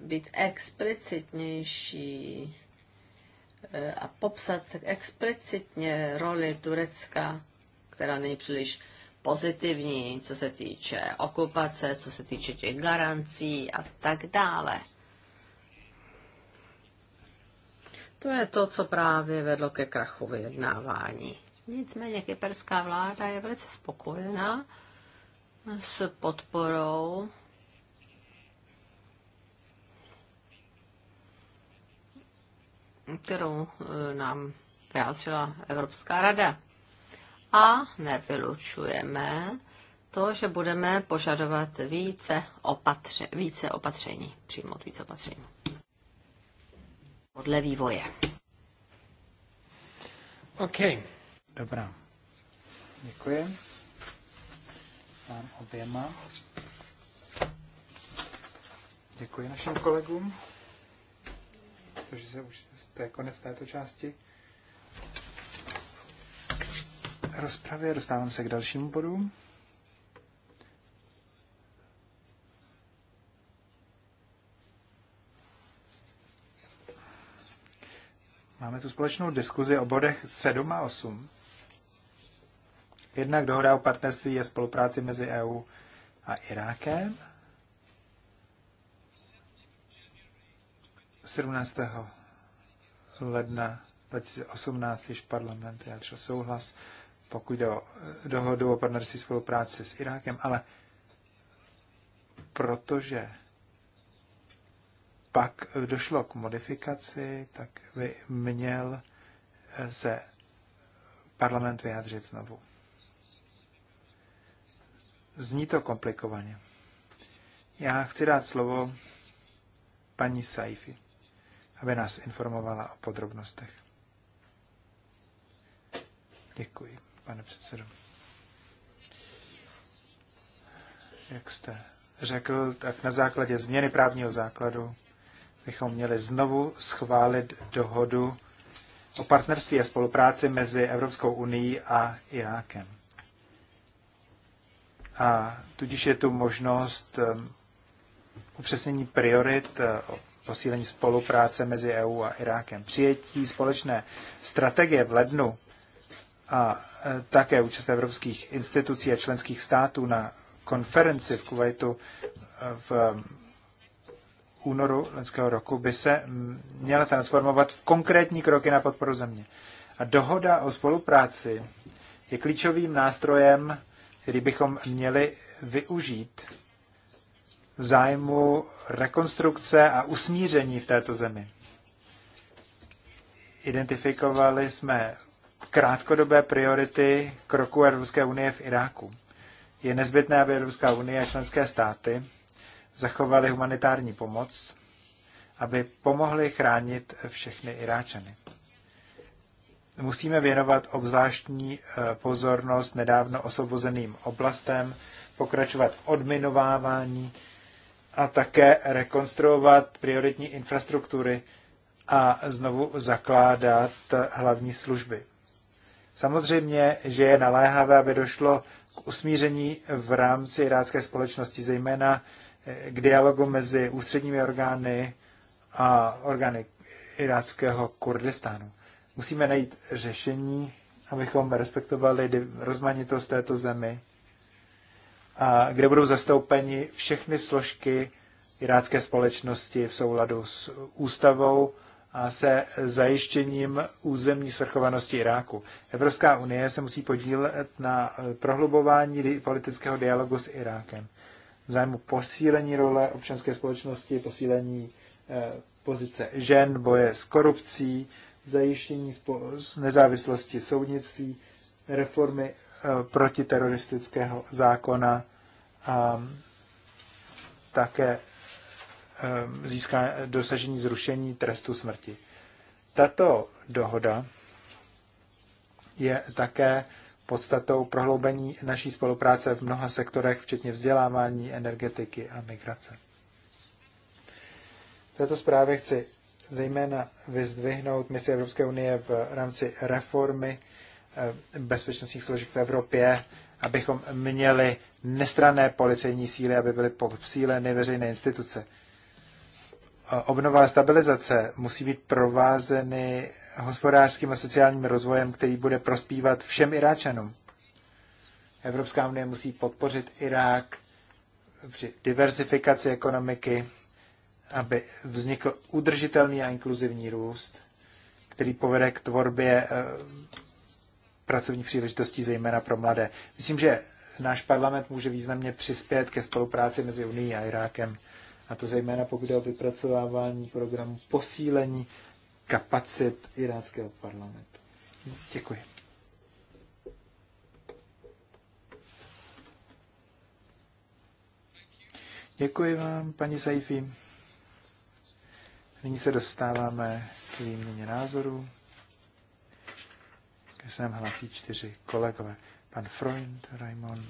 být explicitnější e, a popsat explicitně roli Turecka, která není příliš pozitivní, co se týče okupace, co se týče těch garancí a tak dále. To je to, co právě vedlo ke krachu vyjednávání. Nicméně kyperská vláda je velice spokojená s podporou kterou eh, nám vyjádřila Evropská rada a nevylučujeme to, že budeme požadovat více, opatře, více opatření, přijmout více opatření. Podle vývoje. OK. Dobrá. Děkuji. Vám oběma. Děkuji našim kolegům, protože se už, z té konec této části. rozpravě, dostávám se k dalšímu bodu. Máme tu společnou diskuzi o bodech 7 a 8. Jednak dohoda o partnerství je spolupráci mezi EU a Irákem. 17. ledna 2018 již parlament vyjádřil souhlas pokud jde o eh, dohodu o partnerství spolupráce s Irákem, ale protože pak došlo k modifikaci, tak by měl eh, se parlament vyjádřit znovu. Zní to komplikovaně. Já chci dát slovo paní Saifi, aby nás informovala o podrobnostech. Děkuji pane předsedo. Jak jste řekl, tak na základě změny právního základu bychom měli znovu schválit dohodu o partnerství a spolupráci mezi Evropskou unii a Irákem. A tudíž je tu možnost um, upřesnění priorit uh, posílení spolupráce mezi EU a Irákem. Přijetí společné strategie v lednu a e, také účast evropských institucí a členských států na konferenci v Kuwaitu e, v únoru loňského roku by se měla transformovat v konkrétní kroky na podporu země. A dohoda o spolupráci je klíčovým nástrojem, který bychom měli využít v zájmu rekonstrukce a usmíření v této zemi. Identifikovali jsme krátkodobé priority kroku Evropské unie v Iráku. Je nezbytné, aby Evropská unie a členské státy zachovaly humanitární pomoc, aby pomohly chránit všechny Iráčany. Musíme věnovat obzvláštní eh, pozornost nedávno osvobozeným oblastem, pokračovat v odminovávání a také rekonstruovat prioritní infrastruktury a znovu zakládat hlavní služby. Samozřejmě, že je naléhavé, aby došlo k usmíření v rámci irácké společnosti, zejména eh, k dialogu mezi ústředními orgány a orgány iráckého Kurdistánu. Musíme najít řešení, abychom respektovali rozmanitost této zemi, a kde budou zastoupeni všechny složky irácké společnosti v souladu s ústavou a se zajištěním územní svrchovanosti Iráku. Evropská unie se musí podílet na eh, prohlubování politického dialogu s Irákem. V zájmu posílení role občanské společnosti, posílení eh, pozice žen, boje s korupcí, zajištění nezávislosti soudnictví, reformy eh, protiteroristického zákona a také Eh, získá dosažení zrušení trestu smrti. Tato dohoda je také podstatou prohloubení naší spolupráce v mnoha sektorech, včetně vzdělávání, energetiky a migrace. V této zprávě chci zejména vyzdvihnout misi Evropské unie v rámci reformy eh, bezpečnostních složek v Evropě, abychom měli nestrané policejní síly, aby byly posíleny veřejné instituce obnova a stabilizace musí být provázeny hospodářským a sociálním rozvojem, který bude prospívat všem Iráčanům. Evropská unie musí podpořit Irák při diversifikaci ekonomiky, aby vznikl udržitelný a inkluzivní růst, který povede k tvorbě eh, pracovních příležitostí, zejména pro mladé. Myslím, že náš parlament může významně přispět ke spolupráci mezi Unii a Irákem a to zejména pokud je o vypracovávání programu posílení kapacit iráckého parlamentu. Děkuji. Děkuji vám, paní Saifi. Nyní se dostáváme k výměně názorů, kde se nám hlasí čtyři kolegové. Pan Freund, Raimond,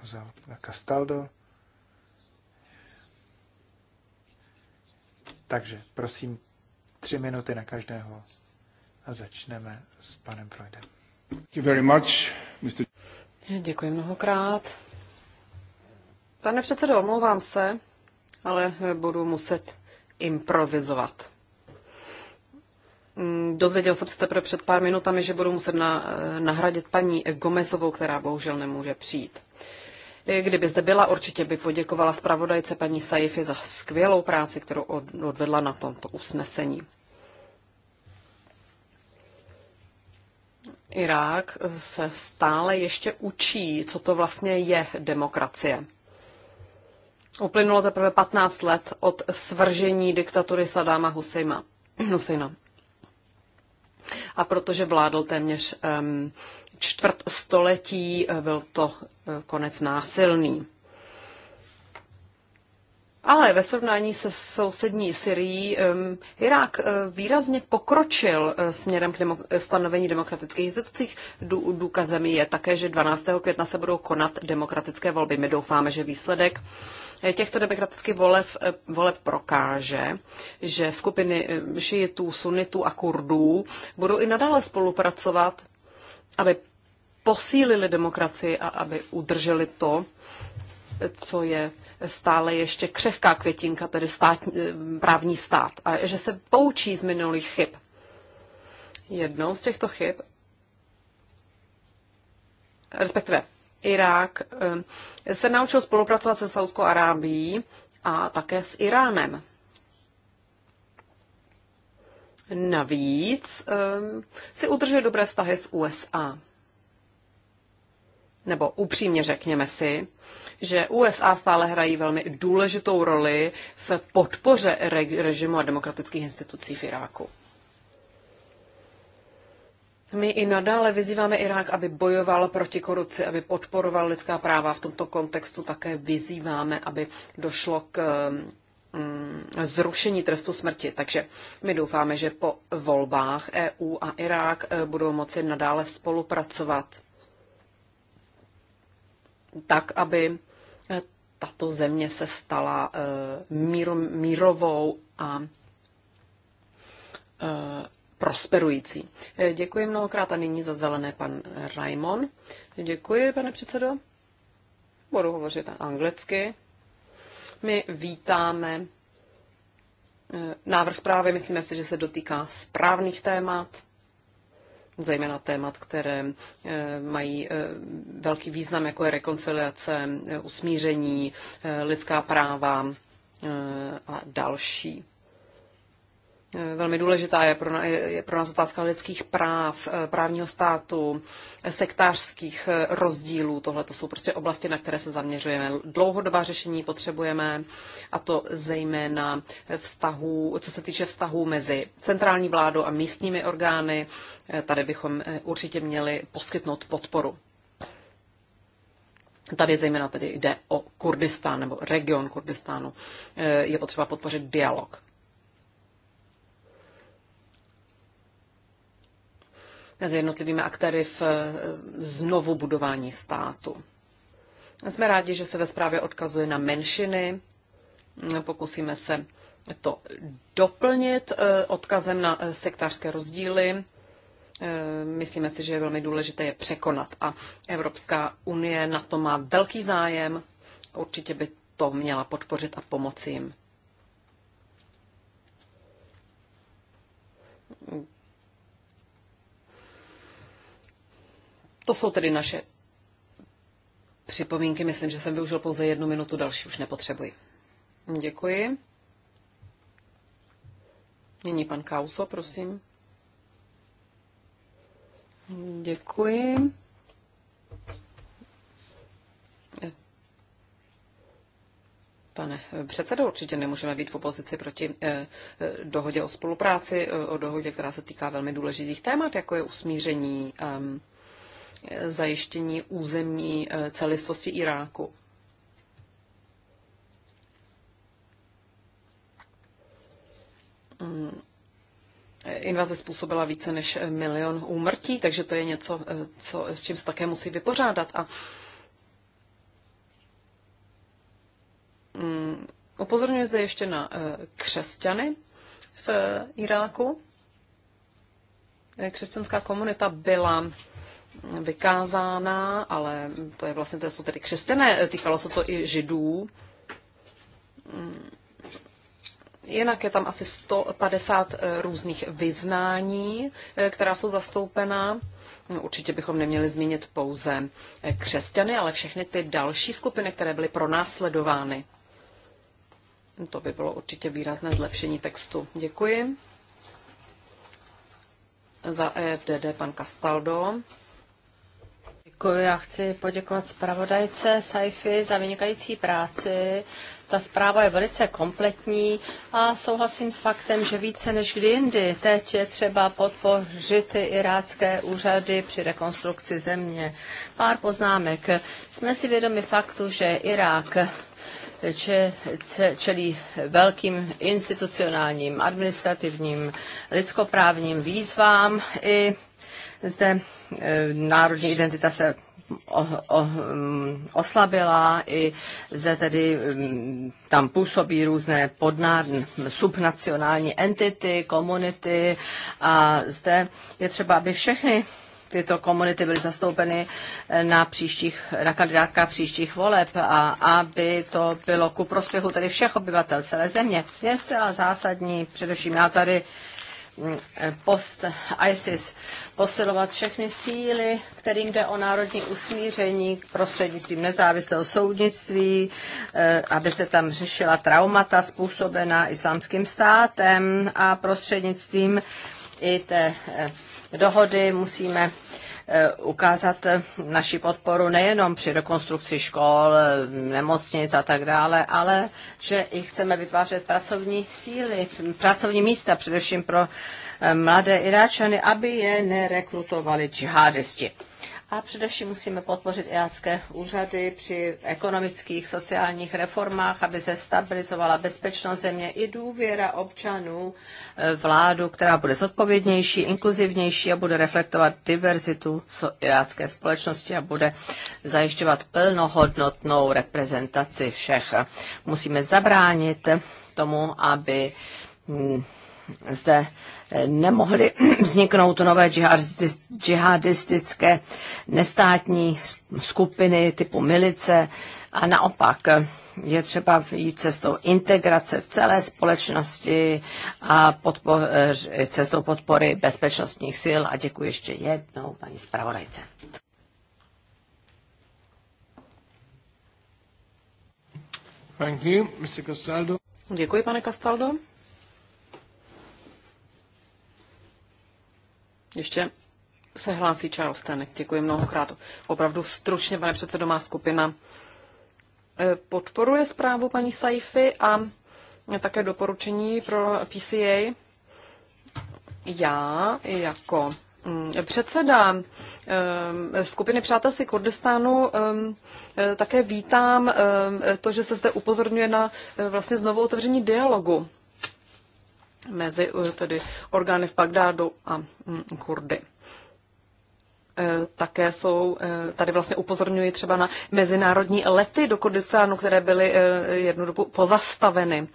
Kozal a Castaldo. Takže prosím, tři minuty na každého a začneme s panem Freudem. Thank you very much, Mr. Děkuji mnohokrát. Pane předsedo, omlouvám se, ale budu muset improvizovat. Mm, dozvěděl jsem se teprve před pár minutami, že budu muset na, eh, nahradit paní Gomezovou, která bohužel nemůže přijít. Kdyby zde byla, určitě by poděkovala zpravodajce paní Saifi za skvělou práci, kterou odvedla na tomto usnesení. Irák se stále ještě učí, co to vlastně je demokracie. Uplynulo teprve 15 let od svržení diktatury Sadáma Husejma. Husejna. A protože vládl téměř um, čtvrt století eh, byl to eh, konec násilný. Ale ve srovnání se sousední Syrií, Irák eh, výrazně pokročil směrem k demok- stanovení demokratických institucí. Dů- důkazem je také, že 12. května se budou konat demokratické volby. My doufáme, že výsledek těchto demokratických voleb, voleb prokáže, že skupiny šijitů, sunitů a kurdů budou i nadále spolupracovat, aby posílili demokracii a aby udrželi to, co je stále ještě křehká květinka, tedy stát, eh, právní stát, a že se poučí z minulých chyb. Jednou z těchto chyb, respektive Irák, eh, se naučil spolupracovat se Saudskou Arábií a také s Iránem. Navíc eh, si udržuje dobré vztahy s USA nebo upřímně řekněme si, že USA stále hrají velmi důležitou roli v podpoře režimu a demokratických institucí v Iráku. My i nadále vyzýváme Irák, aby bojoval proti korupci, aby podporoval lidská práva. V tomto kontextu také vyzýváme, aby došlo k mm, zrušení trestu smrti. Takže my doufáme, že po volbách EU a Irák eh, budou moci nadále spolupracovat tak, aby eh, tato země se stala eh, mírovou a eh, prosperující. Děkuji mnohokrát a nyní za zelené pan Raimon. Děkuji, pane předsedo. Budu hovořit anglicky. My vítáme návrh zprávy, myslíme si, že se dotýká správných témat zejména témat, které eh, mají eh, velký význam, jako je rekonciliace, eh, usmíření, lidská práva a další. Eh, velmi důležitá je pro, je pro nás otázka lidských práv, eh, právního státu, sektářských eh, rozdílů. Tohle to jsou prostě oblasti, na které se zaměřujeme. Dlouhodobá řešení potřebujeme, a to zejména vztahu, co se týče vztahů mezi centrální vládou a místními orgány. Tady bychom určitě měli poskytnout podporu. Tady zejména tedy jde o Kurdistán nebo region Kurdistánu. Je potřeba podpořit dialog. mezi jednotlivými aktéry v eh, znovu budování státu. Jsme rádi, že se ve zprávě odkazuje na menšiny. Pokusíme se to doplnit eh, odkazem na eh, sektářské rozdíly. Myslíme si, že je velmi důležité je překonat a Evropská unie na to má velký zájem. Určitě by to měla podpořit a pomoci jim. To jsou tedy naše připomínky. Myslím, že jsem využil pouze jednu minutu, další už nepotřebuji. Děkuji. Nyní pan Kauso, prosím. Děkuji. Pane předsedo, určitě nemůžeme být v opozici proti eh, eh, dohodě o spolupráci, eh, o dohodě, která se týká velmi důležitých témat, jako je usmíření ehm, zajištění územní eh, celistvosti Iráku. Mm. Invaze způsobila více než milion úmrtí, takže to je něco, eh, co, s čím se také musí vypořádat. A mm, Upozorňuji zde ještě na eh, křesťany v Iráku. Křesťanská komunita byla vykázána, ale to je vlastně, to jsou tedy křesťané, eh, týkalo se to i židů. Mm. Jinak je tam asi 150 eh, různých vyznání, eh, která jsou zastoupená. No, určitě bychom neměli zmínit pouze křesťany, ale všechny ty další skupiny, které byly pronásledovány. To by bylo určitě výrazné zlepšení textu. Děkuji. Za EFDD pan Castaldo. Děkuji, já chci poděkovat zpravodajce Saifi za vynikající práci. Ta zpráva je velice kompletní a souhlasím s faktem, že více než kdy jindy teď je třeba podpořit irácké úřady při rekonstrukci země. Pár poznámek. Jsme si vědomi faktu, že Irák čelí velkým institucionálním, administrativním, lidskoprávním výzvám i zde Eh, národní identita se o, o, mm, oslabila, i zde tedy mm, tam působí různé podná, subnacionální entity, komunity a zde je třeba, aby všechny tyto komunity byly zastoupeny eh, na, příštích, na kandidátkách příštích voleb a aby to bylo ku prospěchu tedy všech obyvatel celé země. Je zcela zásadní, především já tady post ISIS posilovat všechny síly, kterým jde o národní usmíření prostřednictvím nezávislého soudnictví, eh, aby se tam řešila traumata způsobená islámským státem a prostřednictvím i té eh, dohody musíme Eh, ukázat naši podporu nejenom při rekonstrukci škol, nemocnic a tak dále, ale že i chceme vytvářet pracovní síly, pracovní místa především pro eh, mladé Iráčany, aby je nerekrutovali džihadisti. A především musíme podpořit irácké úřady při ekonomických, sociálních reformách, aby se stabilizovala bezpečnost země i důvěra občanů e, vládu, která bude zodpovědnější, inkluzivnější a bude reflektovat diverzitu irácké společnosti a bude zajišťovat plnohodnotnou reprezentaci všech. Musíme zabránit tomu, aby mm, zde nemohly vzniknout nové džihadistické nestátní skupiny typu milice a naopak je třeba jít cestou integrace celé společnosti a podpor, eh, cestou podpory bezpečnostních sil. A děkuji ještě jednou paní zpravodajce. Castaldo. Děkuji, pane Castaldo. Ještě se hlásí Charles Tenek. Děkuji mnohokrát. Opravdu stručně, pane předsedo, má skupina eh, podporuje zprávu paní Saifi a také doporučení pro PCA. Já jako mm, Předseda eh, skupiny Přátel si Kurdistánu eh, také vítám to, že se zde upozorňuje na vlastně znovu otevření dialogu mezi eh, tedy orgány v Bagdádu a mm, Kurdy. Eh, také jsou, eh, tady vlastně upozorňuji třeba na mezinárodní lety do Kurdistánu, které byly jednu dobu pozastaveny.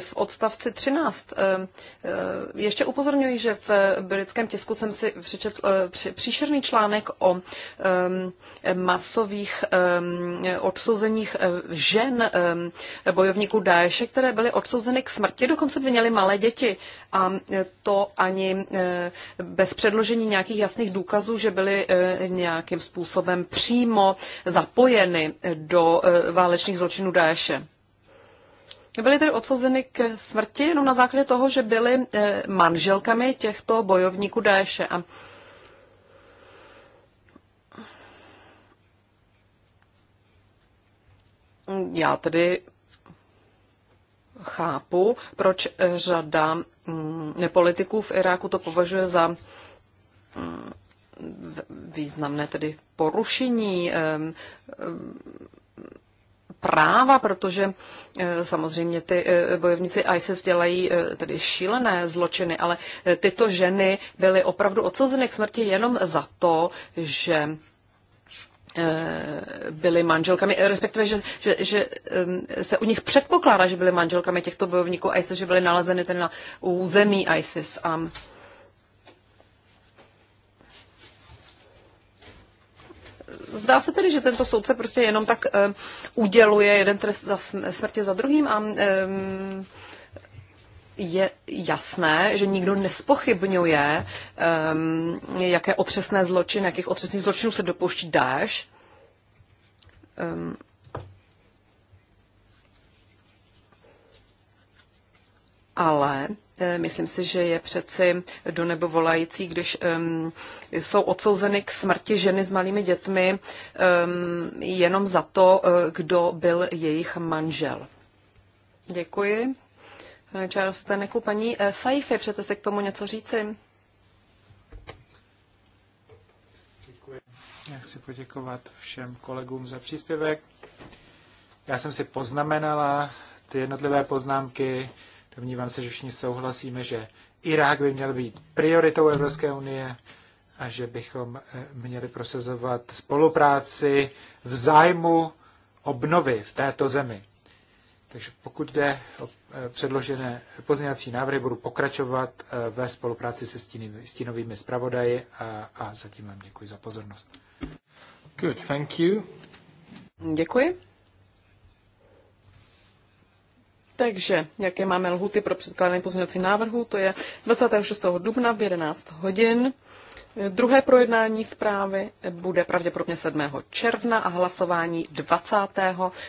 V odstavci 13 ehm, ehm, ještě upozorňuji, že v britském tisku jsem si přečetl eh, příšerný článek o ehm, masových odsouzeních eh, žen bojovníků Daeše, které byly odsouzeny k smrti, dokonce by měly malé děti a eh, to ani bez předložení nějakých jasných důkazů, že byly nějakým způsobem přímo zapojeny do válečných zločinů Daeše byly tedy odsouzeny k smrti jenom na základě toho, že byly eh, manželkami těchto bojovníků Daeše. A já tedy chápu, proč řada mm, politiků v Iráku to považuje za mm, významné tedy porušení eh, práva, protože eh, samozřejmě ty eh, bojovníci ISIS dělají eh, tedy šílené zločiny, ale tyto ženy byly opravdu odsouzeny k smrti jenom za to, že byly manželkami, respektive, že, že, že ehm, se u nich předpokládá, že byly manželkami těchto bojovníků ISIS, že byly nalezeny tedy na území ISIS. A Zdá se tedy, že tento soudce prostě jenom tak eh, uděluje jeden trest za smrtě za druhým a ehm, je jasné, že nikdo nespochybňuje, ehm, jaké otřesné zločiny, jakých otřesných zločinů se dopouští Um, ale Eh, myslím si, že je přeci do nebo volající, když um, jsou odsouzeny k smrti ženy s malými dětmi um, jenom za to, eh, kdo byl jejich manžel. Děkuji. Eh, Charles Teneku, paní Saifi, přete se k tomu něco říci? Děkuji. Já chci poděkovat všem kolegům za příspěvek. Já jsem si poznamenala ty jednotlivé poznámky, Domnívám se, že všichni souhlasíme, že Irák by měl být prioritou Evropské unie a že bychom eh, měli prosazovat spolupráci v zájmu obnovy v této zemi. Takže pokud jde o eh, předložené pozměňovací návrhy, budu pokračovat eh, ve spolupráci se stínovými zpravodaji a, a zatím vám děkuji za pozornost. Good, thank you. Děkuji. Takže, jaké máme lhuty pro předkládání pozměňovací návrhu, to je 26. dubna v 11 hodin. Druhé projednání zprávy bude pravděpodobně 7. června a hlasování 20.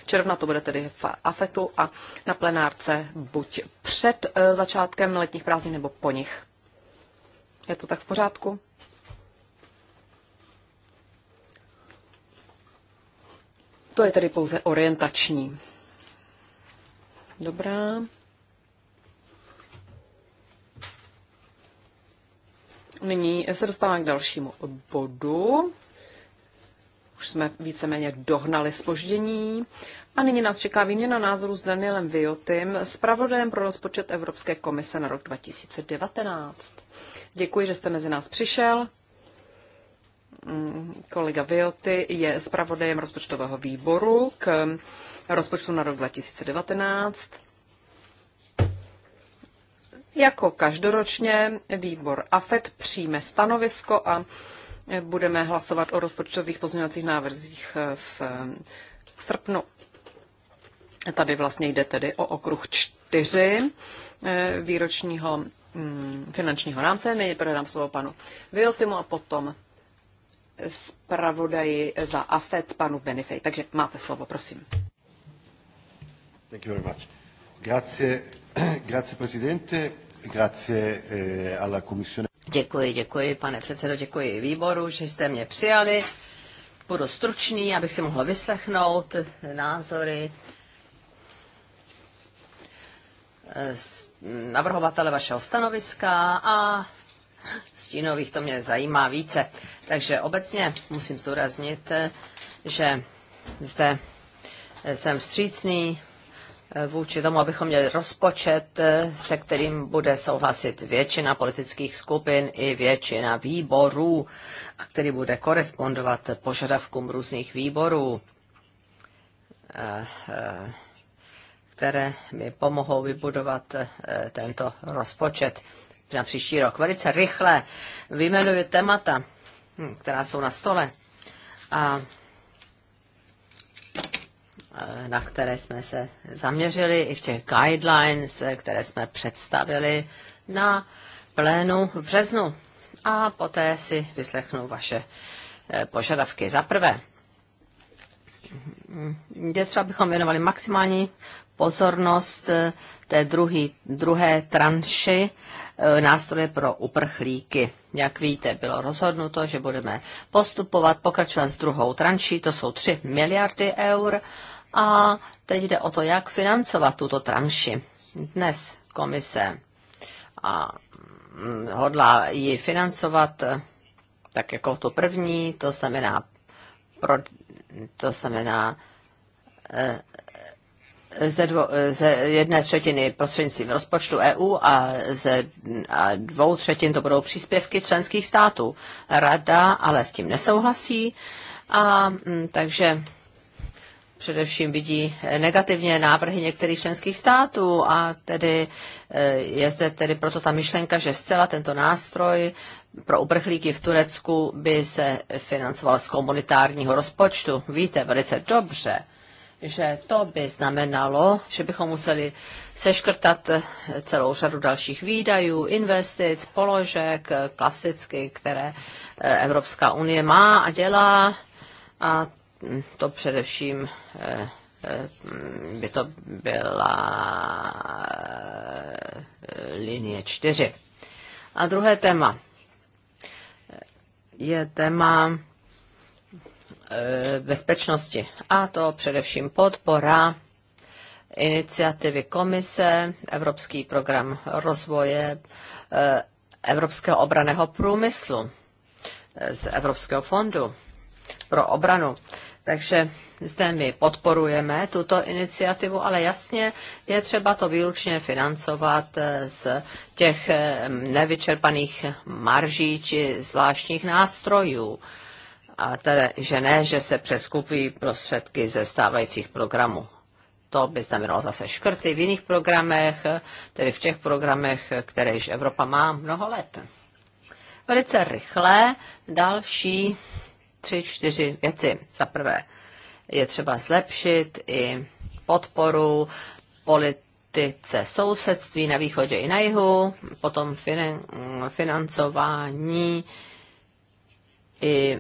června, to bude tedy v AFETu a na plenárce buď před eh, začátkem letních prázdnin nebo po nich. Je to tak v pořádku? To je tedy pouze orientační. Dobrá. Nyní se dostáváme k dalšímu bodu. Už jsme víceméně dohnali spoždění. A nyní nás čeká výměna názoru s Danielem Viotym, zpravodajem pro rozpočet Evropské komise na rok 2019. Děkuji, že jste mezi nás přišel. Mm, kolega Vioty je zpravodajem rozpočtového výboru k rozpočtu na rok 2019. Jako každoročně výbor AFET přijme stanovisko a budeme hlasovat o rozpočtových pozměňovacích návrzích v srpnu. Tady vlastně jde tedy o okruh čtyři eh, výročního mm, finančního rámce. Nejprve dám slovo panu Viltimu a potom zpravodaji za AFET panu Benifej. Takže máte slovo, prosím. Thank you very much. Grazie, grazie presidente, grazie eh, alla commissione. Děkuji, děkuji, pane předsedo, děkuji výboru, že jste mě přijali. Budu stručný, abych si mohla vyslechnout názory eh, navrhovatele vašeho stanoviska a stínových to mě zajímá více. Takže obecně musím zdůraznit, eh, že zde eh, jsem vstřícný Eh, vůči tomu, abychom měli rozpočet, eh, se kterým bude souhlasit většina politických skupin i většina výborů, a který bude korespondovat požadavkům různých výborů, eh, které mi pomohou vybudovat tento rozpočet na příští rok. Velice rychle vyjmenuji témata, hm, která jsou na stole. A Eh, na které jsme se zaměřili, i v těch guidelines, eh, které jsme představili na plénu v březnu. A poté si vyslechnu vaše eh, požadavky. Za prvé, je třeba, bychom věnovali maximální pozornost té druhý, druhé tranši nástroje pro uprchlíky. Jak víte, bylo rozhodnuto, že budeme postupovat, pokračovat s druhou tranší, to jsou 3 miliardy eur a teď jde o to, jak financovat tuto tranši. Dnes komise a mm, hodlá ji financovat eh, tak jako to první, to znamená, pro, to znamená eh, ze, dvo, eh, ze jedné třetiny prostřednictvím rozpočtu EU a ze a dvou třetin to budou příspěvky členských států. Rada ale s tím nesouhlasí, a, mm, takže především vidí negativně návrhy některých členských států a tedy eh, je zde tedy proto ta myšlenka, že zcela tento nástroj pro uprchlíky v Turecku by se financoval z komunitárního rozpočtu. Víte velice dobře, že to by znamenalo, že bychom museli seškrtat eh, celou řadu dalších výdajů, investic, položek, eh, klasicky, které Evropská unie má a dělá. A to především eh, eh, by to byla eh, linie 4. A druhé téma je téma bezpečnosti. A to především podpora iniciativy komise, Evropský program rozvoje Evropského obraného průmyslu z Evropského fondu pro obranu. Takže zde my podporujeme tuto iniciativu, ale jasně je třeba to výlučně financovat eh, z těch eh, nevyčerpaných marží či zvláštních nástrojů. A tedy, že ne, že se přeskupují prostředky ze stávajících programů. To by znamenalo zase škrty v jiných programech, tedy v těch programech, které již Evropa má mnoho let. Velice rychle další tři, čtyři věci. Za prvé je třeba zlepšit i podporu politice sousedství na východě i na jihu, potom financování i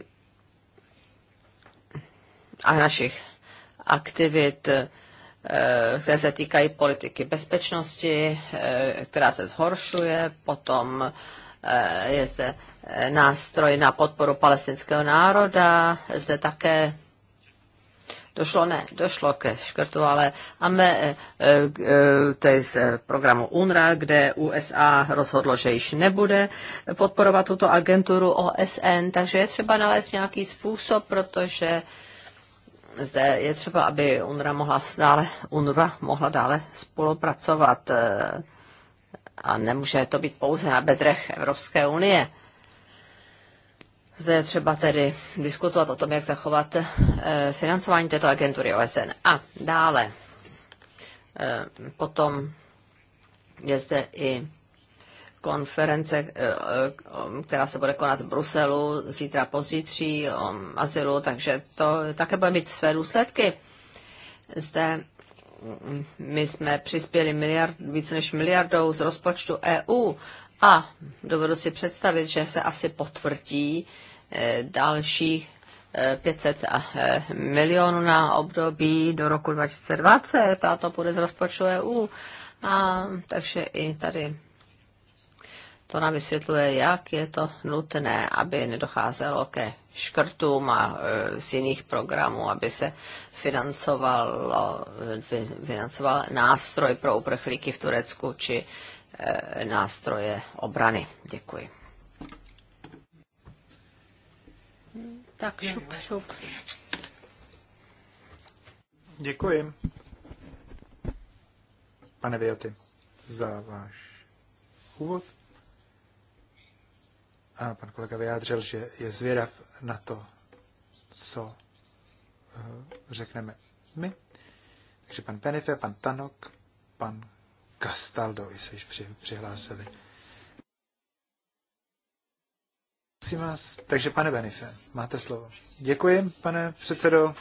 a našich aktivit, eh, které se týkají politiky bezpečnosti, eh, která se zhoršuje, potom eh, je zde nástroj na podporu palestinského národa. Zde také došlo, ne, došlo ke škrtu, ale máme eh, eh, to je z eh, programu UNRA, kde USA rozhodlo, že již nebude podporovat tuto agenturu OSN, takže je třeba nalézt nějaký způsob, protože zde je třeba, aby UNRA mohla dále, UNRA mohla dále spolupracovat a nemůže to být pouze na bedrech Evropské unie. Zde je třeba tedy diskutovat o tom, jak zachovat eh, financování této agentury OSN. A dále eh, potom je zde i konference, eh, která se bude konat v Bruselu zítra pozítří o azylu, takže to také bude mít své důsledky. Zde mm, my jsme přispěli miliard, více než miliardou z rozpočtu EU a dovedu si představit, že se asi potvrdí, Eh, další 500 eh, eh, milionů na období do roku 2020 a to bude z rozpočtu EU. A, takže i tady to nám vysvětluje, jak je to nutné, aby nedocházelo ke škrtům a z jiných programů, aby se financovalo, financoval nástroj pro uprchlíky v Turecku či nástroje obrany. Děkuji. Tak šup, šup. Děkuji, pane Vioty, za váš úvod. A pan kolega vyjádřil, že je zvědav na to, co eh, řekneme my. Takže pan Penife, pan Tanok, pan Castaldo, jestli již přihlásili. Prosím vás, takže pane Benife, máte slovo. Děkuji, pane předsedo.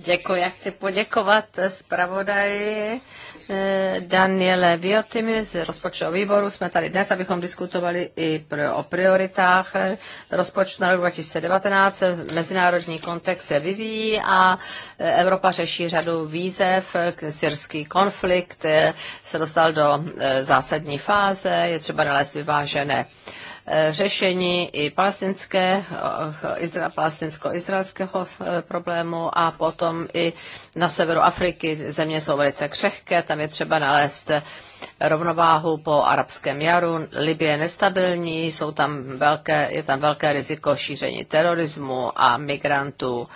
Děkuji, já chci poděkovat zpravodaji eh, Daniele Viotimi z rozpočtového výboru. Jsme tady dnes, abychom diskutovali i o prioritách rozpočtu na rok 2019. Mezinárodní kontext se vyvíjí a eh, Evropa řeší řadu výzev. Syrský konflikt eh, se dostal do zásadní fáze, je třeba nalézt vyvážené Eh, řešení i eh, palestinsko-izraelského eh, problému a potom i na severu Afriky země jsou velice křehké, tam je třeba nalézt rovnováhu po arabském jaru. Libie je nestabilní, jsou tam velké, je tam velké riziko šíření terorismu a migrantů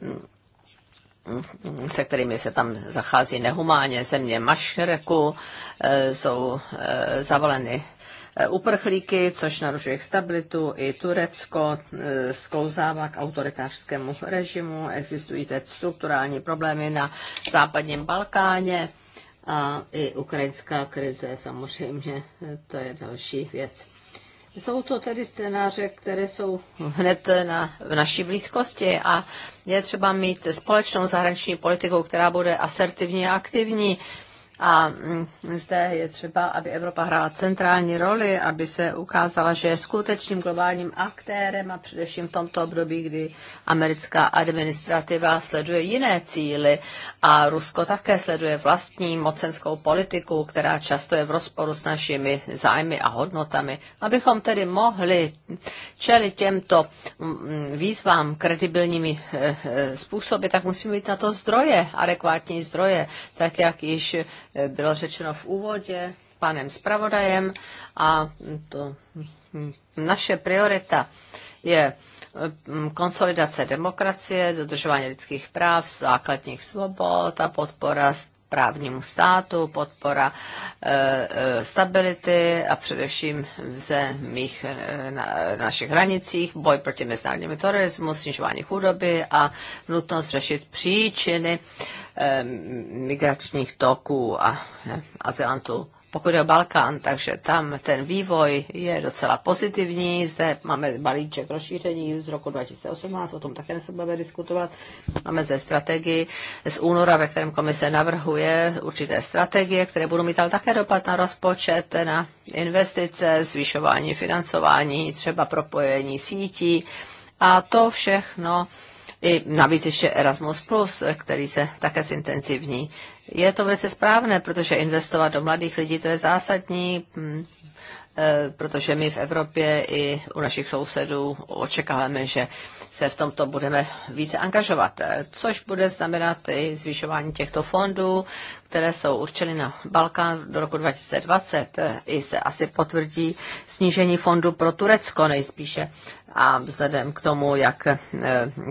mm, se kterými se tam zachází nehumánně. Země Mašreku jsou zavaleny Eh, uprchlíky, což narušuje stabilitu. I Turecko eh, sklouzává k autoritářskému režimu. Existují zde strukturální problémy na západním Balkáně. A i ukrajinská krize samozřejmě, eh, to je další věc. Jsou to tedy scénáře, které jsou hned na, v naší blízkosti a je třeba mít společnou zahraniční politiku, která bude asertivní a aktivní. A mm, zde je třeba, aby Evropa hrála centrální roli, aby se ukázala, že je skutečným globálním aktérem a především v tomto období, kdy americká administrativa sleduje jiné cíly a Rusko také sleduje vlastní mocenskou politiku, která často je v rozporu s našimi zájmy a hodnotami. Abychom tedy mohli čelit těmto mm, výzvám kredibilními eh, eh, způsoby, tak musíme mít na to zdroje, adekvátní zdroje, tak jak již bylo řečeno v úvodě panem zpravodajem a to naše priorita je mm, konsolidace demokracie, dodržování lidských práv, základních svobod a podpora právnímu státu, podpora eh, eh, stability a především v zemích eh, na našich hranicích, boj proti mezinárodnímu terorismu, snižování chudoby a nutnost řešit příčiny migračních toků a azylantů pokud je o Balkán, takže tam ten vývoj je docela pozitivní. Zde máme balíček rozšíření z roku 2018, o tom také se budeme diskutovat. Máme zde strategii z února, ve kterém komise navrhuje určité strategie, které budou mít ale také dopad na rozpočet, na investice, zvyšování financování, třeba propojení sítí. A to všechno i navíc ještě Erasmus+, který se také zintenzivní je to velice správné, protože investovat do mladých lidí to je zásadní, mm, eh, protože my v Evropě i u našich sousedů očekáváme, že se v tomto budeme více angažovat, eh, což bude znamenat i zvyšování těchto fondů, které jsou určeny na Balkán do roku 2020. Eh, I se asi potvrdí snížení fondu pro Turecko nejspíše a vzhledem k tomu, jak e,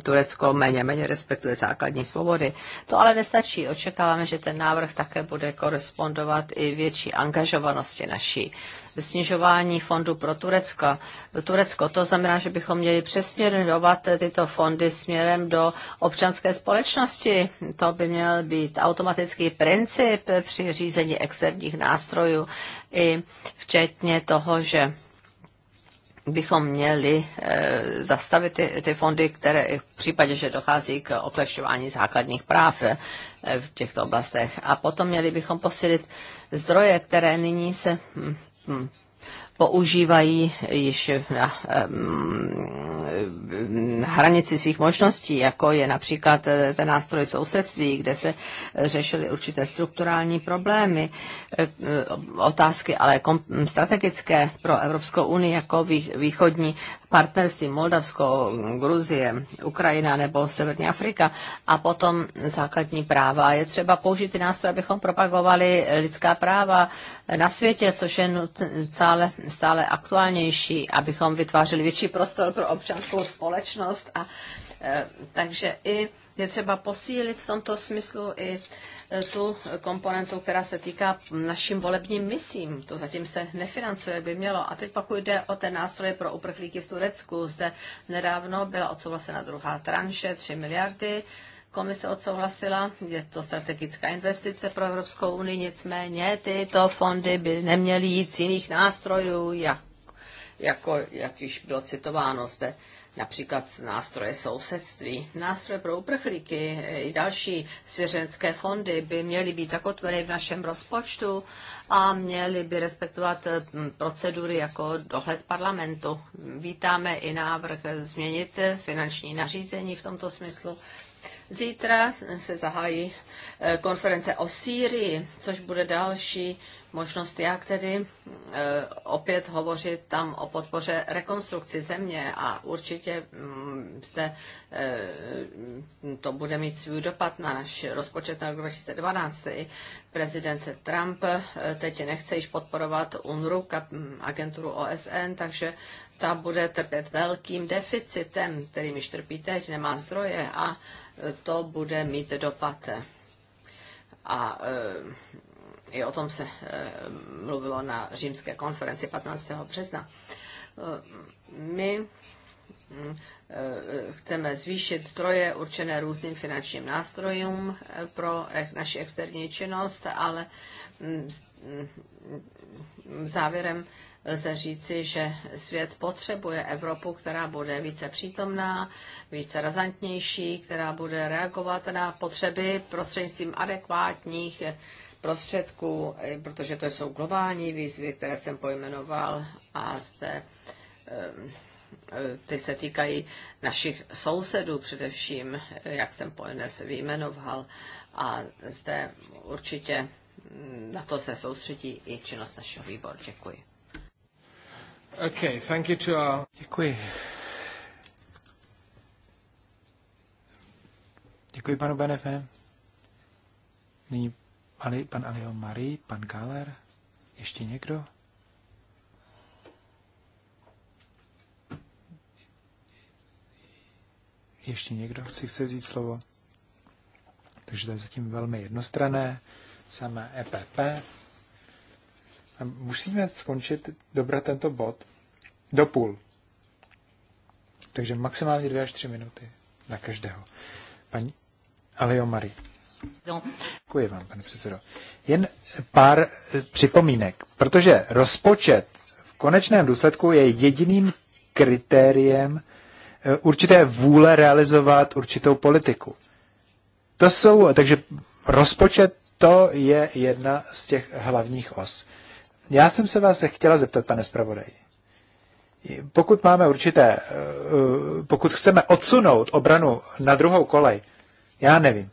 Turecko méně méně respektuje základní svobody. To ale nestačí. Očekáváme, že ten návrh také bude korespondovat i větší angažovanosti naší. Snižování fondu pro Turecko. Turecko to znamená, že bychom měli přesměrovat tyto fondy směrem do občanské společnosti. To by měl být automatický princip při řízení externích nástrojů, i včetně toho, že bychom měli eh, zastavit ty, ty fondy, které v případě, že dochází k oklešťování základních práv eh, v těchto oblastech. A potom měli bychom posilit zdroje, které nyní se hm, hm, používají již na hranici svých možností, jako je například eh, ten nástroj sousedství, kde se řešily určité strukturální problémy, eh, otázky ale strategické pro Evropskou unii jako východní partnerství Moldavsko, Gruzie, Ukrajina nebo Severní Afrika a potom základní práva. Je třeba použít ty nástroje, abychom propagovali lidská práva na světě, což je stále, stále aktuálnější, abychom vytvářeli větší prostor pro občanskou společnost a e, takže i je třeba posílit v tomto smyslu i Eh, tu komponentu, která se týká našim volebním misím. To zatím se nefinancuje, jak by mělo. A teď pokud jde o ten nástroje pro uprchlíky v Turecku, zde nedávno byla odsouhlasena druhá tranše, 3 miliardy. Komise odsouhlasila, je to strategická investice pro Evropskou unii, nicméně tyto fondy by neměly jít z jiných nástrojů, jak, jako, jak již bylo citováno zde například nástroje sousedství, nástroje pro uprchlíky eh, i další svěřenské fondy by měly být zakotveny v našem rozpočtu a měly by respektovat eh, procedury jako dohled parlamentu. Vítáme i návrh eh, změnit finanční nařízení v tomto smyslu. Zítra se zahájí konference o Sýrii, což bude další možnost, jak tedy eh, opět hovořit tam o podpoře rekonstrukci země a určitě mm, zde eh, to bude mít svůj dopad na náš rozpočet na rok 2012. Prezident Trump eh, teď nechce již podporovat UNRU, agenturu OSN, takže ta bude trpět velkým deficitem, kterým již trpí teď, nemá zdroje a to bude mít dopad. A i o tom se eh, mluvilo na římské konferenci 15. března. Eh, my hm, eh, chceme zvýšit stroje určené různým finančním nástrojům pro naši externí činnost, ale hm, hm, závěrem lze říci, že svět potřebuje Evropu, která bude více přítomná, více razantnější, která bude reagovat na potřeby prostřednictvím adekvátních prostředků, eh, protože to jsou globální výzvy, které jsem pojmenoval a zde eh, eh, ty se týkají našich sousedů především, jak jsem dnes vyjmenoval. A zde určitě mm, na to se soustředí i činnost našeho výboru. Děkuji. Okay, thank you to our... Děkuji. Děkuji panu Benefe. Nyní Ali, pan Alio Marie, pan Galer, ještě někdo? Ještě někdo si chce vzít slovo? Takže to je zatím velmi jednostrané, samé EPP. A musíme skončit dobrat tento bod do půl. Takže maximálně dvě až tři minuty na každého. Paní Alio Marie. Děkuji vám, pane předsedo. Jen pár eh, připomínek, protože rozpočet v konečném důsledku je jediným kritériem eh, určité vůle realizovat určitou politiku. To jsou, takže rozpočet to je jedna z těch hlavních os. Já jsem se vás chtěla zeptat, pane zpravodaj. Pokud máme určité, eh, pokud chceme odsunout obranu na druhou kolej, já nevím,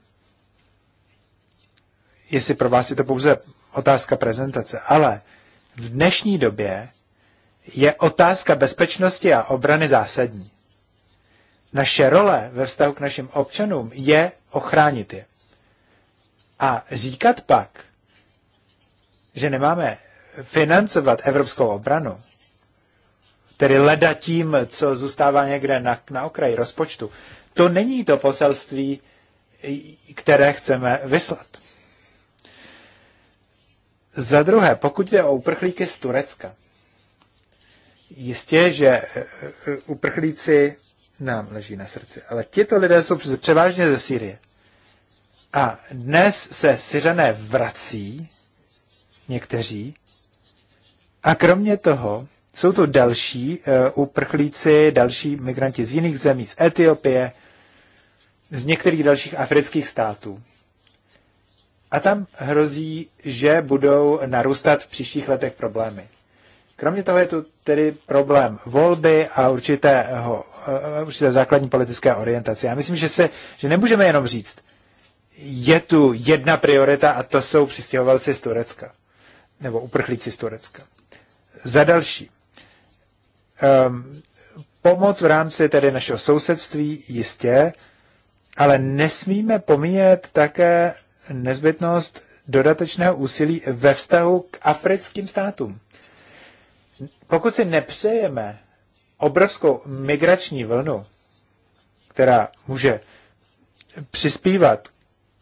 jestli pro vás je to pouze otázka prezentace, ale v dnešní době je otázka bezpečnosti a obrany zásadní. Naše role ve vztahu k našim občanům je ochránit je. A říkat pak, že nemáme financovat evropskou obranu, tedy leda tím, co zůstává někde na, na okraji rozpočtu, to není to poselství, které chceme vyslat. Za druhé, pokud jde o uprchlíky z Turecka, jistě, že eh, eh, uprchlíci nám leží na srdci, ale tito lidé jsou převážně ze Sýrie. A dnes se Syřané vrací, někteří, a kromě toho jsou to další eh, uprchlíci, další migranti z jiných zemí, z Etiopie, z některých dalších afrických států. A tam hrozí, že budou narůstat v příštích letech problémy. Kromě toho je tu tedy problém volby a určitého, eh, určité základní politické orientace. Já myslím, že, se, že nemůžeme jenom říct, je tu jedna priorita a to jsou přistěhovalci z Turecka. Nebo uprchlíci z Turecka. Za další. Um, pomoc v rámci tedy našeho sousedství jistě, ale nesmíme pomíjet také nezbytnost dodatečného úsilí ve vztahu k africkým státům. Pokud si nepřejeme obrovskou migrační vlnu, která může přispívat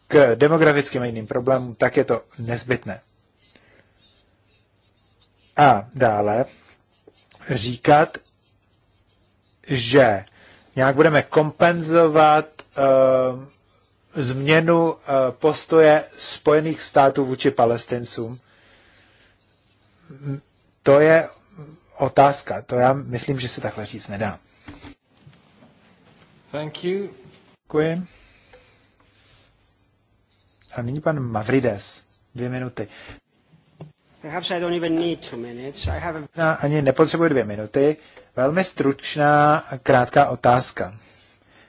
k demografickým a jiným problémům, tak je to nezbytné. A dále říkat, že nějak budeme kompenzovat uh, změnu eh, postoje Spojených států vůči palestincům. To je otázka. To já myslím, že se takhle říct nedá. Thank you. Děkuji. A nyní pan Mavrides. Dvě minuty. Perhaps I don't even need two minutes. I have a... Ani nepotřebuji dvě minuty. Velmi stručná, krátká otázka.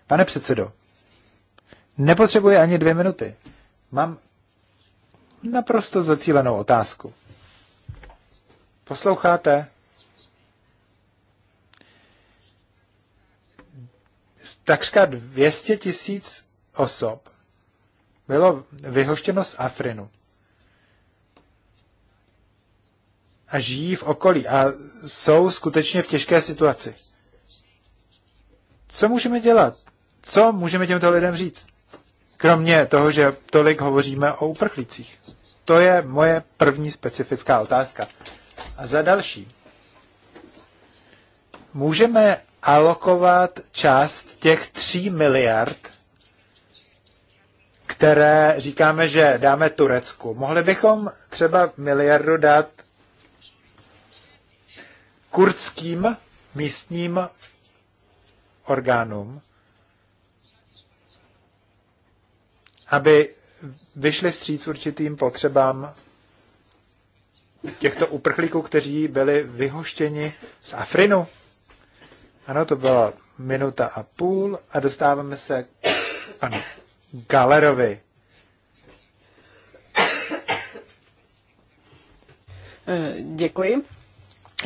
Pane předsedo, Nepotřebuje ani dvě minuty. Mám naprosto zacílenou otázku. Posloucháte? Takřka 200 tisíc osob bylo vyhoštěno z Afrinu a žijí v okolí a jsou skutečně v těžké situaci. Co můžeme dělat? Co můžeme těmto lidem říct? Kromě toho, že tolik hovoříme o uprchlících. To je moje první specifická otázka. A za další. Můžeme alokovat část těch 3 miliard, které říkáme, že dáme Turecku. Mohli bychom třeba miliardu dát kurdským místním orgánům, aby vyšli stříc určitým potřebám těchto uprchlíků, kteří byli vyhoštěni z Afrinu. Ano, to byla minuta a půl a dostáváme se k panu Galerovi. Eh, děkuji.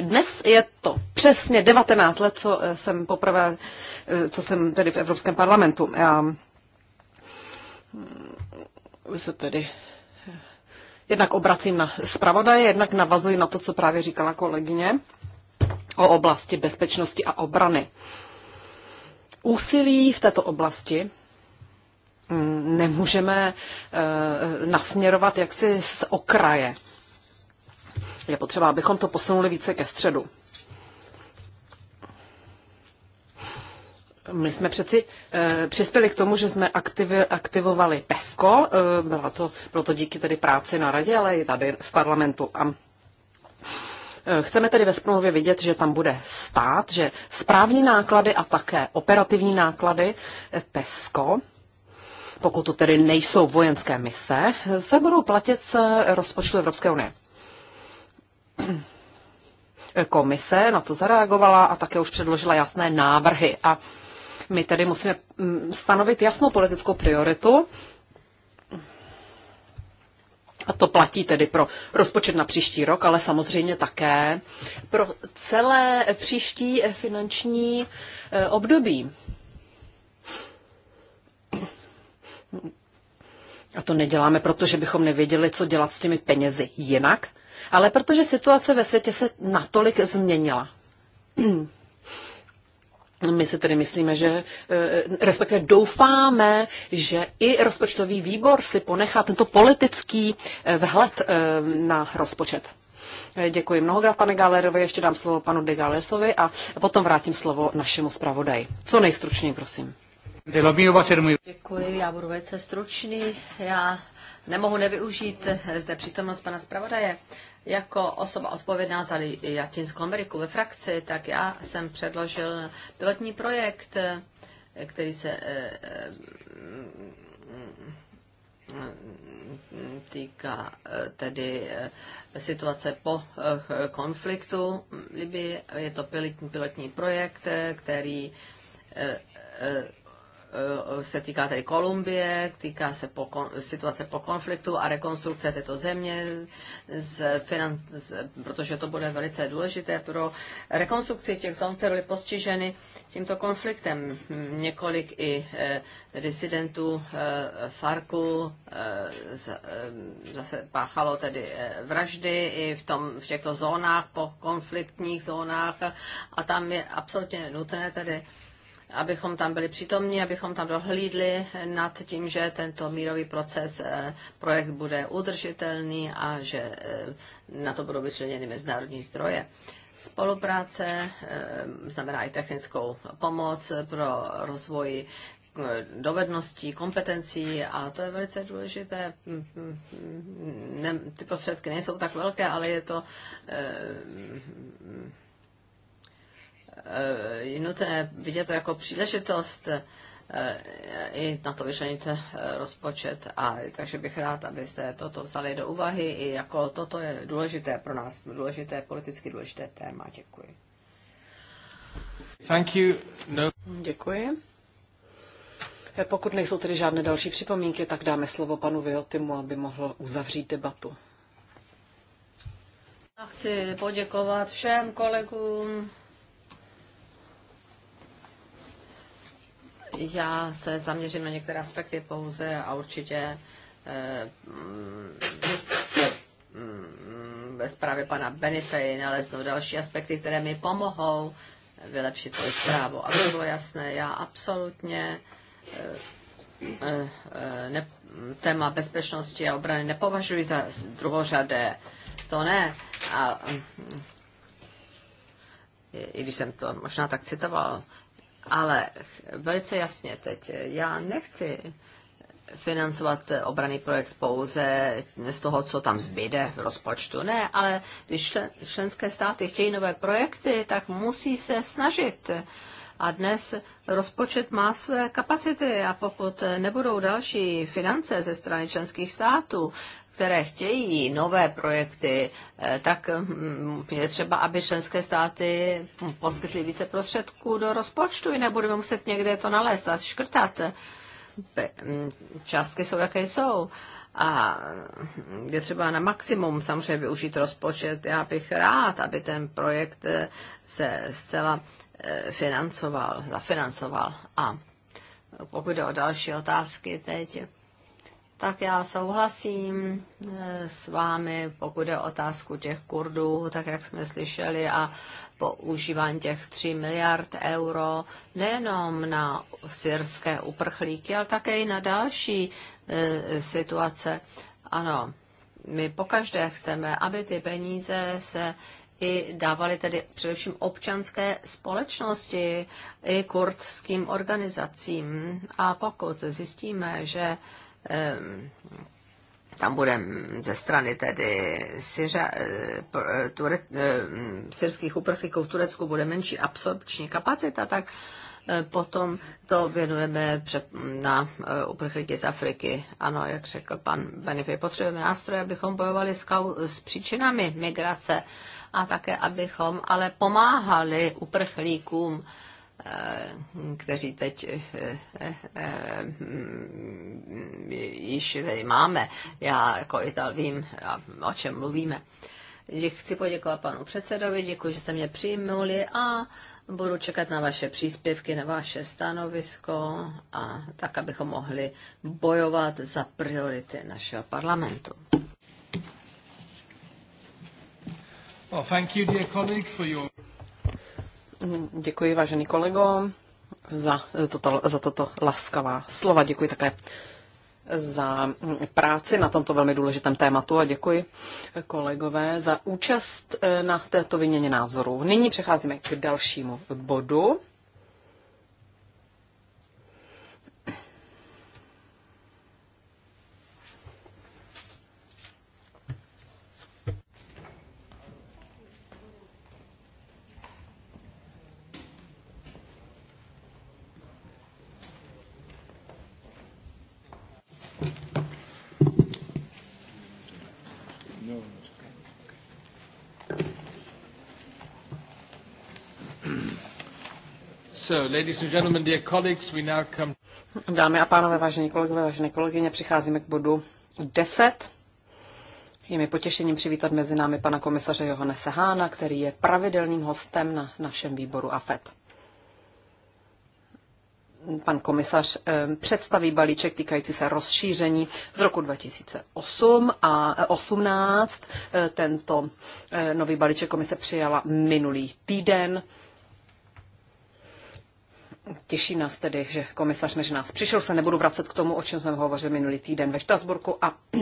Dnes je to přesně 19 let, co eh, jsem poprvé, eh, co jsem tedy v Evropském parlamentu. Já se tedy jednak obracím na zpravodaje, jednak navazuji na to, co právě říkala kolegyně o oblasti bezpečnosti a obrany. Úsilí v této oblasti mm, nemůžeme eh, nasměrovat jaksi z okraje. Je potřeba, abychom to posunuli více ke středu. My jsme přeci e, přispěli k tomu, že jsme aktiv, aktivovali PESCO, e, eh, bylo, to, bylo to díky tedy práci na radě, ale i tady v parlamentu. A eh, Chceme tedy ve smlouvě vidět, že tam bude stát, že správní náklady a také operativní náklady PESCO, pokud to tedy nejsou vojenské mise, se budou platit z rozpočtu Evropské unie. Komise na to zareagovala a také už předložila jasné návrhy. A my tedy musíme mm, stanovit jasnou politickou prioritu. A to platí tedy pro rozpočet na příští rok, ale samozřejmě také pro celé příští finanční eh, období. A to neděláme, protože bychom nevěděli, co dělat s těmi penězi jinak, ale protože situace ve světě se natolik změnila. My si tedy myslíme, že eh, respektive doufáme, že i rozpočtový výbor si ponechá tento politický eh, vhled eh, na rozpočet. Děkuji mnohokrát, pane Galerovi, ještě dám slovo panu De Galesovi a potom vrátím slovo našemu zpravodaji. Co nejstručněji, prosím. Děkuji, já budu velice stručný. Já nemohu nevyužít zde přítomnost pana zpravodaje. Jako osoba odpovědná za Latinskou Ameriku ve frakci, tak já jsem předložil pilotní projekt, eh, který se eh, eh, týká tedy situace po konfliktu Libii. Je to pilotní projekt, který Eh, se týká tedy Kolumbie, týká se po, situace po konfliktu a rekonstrukce této země, z finan, z, protože to bude velice důležité pro rekonstrukci těch zón, které byly postiženy tímto konfliktem. Několik i e, disidentů e, Farku e, z, e, zase páchalo tedy e, vraždy i v, tom, v těchto zónách, po konfliktních zónách a, a tam je absolutně nutné tedy abychom tam byli přítomní, abychom tam dohlídli nad tím, že tento mírový proces, eh, projekt bude udržitelný a že eh, na to budou vyčleněny mezinárodní zdroje. Spolupráce eh, znamená i technickou pomoc pro rozvoj dovedností, kompetencí a to je velice důležité. ty prostředky nejsou tak velké, ale je to je nutné vidět to jako příležitost eh, i na to vyšlenit eh, rozpočet. A, takže bych rád, abyste toto vzali do úvahy. I jako toto je důležité pro nás, důležité, politicky důležité téma. Děkuji. Thank you. No. Děkuji. Eh, pokud nejsou tedy žádné další připomínky, tak dáme slovo panu Vyotimu, aby mohl uzavřít debatu. Chci poděkovat všem kolegům Já se zaměřím na některé aspekty pouze a určitě eh, ve zprávě pana Benifej naleznou další aspekty, které mi pomohou vylepšit svoji zprávu. Aby bylo jasné, já absolutně eh, eh, ne, téma bezpečnosti a obrany nepovažuji za druhořadé. To ne. A, eh, i když jsem to možná tak citoval, ale velice jasně teď, já nechci financovat obraný projekt pouze z toho, co tam zbyde v rozpočtu. Ne, ale když členské státy chtějí nové projekty, tak musí se snažit. A dnes rozpočet má své kapacity a pokud nebudou další finance ze strany členských států, které chtějí nové projekty, eh, tak hm, je třeba, aby členské státy poskytly více prostředků do rozpočtu, jinak budeme muset někde to nalézt a škrtat. Hm, částky jsou, jaké jsou. A je třeba na maximum samozřejmě využít rozpočet. Já bych rád, aby ten projekt eh, se zcela eh, financoval, zafinancoval. A pokud jde o další otázky teď, tak já souhlasím eh, s vámi, pokud je otázku těch Kurdů, tak jak jsme slyšeli, a používání těch 3 miliard euro nejenom na syrské uprchlíky, ale také i na další eh, situace. Ano, my pokaždé chceme, aby ty peníze se i dávali tedy především občanské společnosti i kurdským organizacím. A pokud zjistíme, že Ehm, tam bude ze strany tedy Syřa, eh, eh, ture, eh, syrských uprchlíků v Turecku bude menší absorpční kapacita, tak potom to věnujeme na uprchlíky z Afriky. Ano, jak řekl pan Benefit, potřebujeme nástroje, abychom bojovali s, s příčinami migrace a také, abychom ale pomáhali uprchlíkům kteří teď eh, eh, eh, již tady máme. Já jako Ital vím, o čem mluvíme. Chci poděkovat panu předsedovi, děkuji, že jste mě přijmuli a budu čekat na vaše příspěvky, na vaše stanovisko, a tak, abychom mohli bojovat za priority našeho parlamentu. Well, thank you, dear colleague, for your... Děkuji, vážený kolego, za toto, za toto laskavá slova. Děkuji také za práci na tomto velmi důležitém tématu a děkuji kolegové za účast eh, na této vyměně názorů. Nyní přecházíme k dalšímu bodu. Dámy a pánové, vážení kolegové, vážené kolegyně, přicházíme k bodu 10. Je mi potěšením přivítat mezi námi pana komisaře Johane Sehána, který je pravidelným hostem na našem výboru AFET. Pan komisař eh, představí balíček týkající se rozšíření z roku 2008 a 18. Eh, eh, tento nový balíček komise přijala minulý týden. Těší nás tedy, že komisař mezi nás přišel. Se nebudu vracet k tomu, o čem jsme hovořili minulý týden ve Štrasburku a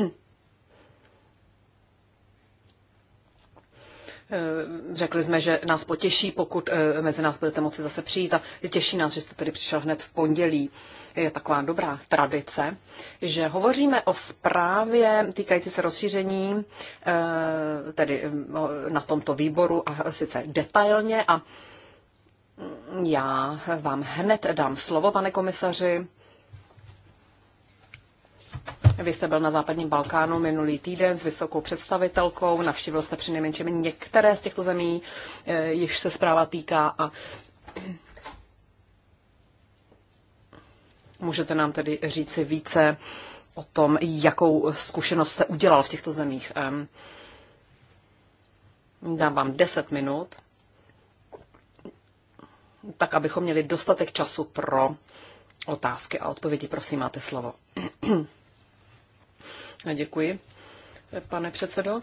Řekli jsme, že nás potěší, pokud eh, mezi nás budete moci zase přijít a těší nás, že jste tedy přišel hned v pondělí. Je taková dobrá tradice, že hovoříme o zprávě týkající se rozšíření eh, tedy eh, na tomto výboru a sice detailně a já vám hned dám slovo, pane komisaři. Vy jste byl na západním Balkánu minulý týden s vysokou představitelkou, navštívil jste nejmenším některé z těchto zemí, eh, jichž se zpráva týká a můžete nám tedy říci více o tom, jakou zkušenost se udělal v těchto zemích. Dám vám 10 minut tak abychom měli dostatek času pro otázky a odpovědi. Prosím, máte slovo. Děkuji, pane předsedo.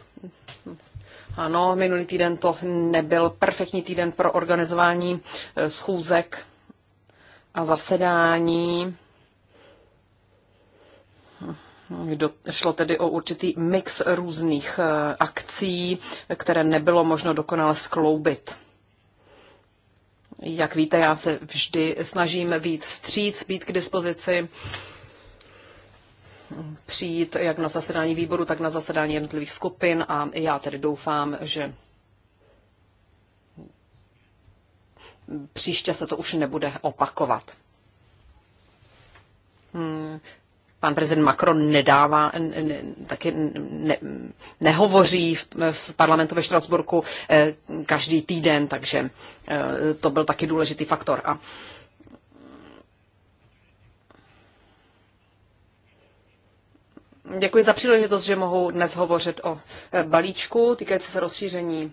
Ano, minulý týden to nebyl perfektní týden pro organizování eh, schůzek a zasedání. Šlo tedy o určitý mix různých eh, akcí, které nebylo možno dokonale skloubit. Jak víte, já se vždy snažím být vstříc, být k dispozici, přijít jak na zasedání výboru, tak na zasedání jednotlivých skupin a já tedy doufám, že příště se to už nebude opakovat. Hmm pan prezident Macron nedává, taky ne, nehovoří v, v parlamentu ve Štrasburku eh, každý týden, takže eh, to byl taky důležitý faktor. A Děkuji za příležitost, že mohu dnes hovořit o eh, balíčku týkající se rozšíření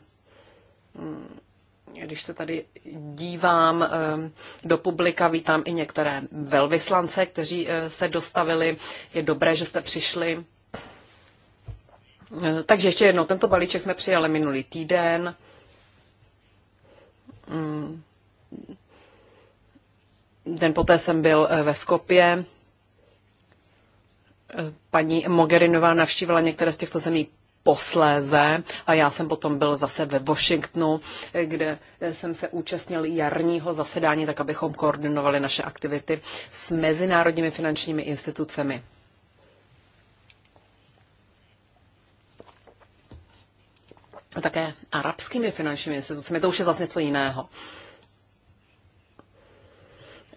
hm, když se tady dívám ehm, do publika, vítám i některé velvyslance, kteří eh, se dostavili. Je dobré, že jste přišli. Eh, takže ještě jednou, tento balíček jsme přijali minulý týden. Mm. Den poté jsem byl eh, ve Skopě. Paní Mogerinová navštívila některé z těchto zemí posléze a já jsem potom byl zase ve Washingtonu, kde jsem se účastnil jarního zasedání, tak abychom koordinovali naše aktivity s mezinárodními finančními institucemi. A také arabskými finančními institucemi, to už je zase něco jiného.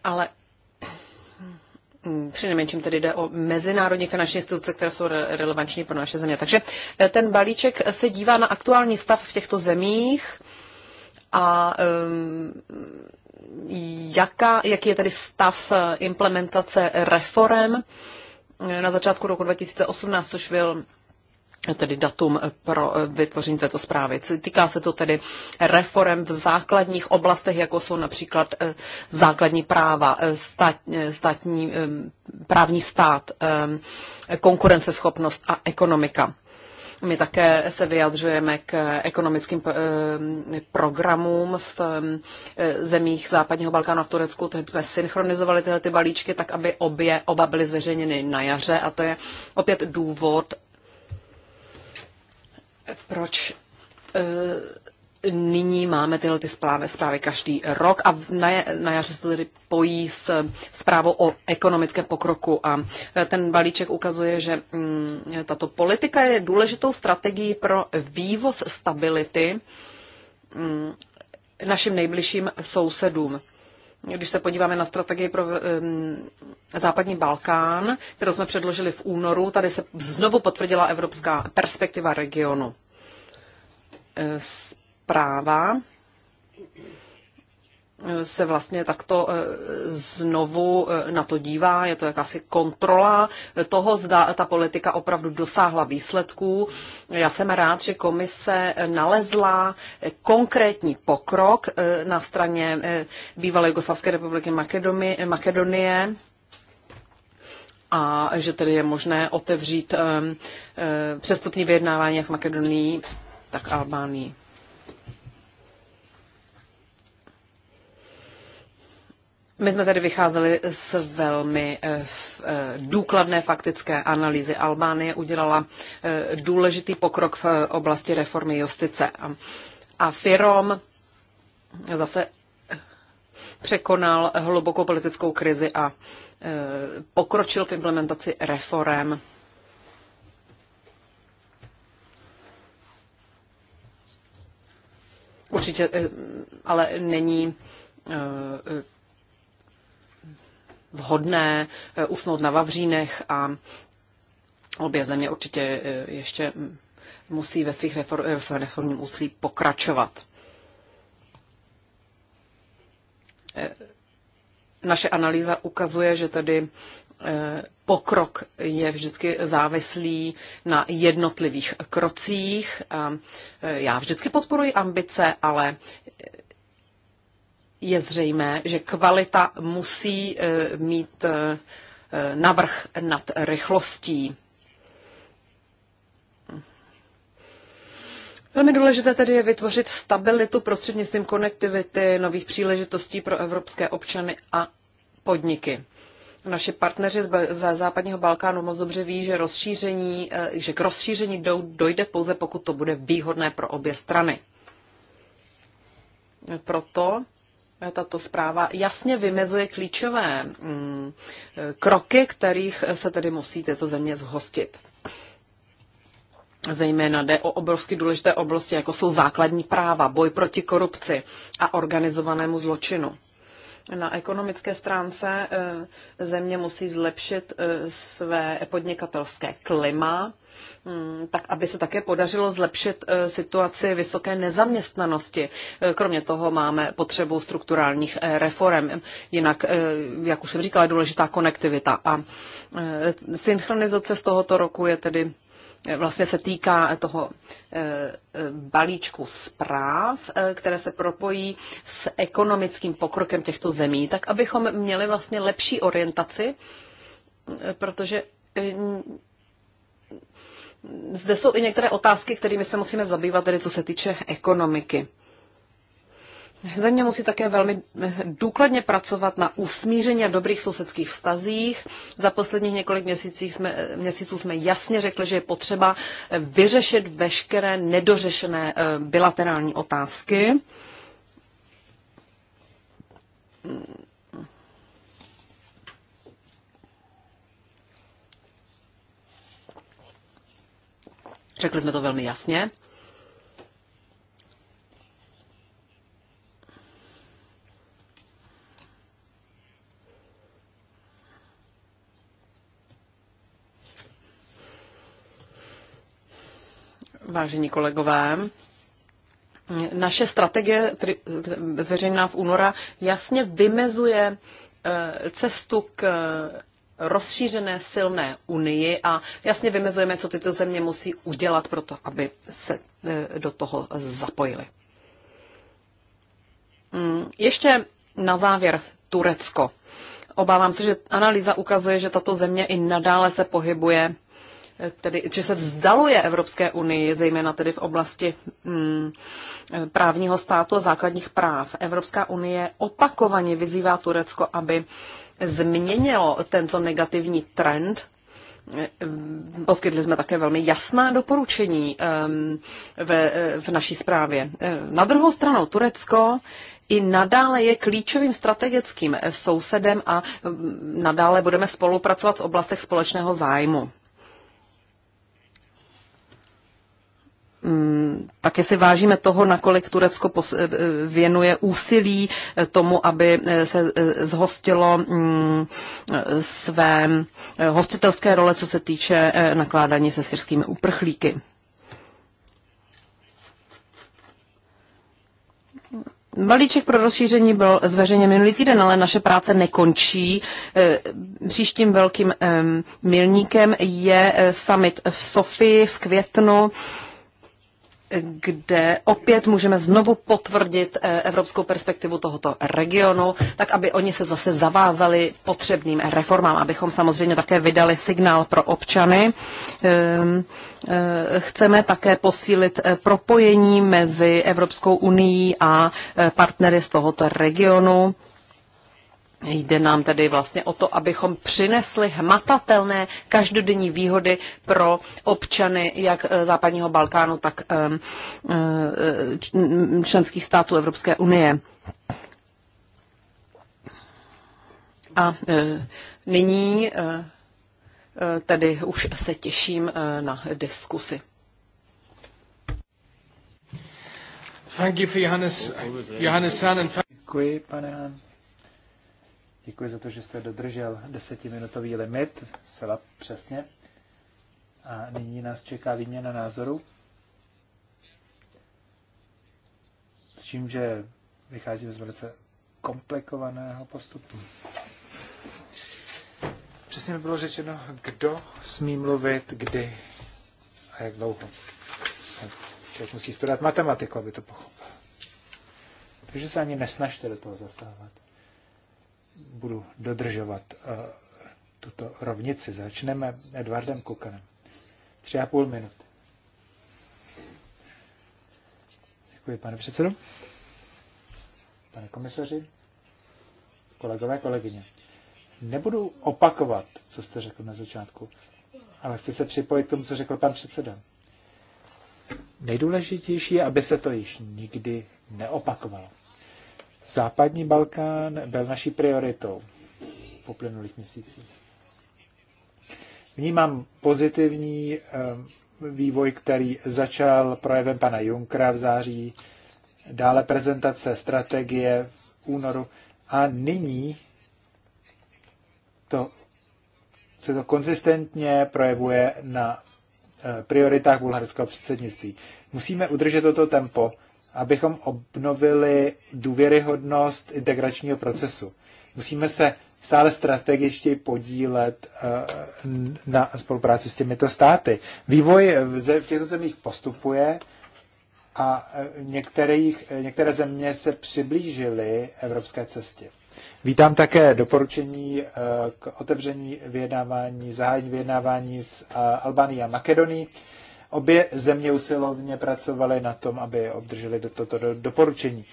Ale Mm, přinejmenším tedy jde o mezinárodní finanční instituce, které jsou re- relevanční pro naše země. Takže eh, ten balíček se dívá na aktuální stav v těchto zemích a ehm, jaká, jaký je tedy stav eh, implementace reform. Na začátku roku 2018, což byl tedy datum pro vytvoření této zprávy. Týká se to tedy reform v základních oblastech, jako jsou například eh, základní práva, stát, eh, státní, eh, právní stát, konkurenceschopnost a ekonomika. My také se vyjadřujeme k ekonomickým programům v zemích západního Balkánu a v Turecku. Teď jsme synchronizovali tyhle ty balíčky tak, aby obě, oba byly zveřejněny na jaře a to je opět důvod, proč eh, nyní máme tyhle ty zprávy, zprávy každý rok a na, na jaře se to tedy pojí s zprávou o ekonomickém pokroku a eh, ten balíček ukazuje, že mm, tato politika je důležitou strategií pro vývoz stability mm, našim nejbližším sousedům když se podíváme na strategii pro um, západní Balkán, kterou jsme předložili v únoru, tady se znovu potvrdila evropská perspektiva regionu. Eh, zpráva se vlastně takto eh, znovu eh, na to dívá. Je to jakási kontrola toho, zda ta politika opravdu dosáhla výsledků. Já jsem rád, že komise nalezla konkrétní pokrok eh, na straně bývalé Jugoslavské republiky Makedonie a že tedy je možné otevřít přestupní vyjednávání jak s Makedonií, tak Albánií. My jsme tady vycházeli z velmi eh, eh, důkladné faktické analýzy. Albánie udělala eh, důležitý pokrok v oblasti reformy justice. A Firom zase překonal hlubokou politickou krizi a pokročil v implementaci reform. Určitě ale není vhodné eh, usnout na Vavřínech a obě země určitě eh, ještě mm, musí ve, svých reform, eh, ve svém reformním úsilí pokračovat. Naše analýza ukazuje, že tedy pokrok je vždycky závislý na jednotlivých krocích. Já vždycky podporuji ambice, ale je zřejmé, že kvalita musí e, mít e, e, navrh nad rychlostí. Velmi důležité tedy je vytvořit stabilitu prostřednictvím konektivity, nových příležitostí pro evropské občany a podniky. Naši partneři z západního Balkánu moc dobře ví, že, rozšíření, že k rozšíření dojde pouze, pokud to bude výhodné pro obě strany. Proto tato zpráva jasně vymezuje klíčové mm, kroky, kterých se tedy musí této země zhostit. Zejména jde o obrovsky důležité oblasti, jako jsou základní práva, boj proti korupci a organizovanému zločinu. Na ekonomické stránce eh, země musí zlepšit eh, své podnikatelské klima, hm, tak aby se také podařilo zlepšit eh, situaci vysoké nezaměstnanosti. Kromě toho máme potřebu strukturálních reform. Jinak, jak už jsem říkala, je důležitá konektivita. A synchronizace z tohoto roku je tedy vlastně se týká toho eh, eh, balíčku zpráv, eh, které se propojí s ekonomickým pokrokem těchto zemí, tak abychom měli vlastně lepší orientaci, protože zde jsou i některé otázky, kterými se musíme zabývat, tedy co se týče ekonomiky. Země musí také velmi eh, důkladně pracovat na usmíření a dobrých sousedských vztazích. Za posledních několik jsme, eh, měsíců jsme jasně řekli, že je potřeba eh, vyřešit veškeré nedořešené bilaterální otázky. Řekli jsme to velmi jasně. vážení kolegové, naše strategie, zveřejněná v února, jasně vymezuje eh, cestu k eh, rozšířené silné unii a jasně vymezujeme, co tyto země musí udělat pro to, aby se eh, do toho zapojili. Mm, ještě na závěr Turecko. Obávám se, že analýza ukazuje, že tato země i nadále se pohybuje tedy, že se vzdaluje Evropské unii, zejména tedy v oblasti mm, právního státu a základních práv. Evropská unie opakovaně vyzývá Turecko, aby změnilo tento negativní trend. Poskytli jsme také velmi jasná doporučení um, ve, v naší zprávě. Na druhou stranu Turecko i nadále je klíčovým strategickým sousedem a nadále budeme spolupracovat v oblastech společného zájmu. Mm, Také si vážíme toho, nakolik Turecko eh, věnuje úsilí eh, tomu, aby eh, se zhostilo mm, své hostitelské role, co se týče nakládání se syrskými uprchlíky. Balíček pro rozšíření byl zveřejněn minulý týden, ale naše práce nekončí. Příštím velkým ehm, milníkem je summit v Sofii v květnu kde opět můžeme znovu potvrdit eh, evropskou perspektivu tohoto regionu, tak aby oni se zase zavázali potřebným reformám, abychom samozřejmě také vydali signál pro občany. Ehm, eh, chceme také posílit eh, propojení mezi Evropskou unii a partnery z tohoto regionu Jde nám tedy vlastně o to, abychom přinesli hmatatelné každodenní výhody pro občany jak eh, západního Balkánu, tak eh, eh, členských států Evropské unie. A nyní tedy už se těším na diskusi. Děkuji, pane Han Děkuji za to, že jste dodržel desetiminutový limit, zcela přesně. A nyní nás čeká výměna názoru. S čím, že vycházíme z velice komplikovaného postupu. Přesně mi bylo řečeno, kdo smí mluvit, kdy a jak dlouho. Člověk musí studovat matematiku, aby to pochopil. Takže se ani nesnažte do toho zasahovat budu dodržovat eh, tuto rovnici. Začneme Edvardem Kukanem. Tři a půl minut. Děkuji, pane předsedo. Pane komisaři, kolegové, kolegyně. Nebudu opakovat, co jste řekl na začátku, ale chci se připojit k tomu, co řekl pan předseda. Nejdůležitější je, aby se to již nikdy neopakovalo. Západní Balkán byl naší prioritou v uplynulých měsících. Vnímám pozitivní eh, vývoj, který začal projevem pana Junkra v září, dále prezentace strategie v únoru a nyní to, se to konzistentně projevuje na eh, prioritách bulharského předsednictví. Musíme udržet toto tempo abychom obnovili důvěryhodnost integračního procesu. Musíme se stále strategičtěji podílet eh, na spolupráci s těmito státy. Vývoj v těchto zemích postupuje a eh, eh, některé země se přiblížily evropské cestě. Vítám také doporučení k otevření vyjednávání, zahájení vyjednávání s Albánií a Makedonií. Obě země usilovně pracovaly na tom, aby obdrželi do toto doporučení.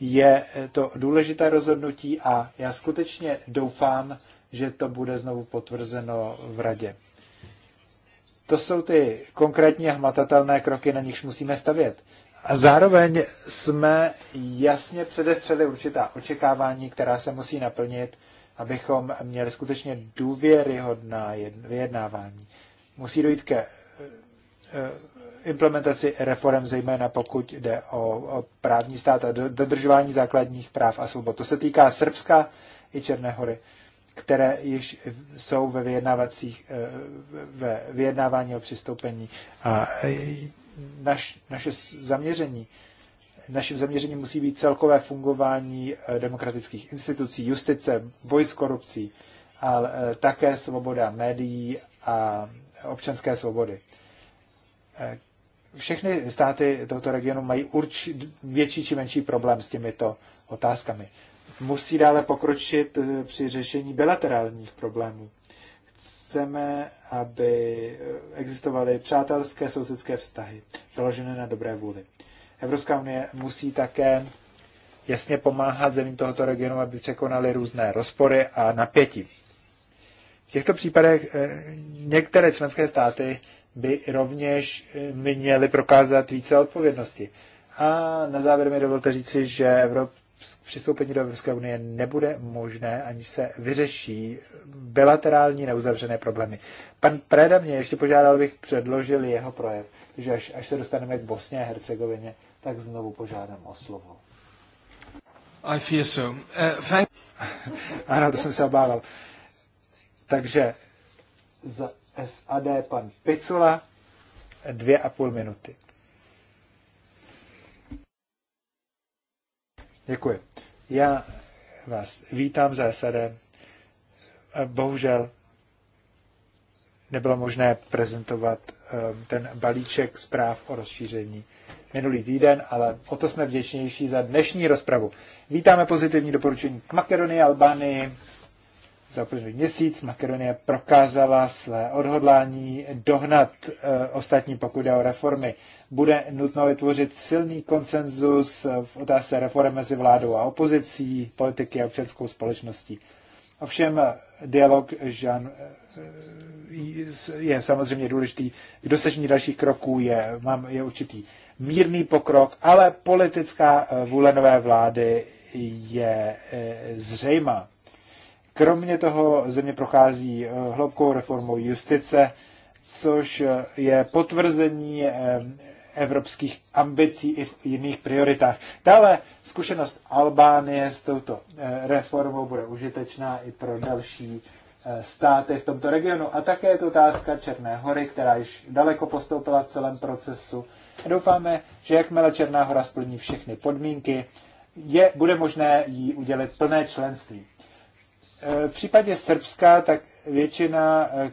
Je to důležité rozhodnutí a já skutečně doufám, že to bude znovu potvrzeno v radě. To jsou ty konkrétní a hmatatelné kroky, na nichž musíme stavět. A zároveň jsme jasně předestřeli určitá očekávání, která se musí naplnit, abychom měli skutečně důvěryhodná vyjednávání. Musí dojít ke Eh, implementaci reform, zejména pokud jde o právní stát a dodržování základních práv a svobod. To se týká Srbska i Černé hory, které již jsou ve, vyjednávacích, eh, ve vyjednávání o přistoupení. A eh, naš, naše zaměření Naším zaměřením musí být celkové fungování demokratických institucí, justice, boj s korupcí, ale také svoboda médií a občanské svobody všechny státy tohoto regionu mají urč, větší či menší problém s těmito otázkami. Musí dále pokročit eh, při řešení bilaterálních problémů. Chceme, aby eh, existovaly přátelské sousedské vztahy, založené na dobré vůli. Evropská unie musí také jasně pomáhat zemím tohoto regionu, aby překonali různé rozpory a napětí. V těchto případech eh, některé členské státy by rovněž eh, měli prokázat více odpovědnosti. A na závěr mi dovolte říci, že Evrop, přistoupení do Evropské unie nebude možné, ani se vyřeší bilaterální neuzavřené problémy. Pan Preda mě ještě požádal, abych předložil jeho projev, takže až, až se dostaneme k Bosně a Hercegovině, tak znovu požádám o slovo. I fear so. Uh, thank... ano, to jsem se obával. Takže za, SAD pan Picula, dvě a půl minuty. Děkuji. Já vás vítám za SAD. Bohužel nebylo možné prezentovat eh, ten balíček zpráv o rozšíření minulý týden, ale o to jsme vděčnější za dnešní rozpravu. Vítáme pozitivní doporučení k Makedonii, Albánii, za první měsíc Makedonie prokázala své odhodlání dohnat e, ostatní, pokud o reformy. Bude nutno vytvořit silný konsenzus eh, v otázce reform mezi vládou a opozicí, politiky a občanskou společností. Ovšem eh, dialog Jean, je samozřejmě důležitý. K dosažení dalších kroků je, mám, je určitý mírný pokrok, ale politická vůle nové vlády je zřejmá. Kromě toho země prochází eh, hloubkou reformou justice, což eh, je potvrzení eh, evropských ambicí i v jiných prioritách. Dále zkušenost Albánie s touto reformou bude užitečná i pro další státy v tomto regionu. A také je to otázka Černé hory, která již daleko postoupila v celém procesu. doufáme, že jakmile Černá hora splní všechny podmínky, je, bude možné jí udělit plné členství. Eh, v případě Srbska tak většina eh,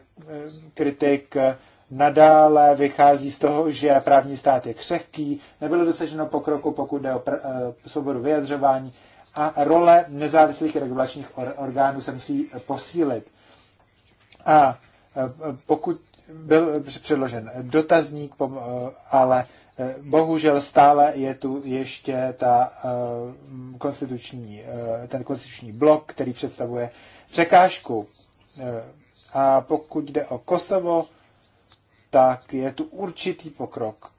kritik eh, nadále vychází z toho, že právní stát je křehký, nebylo dosaženo pokroku, pokud jde o pr- svobodu vyjadřování a role nezávislých regulačních or- orgánů se musí posílit. A pokud byl předložen dotazník, eh, ale eh, bohužel stále je tu ještě ta eh, konstituční, ten konstituční blok, který představuje překážku. A pokud jde o Kosovo, tak je tu určitý pokrok.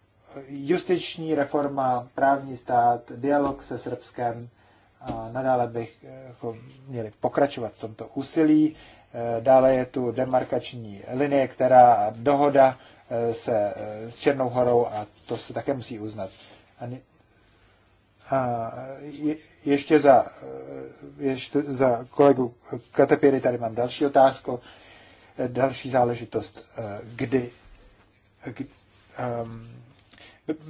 Justiční reforma, právní stát, dialog se Srbskem, a nadále bych jako, měli pokračovat v tomto úsilí. Eh, dále je tu demarkační linie, která dohoda eh, se eh, s Černou horou a to se také musí uznat. A, je, ještě, za, ještě za kolegu Katepiry tady mám další otázku, další záležitost, kdy, kdy um,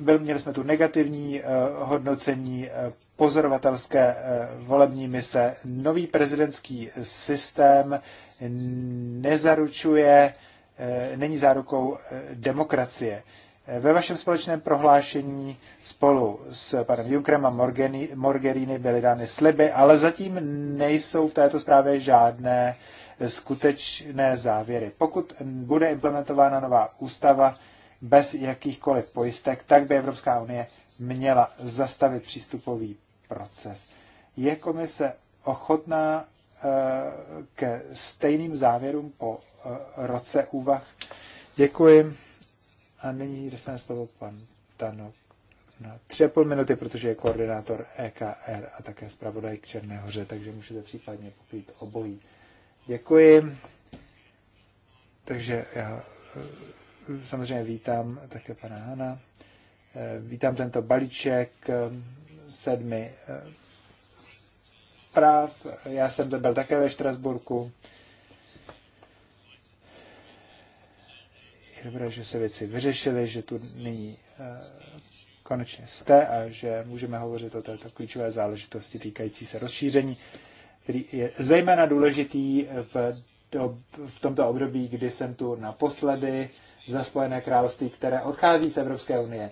byl, měli jsme tu negativní hodnocení pozorovatelské eh, volební mise. Nový prezidentský systém nezaručuje, eh, není zárukou eh, demokracie. Ve vašem společném prohlášení spolu s panem Junkrem a Morgerini byly dány sliby, ale zatím nejsou v této zprávě žádné skutečné závěry. Pokud bude implementována nová ústava bez jakýchkoliv pojistek, tak by Evropská unie měla zastavit přístupový proces. Je komise ochotná eh, ke stejným závěrům po eh, roce úvah? Děkuji. A nyní dostane slovo pan Tanok na tři a půl minuty, protože je koordinátor EKR a také zpravodaj k Černé hoře, takže můžete případně pokrýt obojí. Děkuji. Takže já eh, samozřejmě vítám také pana Hana. Vítám tento balíček sedmi eh, práv. Já jsem byl také ve Štrasburku. Je dobré, že se věci vyřešily, že tu nyní eh, konečně jste a že můžeme hovořit o této klíčové záležitosti týkající se rozšíření, který je zejména důležitý v, do, v tomto období, kdy jsem tu naposledy za Spojené království, které odchází z Evropské unie.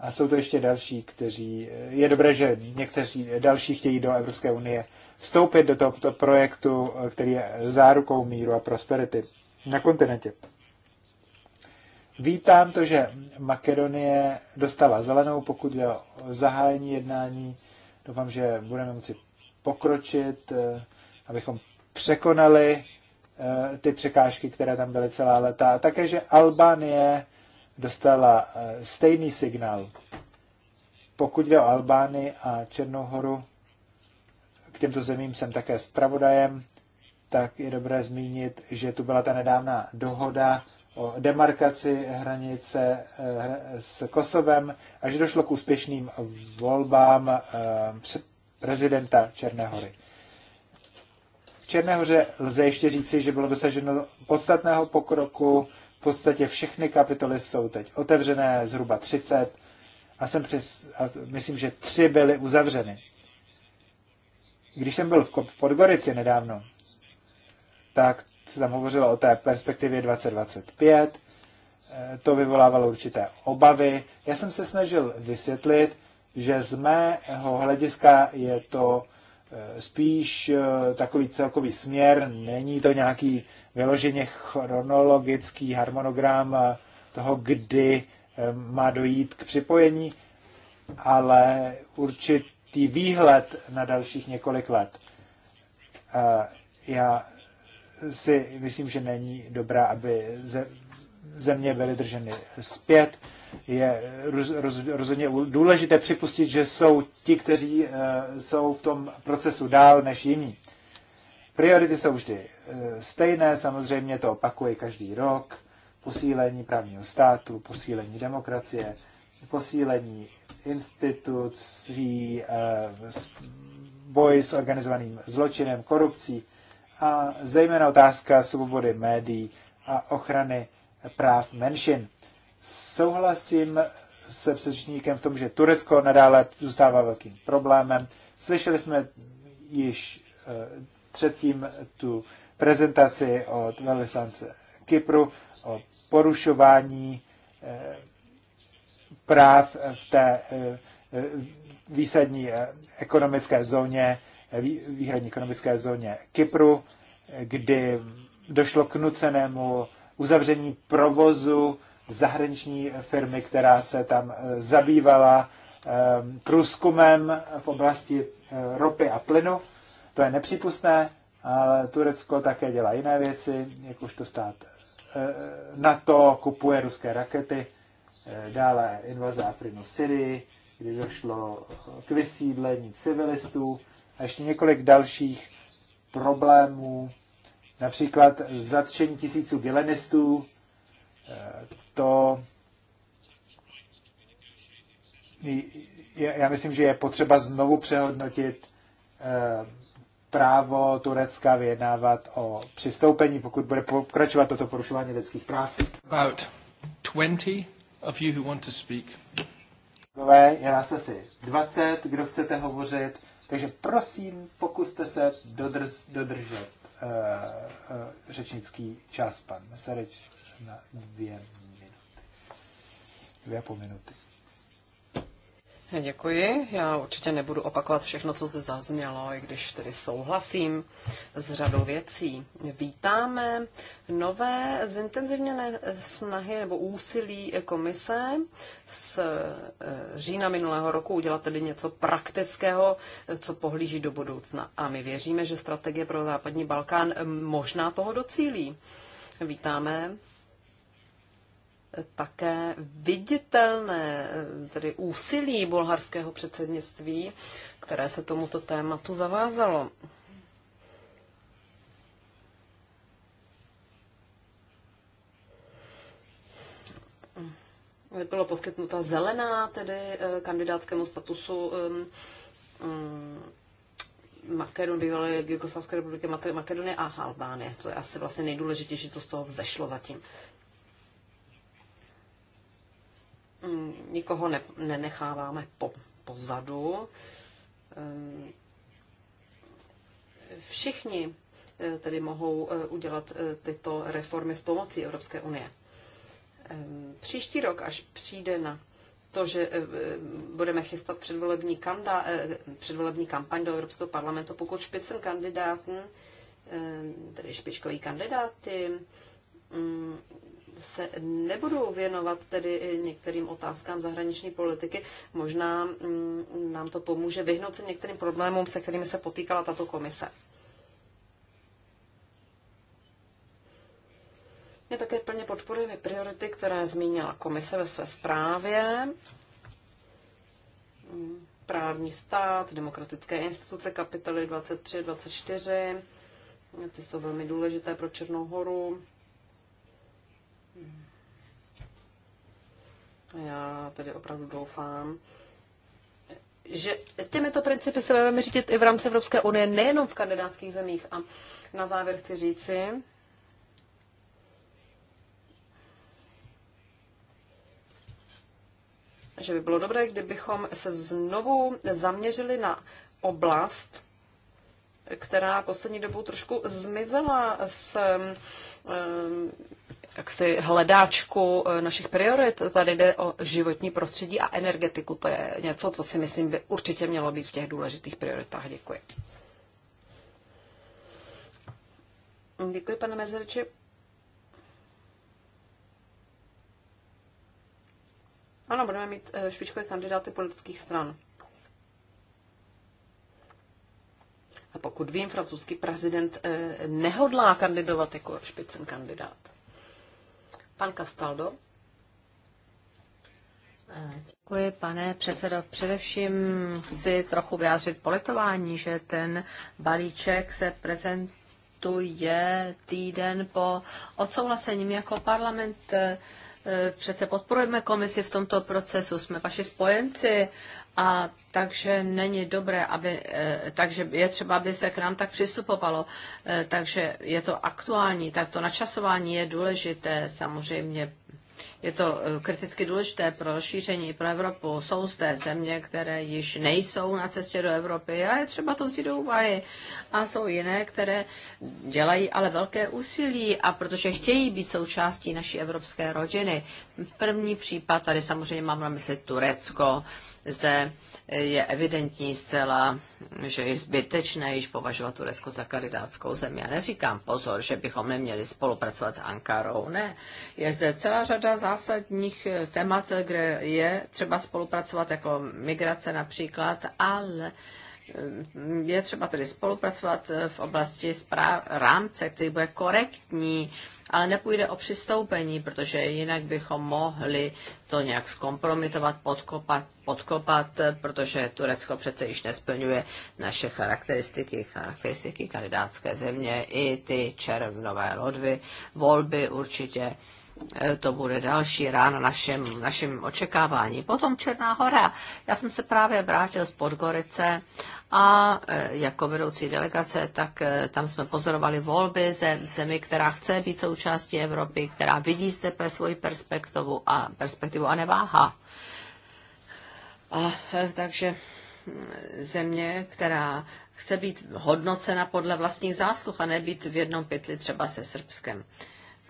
A jsou to ještě další, kteří, je dobré, že někteří další chtějí do Evropské unie vstoupit do tohoto projektu, který je zárukou míru a prosperity na kontinentě. Vítám to, že Makedonie dostala zelenou, pokud je o zahájení jednání. Doufám, že budeme moci pokročit, eh, abychom překonali eh, ty překážky, které tam byly celá leta. A také, že Albánie dostala eh, stejný signál. Pokud jde o Albány a Černohoru, k těmto zemím jsem také zpravodajem, tak je dobré zmínit, že tu byla ta nedávná dohoda o demarkaci hranice eh, s Kosovem a že došlo k úspěšným volbám eh, prezidenta Černé hory. V Černé hoře lze ještě říci, že bylo dosaženo podstatného pokroku v podstatě všechny kapitoly jsou teď otevřené, zhruba 30, a, jsem přes, a myslím, že tři byly uzavřeny. Když jsem byl v Podgorici nedávno, tak se tam hovořilo o té perspektivě 2025, eh, to vyvolávalo určité obavy. Já jsem se snažil vysvětlit, že z mého hlediska je to Eh, spíš eh, takový celkový směr, není to nějaký vyloženě chronologický harmonogram eh, toho, kdy má dojít k připojení, ale určitý výhled na dalších několik let. Já si myslím, že není dobrá, aby země byly drženy zpět je roz, roz, rozhodně důležité připustit, že jsou ti, kteří eh, jsou v tom procesu dál než jiní. Priority jsou vždy eh, stejné, samozřejmě to opakuje každý rok. Posílení právního státu, posílení demokracie, posílení institucí, eh, boj s organizovaným zločinem, korupcí a zejména otázka svobody médií a ochrany práv menšin. Souhlasím se přečníkem v tom, že Turecko nadále zůstává velkým problémem. Slyšeli jsme již eh, předtím tu prezentaci od velvyslance Kypru o porušování eh, práv v té eh, výsadní ekonomické zóně, výhradní ekonomické zóně Kypru, kdy došlo k nucenému uzavření provozu zahraniční firmy, která se tam eh, zabývala ehm, průzkumem v oblasti eh, ropy a plynu. To je nepřípustné, ale Turecko také dělá jiné věci, jak už to stát eh, na to kupuje ruské rakety, dále invaze Afrinu Syrii, kdy došlo k vysídlení civilistů a ještě několik dalších problémů, například zatčení tisíců gilenistů, to já myslím, že je potřeba znovu přehodnotit eh, právo Turecka vyjednávat o přistoupení, pokud bude pokračovat toto porušování lidských práv. About 20 of you who want to speak. Kolegové, je nás asi 20, kdo chcete hovořit, takže prosím, pokuste se dodrz, dodržet uh, uh, řečnický čas, pan Mesarič, na dvě dvě a půl minuty. Děkuji. Já určitě nebudu opakovat všechno, co zde zaznělo, i když tedy souhlasím s řadou věcí. Vítáme nové zintenzivněné snahy nebo úsilí komise z e, října minulého roku udělat tedy něco praktického, co pohlíží do budoucna. A my věříme, že strategie pro západní Balkán možná toho docílí. Vítáme také viditelné tedy úsilí bulharského předsednictví, které se tomuto tématu zavázalo. Byla poskytnuta zelená, tedy eh, kandidátskému statusu Makedon, bývalé Jugoslavské republiky Makedonie a Albánie. To je asi vlastně nejdůležitější, co z toho vzešlo zatím. Mm, nikoho ne, nenecháváme po, pozadu. Mm, všichni eh, tedy mohou eh, udělat eh, tyto reformy s pomocí Evropské unie. Příští rok, až přijde na to, že budeme chystat předvolební, kanda, předvolební kampaň do Evropského parlamentu, pokud špicen kandidátů, tedy špičkový kandidáty, mm, se nebudu věnovat tedy některým otázkám zahraniční politiky. Možná mm, nám to pomůže vyhnout se některým problémům, se kterými se potýkala tato komise. Mě také plně podporujeme priority, které zmínila komise ve své zprávě. Mm, právní stát, demokratické instituce, kapitoly 23, 24. Ty jsou velmi důležité pro Černou horu. Já tedy opravdu doufám, že těmito principy se budeme řídit i v rámci Evropské unie, nejenom v kandidátských zemích. A na závěr chci říci, že by bylo dobré, kdybychom se znovu zaměřili na oblast, která poslední dobou trošku zmizela z jaksi hledáčku eh, našich priorit. Tady jde o životní prostředí a energetiku. To je něco, co si myslím by určitě mělo být v těch důležitých prioritách. Děkuji. Děkuji, pane Mezerči. Ano, budeme mít eh, špičkové kandidáty politických stran. A pokud vím, francouzský prezident eh, nehodlá kandidovat jako špicen kandidát. Pan Castaldo. Děkuji, pane předsedo. Především chci trochu vyjádřit politování, že ten balíček se prezentuje týden po odsouhlasení jako parlament. Eh, přece podporujeme komisi v tomto procesu, jsme vaši spojenci a takže není dobré, aby, eh, takže je třeba, aby se k nám tak přistupovalo. Eh, takže je to aktuální, tak to načasování je důležité samozřejmě je to eh, kriticky důležité pro šíření pro Evropu. Jsou té země, které již nejsou na cestě do Evropy a je třeba to vzít do úvahy. A jsou jiné, které dělají ale velké úsilí a protože chtějí být součástí naší evropské rodiny. První případ, tady samozřejmě mám na mysli Turecko, zde je evidentní zcela, že je zbytečné již považovat Turecko za kandidátskou zemi. Já neříkám pozor, že bychom neměli spolupracovat s Ankarou, ne. Je zde celá řada zásadních témat, kde je třeba spolupracovat, jako migrace například, ale mm, je třeba tedy spolupracovat v oblasti správ, rámce, který bude korektní, ale nepůjde o přistoupení, protože jinak bychom mohli to nějak zkompromitovat, podkopat, podkopat protože Turecko přece již nesplňuje naše charakteristiky, charakteristiky kandidátské země, i ty červnové lodvy, volby určitě Eh, to bude další rána našem, našem očekávání. Potom Černá hora. Já jsem se právě vrátil z Podgorice a eh, jako vedoucí delegace, tak eh, tam jsme pozorovali volby ze zemi, která chce být součástí Evropy, která vidí zde per svoji perspektivu a, perspektivu a neváha. A, takže hm, země, která chce být hodnocena podle vlastních zásluh a nebýt v jednom pytli třeba se Srbskem. Uh,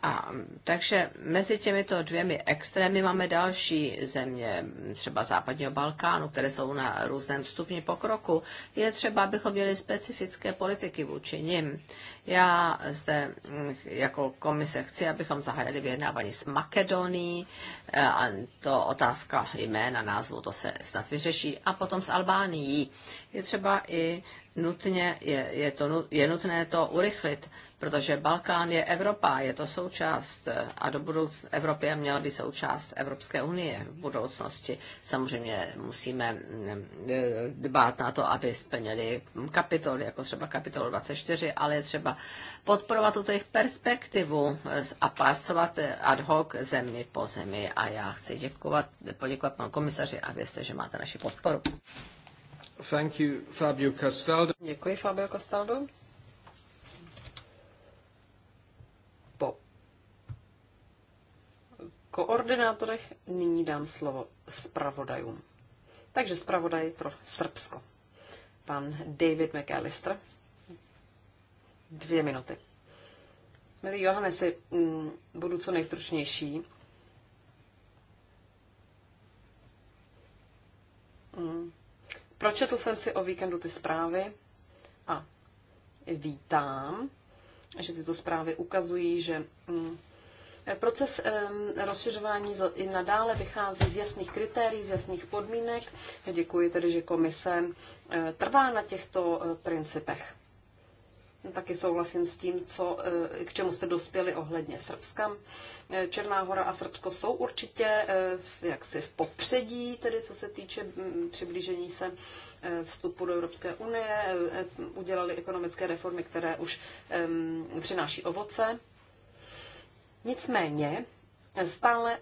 a, takže mezi těmito dvěmi extrémy máme další země, třeba západního Balkánu, které jsou na různém stupni pokroku. Je třeba, abychom měli specifické politiky vůči nim. Já zde mm, jako komise chci, abychom zahájili vyjednávání s Makedonií, eh, a to otázka jména, názvu, to se snad vyřeší, a potom s Albánií. Je třeba i nutně, je, je, to, je nutné to urychlit protože Balkán je Evropa, je to součást eh, a do budoucna Evropě měla by součást Evropské unie v budoucnosti. Samozřejmě musíme mm, eh, dbát na to, aby splněli kapitoly, jako třeba kapitol 24, ale je třeba podporovat tuto jejich perspektivu eh, a pracovat ad hoc zemi po zemi. A já chci děkovat, poděkovat panu komisaři a věřte, že máte naši podporu. Thank you, Fabio Castaldo. Děkuji, Fabio Castaldo. koordinátorech. Nyní dám slovo zpravodajům. Takže zpravodaj pro Srbsko. Pan David McAllister. Dvě minuty. Milý Johannesi, mm, budu co nejstručnější. Mm. Pročetl jsem si o víkendu ty zprávy a vítám, že tyto zprávy ukazují, že mm, Proces rozšiřování i nadále vychází z jasných kritérií, z jasných podmínek. Děkuji tedy, že komise trvá na těchto eh, principech. Taky souhlasím s tím, co, eh, k čemu jste dospěli ohledně Srbska. Eh, Černá hora a Srbsko jsou určitě jaksi v popředí, tedy co se týče mm, přiblížení se vstupu do Evropské unie. Udělali ekonomické reformy, které už přináší ovoce. Nicméně stále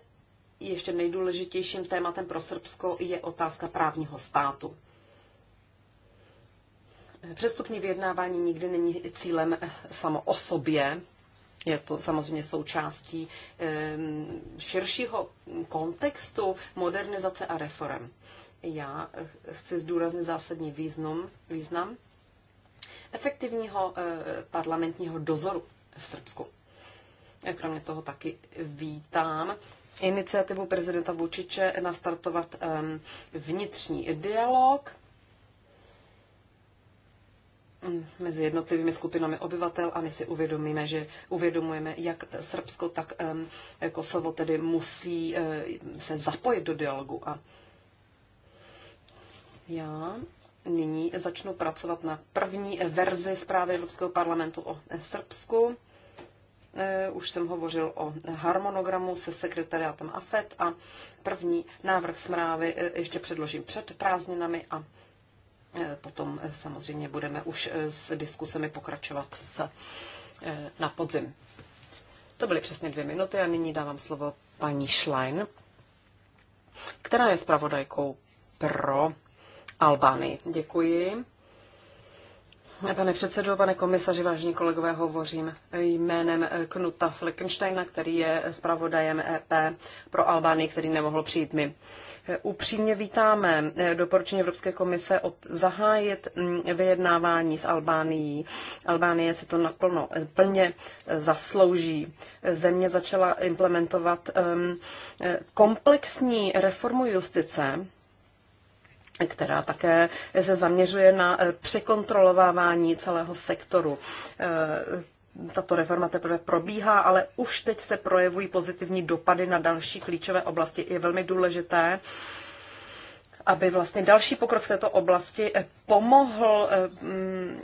ještě nejdůležitějším tématem pro Srbsko je otázka právního státu. Přestupní vyjednávání nikdy není cílem samo o sobě, je to samozřejmě součástí širšího kontextu modernizace a reform. Já eh, chci zdůraznit zásadní význam, význam efektivního eh, parlamentního dozoru v Srbsku. Kromě toho taky vítám iniciativu prezidenta Vučiče nastartovat vnitřní dialog mm, mezi jednotlivými skupinami obyvatel a my si uvědomíme, že uvědomujeme, jak Srbsko, tak Kosovo tedy musí e, se zapojit do dialogu. A já nyní začnu pracovat na první verzi zprávy Evropského parlamentu o Srbsku. Eh, už jsem hovořil o harmonogramu se sekretariátem AFET a první návrh zprávy eh, ještě předložím před prázdninami a eh, potom samozřejmě budeme už s diskusemi pokračovat v, na podzim. To byly přesně dvě minuty a nyní dávám slovo paní Schlein, která je zpravodajkou pro Albány. Děkuji. Pane předsedo, pane komisaři, vážení kolegové, hovořím jménem Knuta Fleckensteina, který je zpravodajem EP pro Albánii, který nemohl přijít mi. Upřímně vítáme doporučení Evropské komise od zahájit mm, vyjednávání s Albánií. Albánie se to naplno, plně zaslouží. Země začala implementovat mm, e, komplexní reformu justice, která také se zaměřuje na eh, překontrolovávání celého sektoru. Eh, tato reforma teprve probíhá, ale už teď se projevují pozitivní dopady na další klíčové oblasti. Je velmi důležité, aby vlastně další pokrok v této oblasti eh, pomohl mm,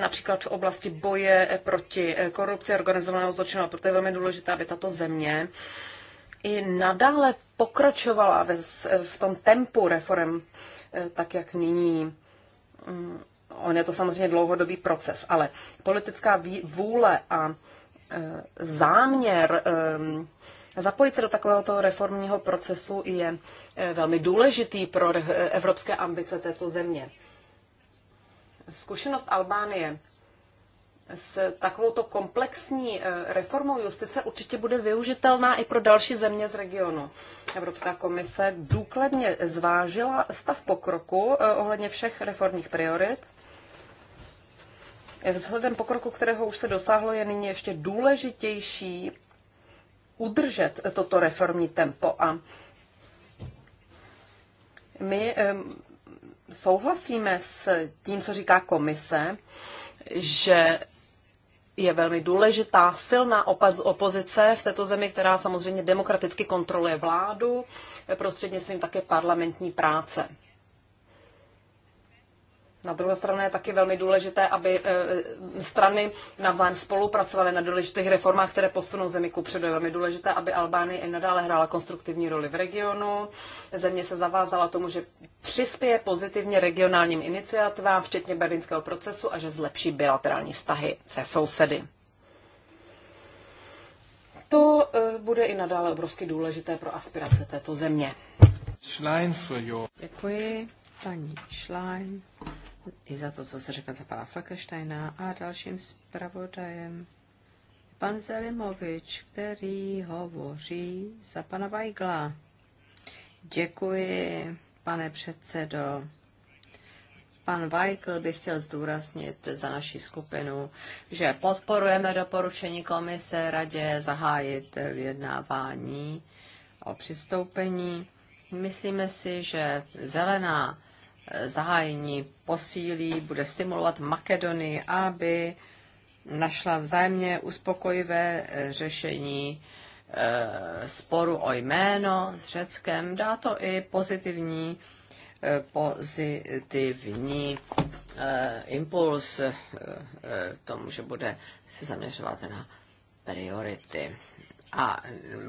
například v oblasti boje proti korupci organizovaného zločinu. A proto je velmi důležité, aby tato země i nadále pokračovala v tom tempu reform tak jak nyní. Mm, on je to samozřejmě dlouhodobý proces, ale politická vůle a e, záměr e, zapojit se do takového reformního procesu je e, velmi důležitý pro evropské ambice této země. Zkušenost Albánie s takovouto komplexní eh, reformou justice určitě bude využitelná i pro další země z regionu. Evropská komise důkladně zvážila stav pokroku eh, ohledně všech reformních priorit. Vzhledem pokroku, kterého už se dosáhlo, je nyní ještě důležitější udržet toto reformní tempo. A my souhlasíme s tím, co říká komise, že je velmi důležitá silná opozice v této zemi, která samozřejmě demokraticky kontroluje vládu eh, prostřednictvím také parlamentní práce. Na druhé straně je taky velmi důležité, aby eh, strany navzájem spolupracovaly na důležitých reformách, které posunou zemi ku předu. Je velmi důležité, aby Albánie i nadále hrála konstruktivní roli v regionu. Země se zavázala tomu, že přispěje pozitivně regionálním iniciativám, včetně berlínského procesu a že zlepší bilaterální vztahy se sousedy. To eh, bude i nadále obrovsky důležité pro aspirace této země. Schlein für Děkuji, paní Schlein i za to, co se řekl za pana Fleckensteina a dalším zpravodajem pan Zelimovič, který hovoří za pana Vajgla. Děkuji, pane předsedo. Pan Weigl by chtěl zdůraznit za naši skupinu, že podporujeme doporučení komise radě zahájit vyjednávání o přistoupení. Myslíme si, že zelená zahájení posílí, bude stimulovat Makedonii, aby našla vzájemně uspokojivé eh, řešení eh, sporu o jméno s Řeckem. Dá to i pozitivní eh, pozitivní impuls tomu, že bude se zaměřovat na priority a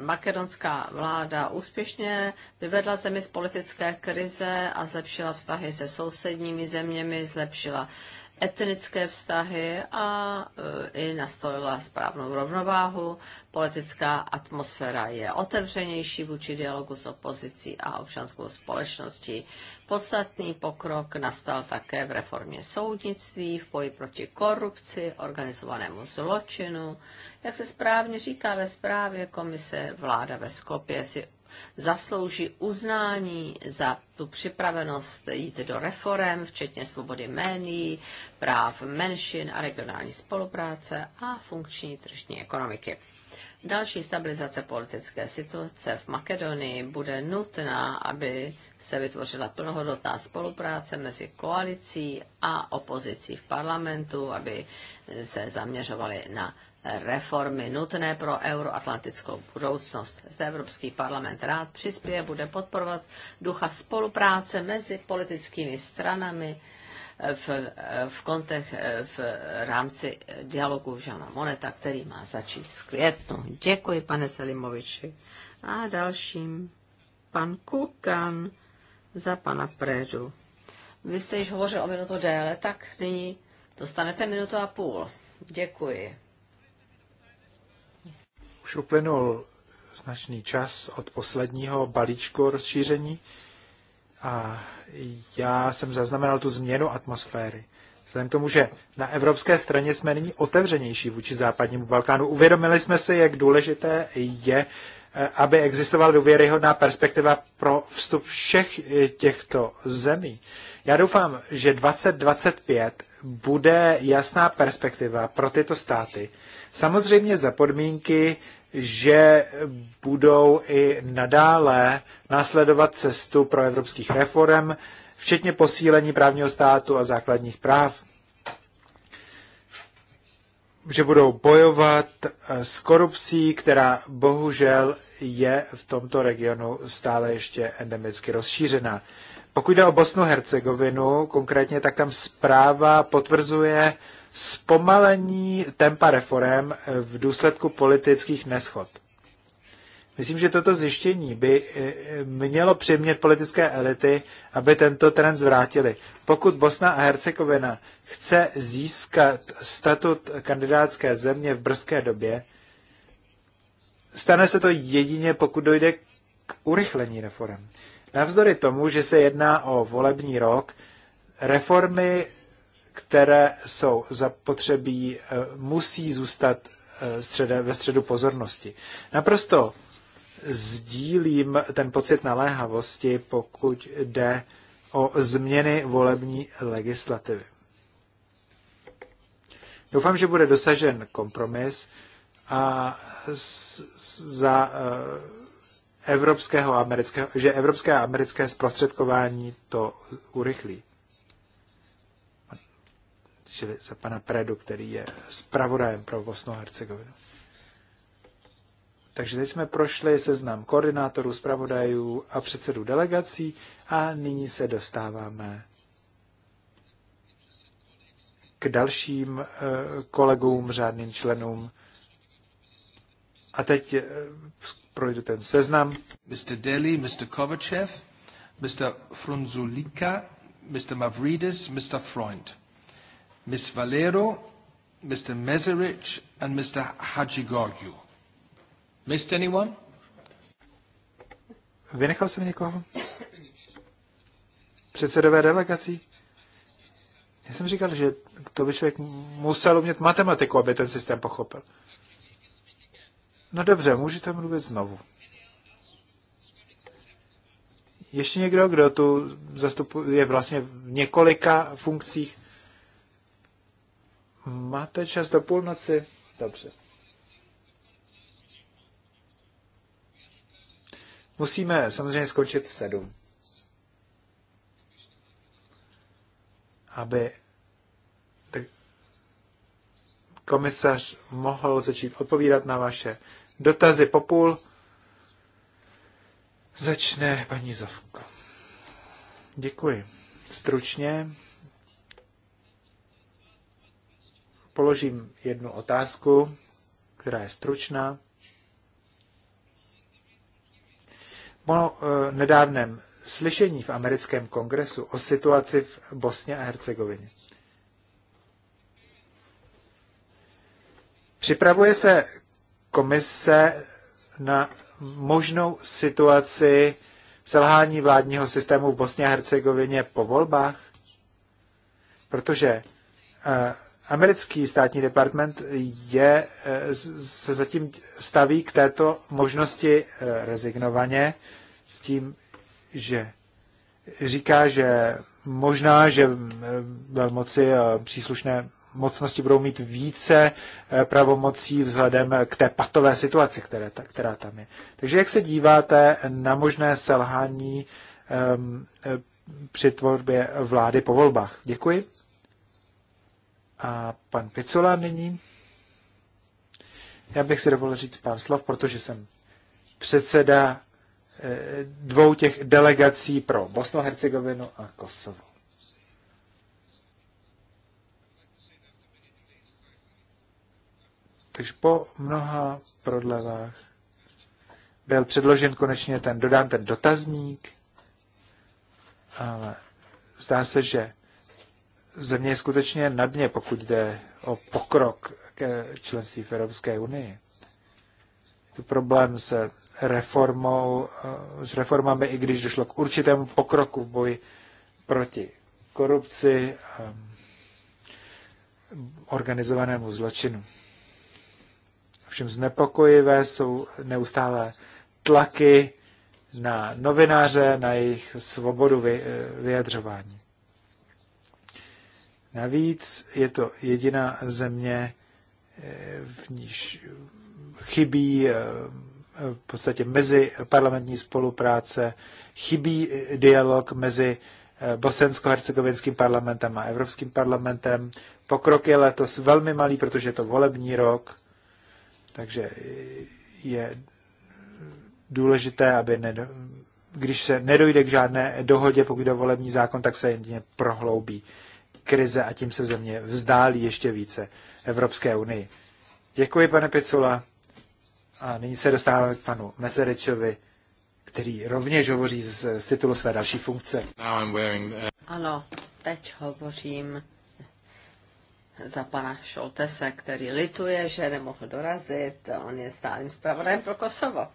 makedonská vláda úspěšně vyvedla zemi z politické krize a zlepšila vztahy se sousedními zeměmi, zlepšila etnické vztahy a e, i nastolila správnou rovnováhu. Politická atmosféra je otevřenější vůči dialogu s opozicí a občanskou společností. Podstatný pokrok nastal také v reformě soudnictví, v boji proti korupci, organizovanému zločinu. Jak se správně říká ve zprávě komise, vláda ve Skopě si zaslouží uznání za tu připravenost jít do reform, včetně svobody médií, práv menšin a regionální spolupráce a funkční tržní ekonomiky. Další stabilizace politické situace v Makedonii bude nutná, aby se vytvořila plnohodnotná spolupráce mezi koalicí a opozicí v parlamentu, aby se zaměřovali na reformy nutné pro euroatlantickou budoucnost. Zde Evropský parlament rád přispěje, bude podporovat ducha spolupráce mezi politickými stranami, v, v kontech eh, v rámci dialogu Žana Moneta, který má začít v květnu. Děkuji, pane Selimoviči. A dalším, pan Kukan za pana Prédu. Vy jste již hovořil o minutu déle, tak nyní dostanete minutu a půl. Děkuji. Už uplynul značný čas od posledního balíčku rozšíření a já jsem zaznamenal tu změnu atmosféry. Vzhledem k tomu, že na evropské straně jsme nyní otevřenější vůči západnímu Balkánu, uvědomili jsme si, jak důležité je, eh, aby existovala důvěryhodná perspektiva pro vstup všech eh, těchto zemí. Já doufám, že 2025 bude jasná perspektiva pro tyto státy. Samozřejmě za podmínky, že budou i nadále následovat cestu pro evropských reform, včetně posílení právního státu a základních práv. Že budou bojovat eh, s korupcí, která bohužel je v tomto regionu stále ještě endemicky rozšířena. Pokud jde o Bosnu-Hercegovinu, konkrétně tak tam zpráva potvrzuje, zpomalení tempa reform v důsledku politických neschod. Myslím, že toto zjištění by eh, mělo přimět politické elity, aby tento trend zvrátili. Pokud Bosna a Hercegovina chce získat statut kandidátské země v brzké době, stane se to jedině, pokud dojde k urychlení reform. Navzdory tomu, že se jedná o volební rok, reformy které jsou zapotřebí, eh, musí zůstat eh, střede, ve středu pozornosti. Naprosto sdílím ten pocit naléhavosti, pokud jde o změny volební legislativy. Doufám, že bude dosažen kompromis a za eh, evropského a amerického, že evropské a americké zprostředkování to urychlí čili za pana Predu, který je zpravodajem pro Bosnu a Hercegovinu. Takže teď jsme prošli seznam koordinátorů, zpravodajů a předsedů delegací a nyní se dostáváme k dalším eh, kolegům, řádným členům. A teď eh, projdu ten seznam. Mr. Deli, Mr. Kovacev, Mr. Frunzulika, Mr. Mavridis, Mr. Freund. Ms. Valero, Mr. Meserich, and Mr. Hadjigorgiou. Missed anyone? Vynechal jsem někoho? Předsedové delegací? Já jsem říkal, že to by člověk musel umět matematiku, aby ten systém pochopil. No dobře, můžete mluvit znovu. Ještě někdo, kdo tu zastupuje vlastně v několika funkcích? Máte čas do půlnoci? Dobře. Musíme samozřejmě skončit v sedm. Aby komisař mohl začít odpovídat na vaše dotazy po půl. Začne paní Zovko. Děkuji. Stručně položím jednu otázku, která je stručná. Po eh, nedávném slyšení v americkém kongresu o situaci v Bosně a Hercegovině. Připravuje se komise na možnou situaci selhání vládního systému v Bosně a Hercegovině po volbách? Protože eh, americký státní department je, e, se zatím staví k této možnosti e, rezignovaně s tím, že říká, že možná, že e, velmoci příslušné mocnosti budou mít více pravomocí vzhledem k té patové situaci, které, která tam je. Takže jak se díváte na možné selhání um, při tvorbě vlády po volbách? Děkuji. A pan Picola nyní. Já bych si dovolil říct pár slov, protože jsem předseda eh, dvou těch delegací pro Bosnu, Hercegovinu a Kosovo. Takže po mnoha prodlevách byl předložen konečně ten, dodán ten dotazník, ale zdá se, že země je skutečně na dně, pokud jde o pokrok k členství v Evropské unii. Je to problém se reformou, s reformami, i když došlo k určitému pokroku v boji proti korupci, organizovanému zločinu. Všem znepokojivé jsou neustále tlaky na novináře, na jejich svobodu vyjadřování. Navíc je to jediná země, eh, v níž chybí eh, v podstatě mezi parlamentní spolupráce, chybí eh, dialog mezi bosensko-hercegovinským parlamentem a Evropským parlamentem. Pokrok je letos velmi malý, protože je to volební rok, takže je důležité, aby ne, když se nedojde k žádné dohodě, pokud je volební zákon, tak se jedině prohloubí krize a tím se země vzdálí ještě více Evropské unii. Děkuji, pane Picula. A nyní se dostáváme k panu Meserečovi, který rovněž hovoří z, z titulu své další funkce. Ano, teď hovořím za pana Šoltese, který lituje, že nemohl dorazit. On je stálým zpravodajem pro Kosovo.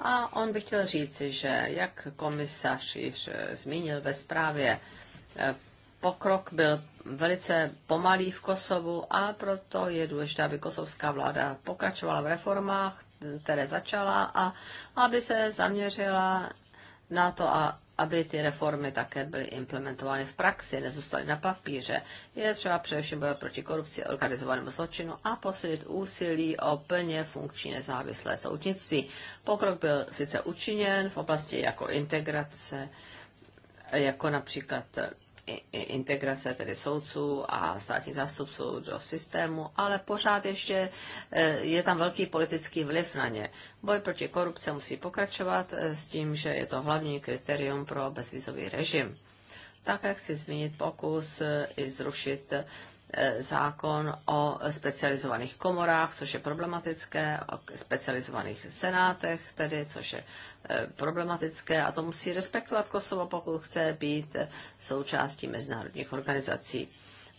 A on by chtěl říci, že jak komisař již eh, zmínil ve zprávě, eh, pokrok byl velice pomalý v Kosovu a proto je důležité, aby kosovská vláda pokračovala v reformách, které začala a aby se zaměřila na to, a aby ty reformy také byly implementovány v praxi, nezůstaly na papíře. Je třeba především bojovat proti korupci, organizovanému zločinu a posilit úsilí o plně funkční nezávislé soudnictví. Pokrok byl sice učiněn v oblasti jako integrace, jako například integrace tedy soudců a státních zástupců do systému, ale pořád ještě e, je tam velký politický vliv na ně. Boj proti korupce musí pokračovat e, s tím, že je to hlavní kritérium pro bezvizový režim. Také chci zmínit pokus e, i zrušit E, zákon o specializovaných komorách, což je problematické, o specializovaných senátech, tedy, což je e, problematické a to musí respektovat Kosovo, pokud chce být součástí mezinárodních organizací.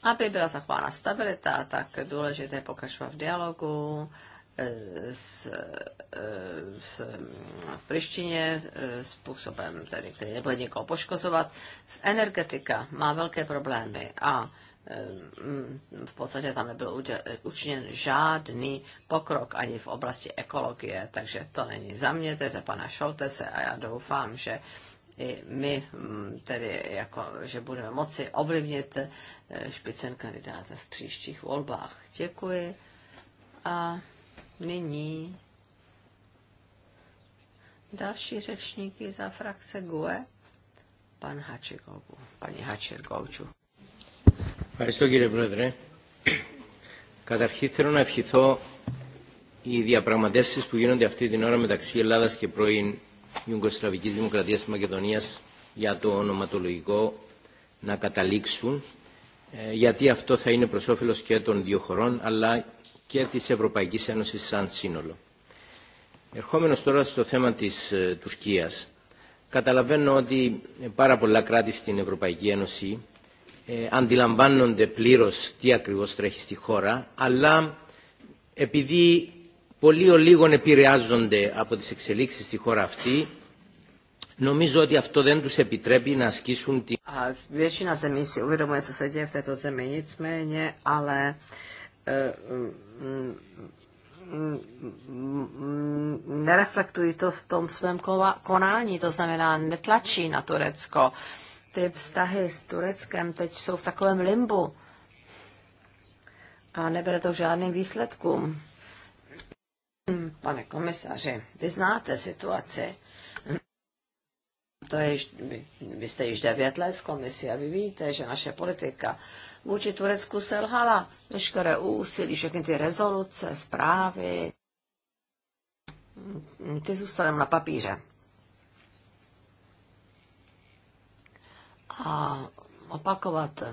Aby byla zachována stabilita, tak důležité je pokračovat v dialogu e, s, s, v Prištině způsobem, tedy, který nebude někoho poškozovat. energetika má velké problémy a Ehm, v podstatě tam nebyl učiněn žádný pokrok ani v oblasti ekologie, takže to není za mě, to je za pana Šoltese a já doufám, že i my mm, tedy jako, že budeme moci ovlivnit eh, špicen kandidáta v příštích volbách. Děkuji. A nyní další řečníky za frakce GUE, pan Hačikouču, paní Hačikouču. Ευχαριστώ κύριε Πρόεδρε. Καταρχήν θέλω να ευχηθώ οι διαπραγματεύσεις που γίνονται αυτή την ώρα μεταξύ Ελλάδας και πρώην Ιουγκοσλαβικής Δημοκρατίας της Μακεδονίας για το ονοματολογικό να καταλήξουν γιατί αυτό θα είναι προς όφελος και των δύο χωρών αλλά και της Ευρωπαϊκής Ένωσης σαν σύνολο. Ερχόμενος τώρα στο θέμα της Τουρκίας. Καταλαβαίνω ότι πάρα πολλά κράτη στην Ευρωπαϊκή Ένωση ε, αντιλαμβάνονται πλήρως τι ακριβώς τρέχει στη χώρα, αλλά επειδή πολύ ο λίγων επηρεάζονται από τις εξελίξεις στη χώρα αυτή, Νομίζω ότι αυτό δεν τους επιτρέπει να ασκήσουν την... A většina zemí si uvědomuje, co se děje v této zemi, nicméně, ale nereflektují to v tom svém konání, to znamená netlačí na Turecko, ty vztahy s Tureckem teď jsou v takovém limbu a nebere to žádným výsledkům. Pane komisaři, vy znáte situaci. To je, vy, jste již devět let v komisi a vy víte, že naše politika vůči Turecku selhala. Veškeré úsilí, všechny ty rezoluce, zprávy, ty zůstanou na papíře. a opakovat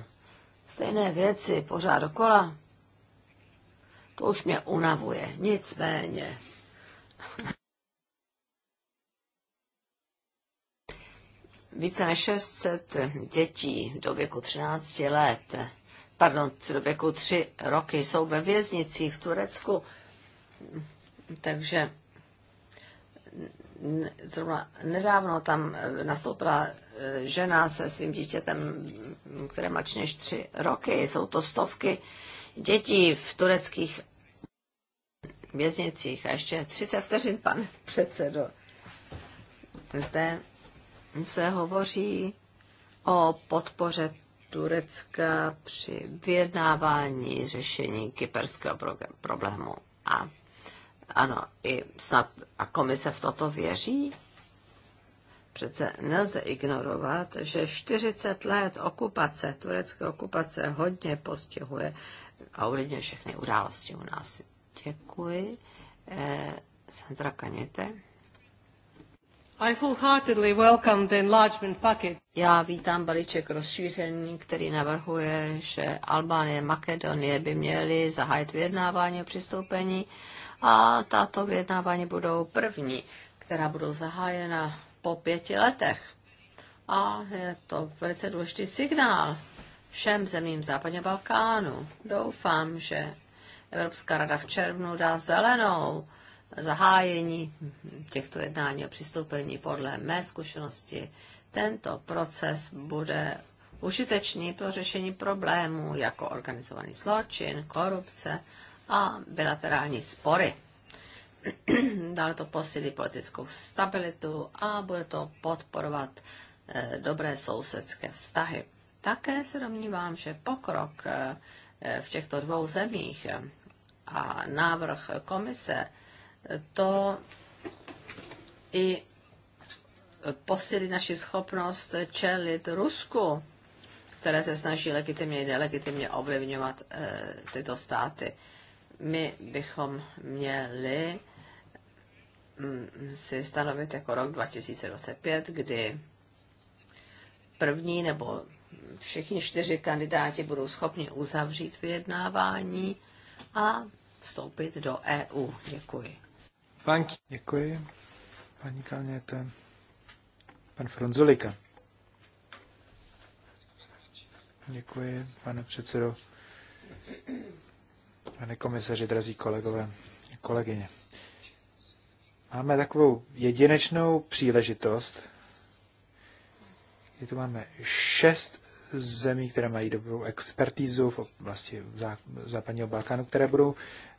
stejné věci pořád dokola, to už mě unavuje. Nicméně. Více než 600 dětí do věku 13 let, pardon, do věku 3 roky jsou ve věznicích v Turecku. Takže zrovna nedávno tam eh, nastoupila eh, žena se svým dítětem, které má než tři roky. Jsou to stovky dětí v tureckých věznicích. A ještě 30 vteřin, pane předsedo. Zde se hovoří o podpoře Turecka při vyjednávání řešení kyperského problému. A ano, i snad a komise v toto věří? Přece nelze ignorovat, že 40 let okupace, turecké okupace hodně postihuje a ovlivňuje všechny události u nás. Děkuji. Eh, Sandra Kaněte. I full-heartedly welcome the enlargement package. Já vítám balíček rozšíření, který navrhuje, že Albánie a Makedonie by měly zahájit vyjednávání o přistoupení a tato vyjednávání budou první, která budou zahájena po pěti letech. A je to velice důležitý signál všem zemím západního Balkánu. Doufám, že Evropská rada v červnu dá zelenou zahájení těchto jednání o přistoupení podle mé zkušenosti. Tento proces bude užitečný pro řešení problémů jako organizovaný zločin, korupce a bilaterální spory. Dále to posílí politickou stabilitu a bude to podporovat eh, dobré sousedské vztahy. Také se domnívám, že pokrok eh, v těchto dvou zemích eh, a návrh komise to i posílí naši schopnost čelit Rusku, které se snaží legitimně i nelegitimně ovlivňovat tyto státy my bychom měli mm, si stanovit jako rok 2025, kdy první nebo všichni čtyři kandidáti budou schopni uzavřít vyjednávání a vstoupit do EU. Děkuji. Thank Děkuji. Paní Kalněte. Pan Fronzolika. Děkuji, pane předsedo. Pane komisaři, drazí kolegové, kolegyně. Máme takovou jedinečnou příležitost, Je tu máme šest zemí, které mají dobrou expertízu v oblasti západního Balkánu, které budou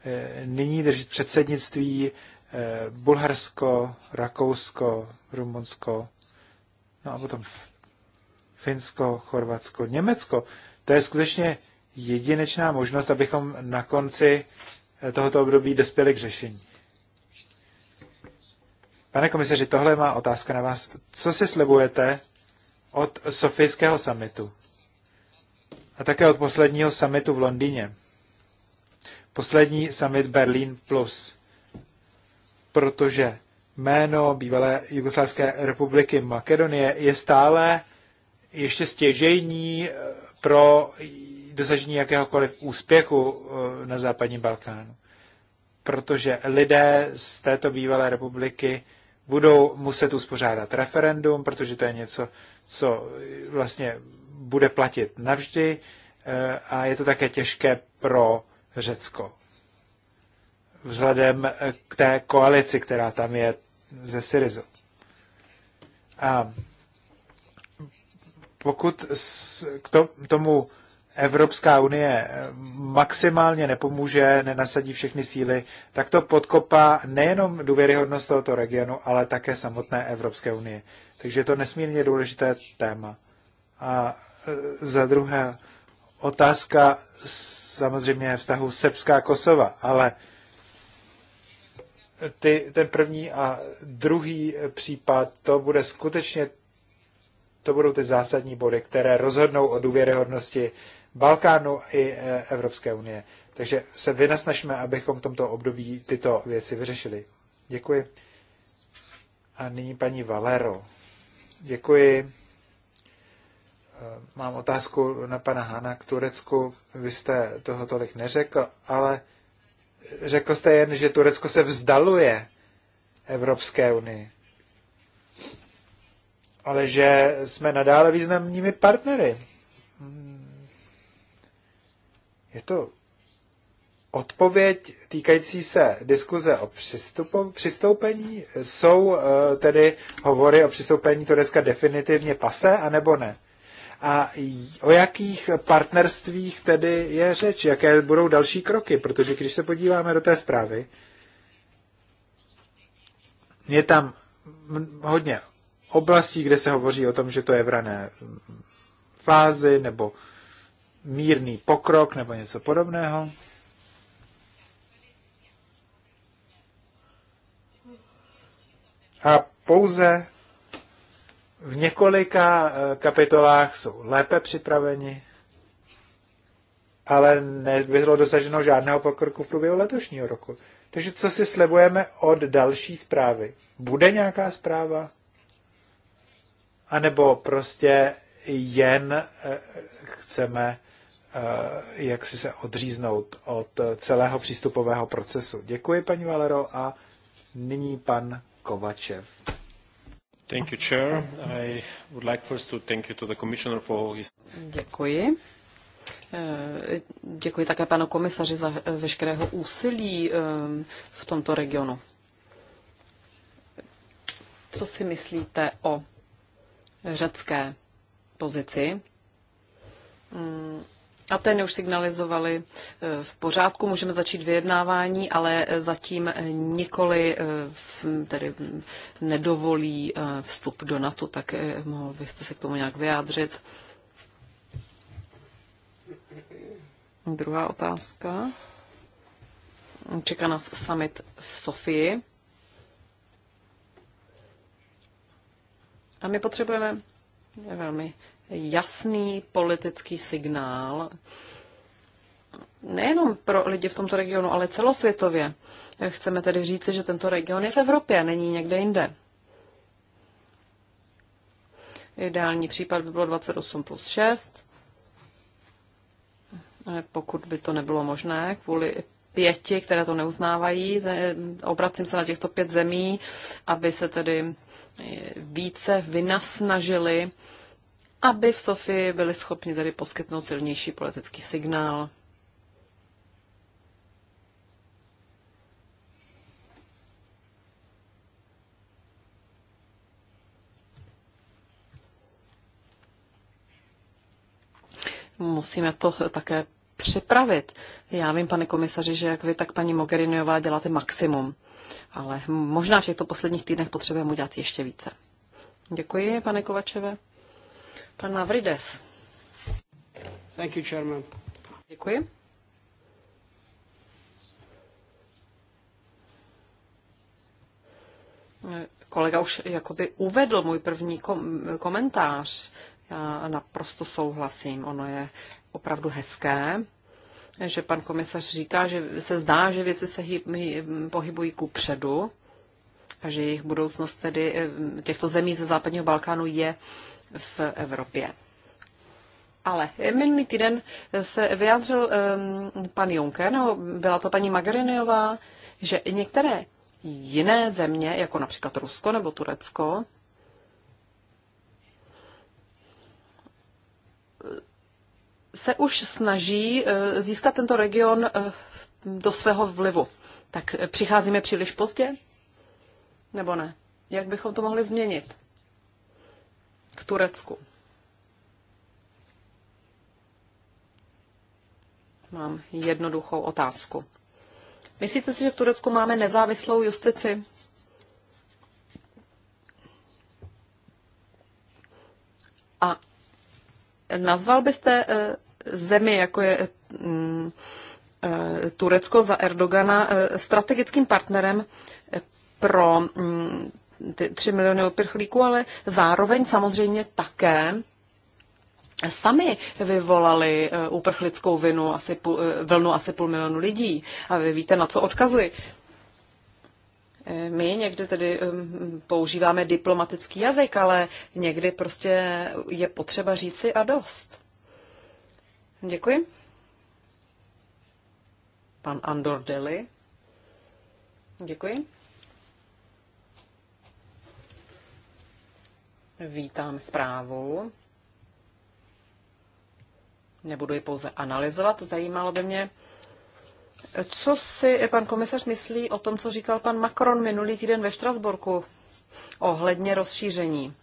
eh, nyní držet předsednictví eh, Bulharsko, Rakousko, Rumunsko, no a potom Finsko, Chorvatsko, Německo. To je skutečně jedinečná možnost, abychom na konci eh, tohoto období dospěli k řešení. Pane komisaři, tohle má otázka na vás. Co si slibujete od Sofijského samitu a také od posledního samitu v Londýně? Poslední summit Berlín Plus, protože jméno bývalé Jugoslávské republiky Makedonie je stále ještě stěžejní eh, pro dosažení jakéhokoliv úspěchu eh, na západním Balkánu. Protože lidé z této bývalé republiky budou muset uspořádat referendum, protože to je něco, co vlastně bude platit navždy eh, a je to také těžké pro Řecko. Vzhledem eh, k té koalici, která tam je ze Syrizu. A pokud k tomu Evropská unie maximálně nepomůže, nenasadí všechny síly, tak to podkopá nejenom důvěryhodnost tohoto regionu, ale také samotné Evropské unie. Takže je to nesmírně důležité téma. A e, za druhé, otázka samozřejmě je vztahu Srbská Kosova, ale ty, ten první a druhý případ, to bude skutečně to budou ty zásadní body, které rozhodnou o důvěryhodnosti Balkánu i eh, Evropské unie. Takže se vynasnažíme, abychom v tomto období tyto věci vyřešili. Děkuji. A nyní paní Valero. Děkuji. Eh, mám otázku na pana Hana k Turecku. Vy jste toho tolik neřekl, ale řekl jste jen, že Turecko se vzdaluje Evropské unii. Ale že jsme nadále významnými partnery je to odpověď týkající se diskuze o přistupu, přistoupení. Jsou eh, tedy hovory o přistoupení Turecka definitivně pase, anebo ne? A o jakých partnerstvích tedy je řeč? Jaké budou další kroky? Protože když se podíváme do té zprávy, je tam hodně oblastí, kde se hovoří o tom, že to je v rané fázi, nebo mírný pokrok nebo něco podobného. A pouze v několika eh, kapitolách jsou lépe připraveni, ale nebylo dosaženo žádného pokroku v průběhu letošního roku. Takže co si slibujeme od další zprávy? Bude nějaká zpráva? A nebo prostě jen eh, chceme Eh, jak si se odříznout od celého přístupového procesu. Děkuji, paní Valero, a nyní pan Kovačev. Thank you, Chair. I would like first to thank you to the Commissioner for his... Děkuji. Eh, děkuji také panu komisaři za veškerého úsilí ehm, v tomto regionu. Co si myslíte o řecké pozici? Mm, a ten už signalizovali eh, v pořádku, můžeme začít vyjednávání, ale eh, zatím eh, nikoli tedy mm, nedovolí vstup do NATO, tak mohl byste se k tomu nějak vyjádřit. Druhá otázka. Čeká nás summit v Sofii. A my potřebujeme velmi jasný politický signál, nejenom pro lidi v tomto regionu, ale celosvětově. Chceme tedy říci, že tento region je v Evropě, není někde jinde. Ideální případ by bylo 28 plus 6, pokud by to nebylo možné kvůli pěti, které to neuznávají. Obracím se na těchto pět zemí, aby se tedy více vynasnažili aby v Sofii byli schopni tedy poskytnout silnější politický signál. Musíme to také připravit. Já vím, pane komisaři, že jak vy, tak paní Mogheriniová děláte maximum. Ale možná v těchto posledních týdnech potřebujeme udělat ještě více. Děkuji, pane Kovačeve. Pan Mavrides. Thank you, Chairman. Děkuji. Kolega už jakoby uvedl můj první kom- komentář. Já naprosto souhlasím. Ono je opravdu hezké, že pan komisař říká, že se zdá, že věci se pohybují ku předu a že jejich budoucnost tedy eh, těchto zemí ze západního Balkánu je uh, v Evropě. Ale minulý týden se vyjádřil um, pan Juncker, no, byla to paní Magariniová, že některé jiné země, jako například Rusko nebo Turecko, se už snaží eh, získat tento region eh, do svého vlivu. Tak přicházíme příliš pozdě? Nebo ne? Jak bychom to mohli změnit? V Turecku. Mám jednoduchou otázku. Myslíte si, že v Turecku máme nezávislou justici? A nazval byste eh, zemi, jako je mm, eh, Turecko za Erdogana, eh, strategickým partnerem pro mm, ty 3 miliony uprchlíků, ale zároveň samozřejmě také sami vyvolali eh, uprchlickou vinu asi půl, eh, vlnu asi půl milionu lidí. A vy víte, na co odkazuji. Eh, my někdy tedy používáme diplomatický jazyk, ale někdy prostě je potřeba říci a dost. Děkuji. Pan Andor Deli. Děkuji. Vítám zprávu. Nebudu ji pouze analyzovat, zajímalo by mě, co si pan komisař myslí o tom, co říkal pan Macron minulý týden ve Štrasburku ohledně rozšíření?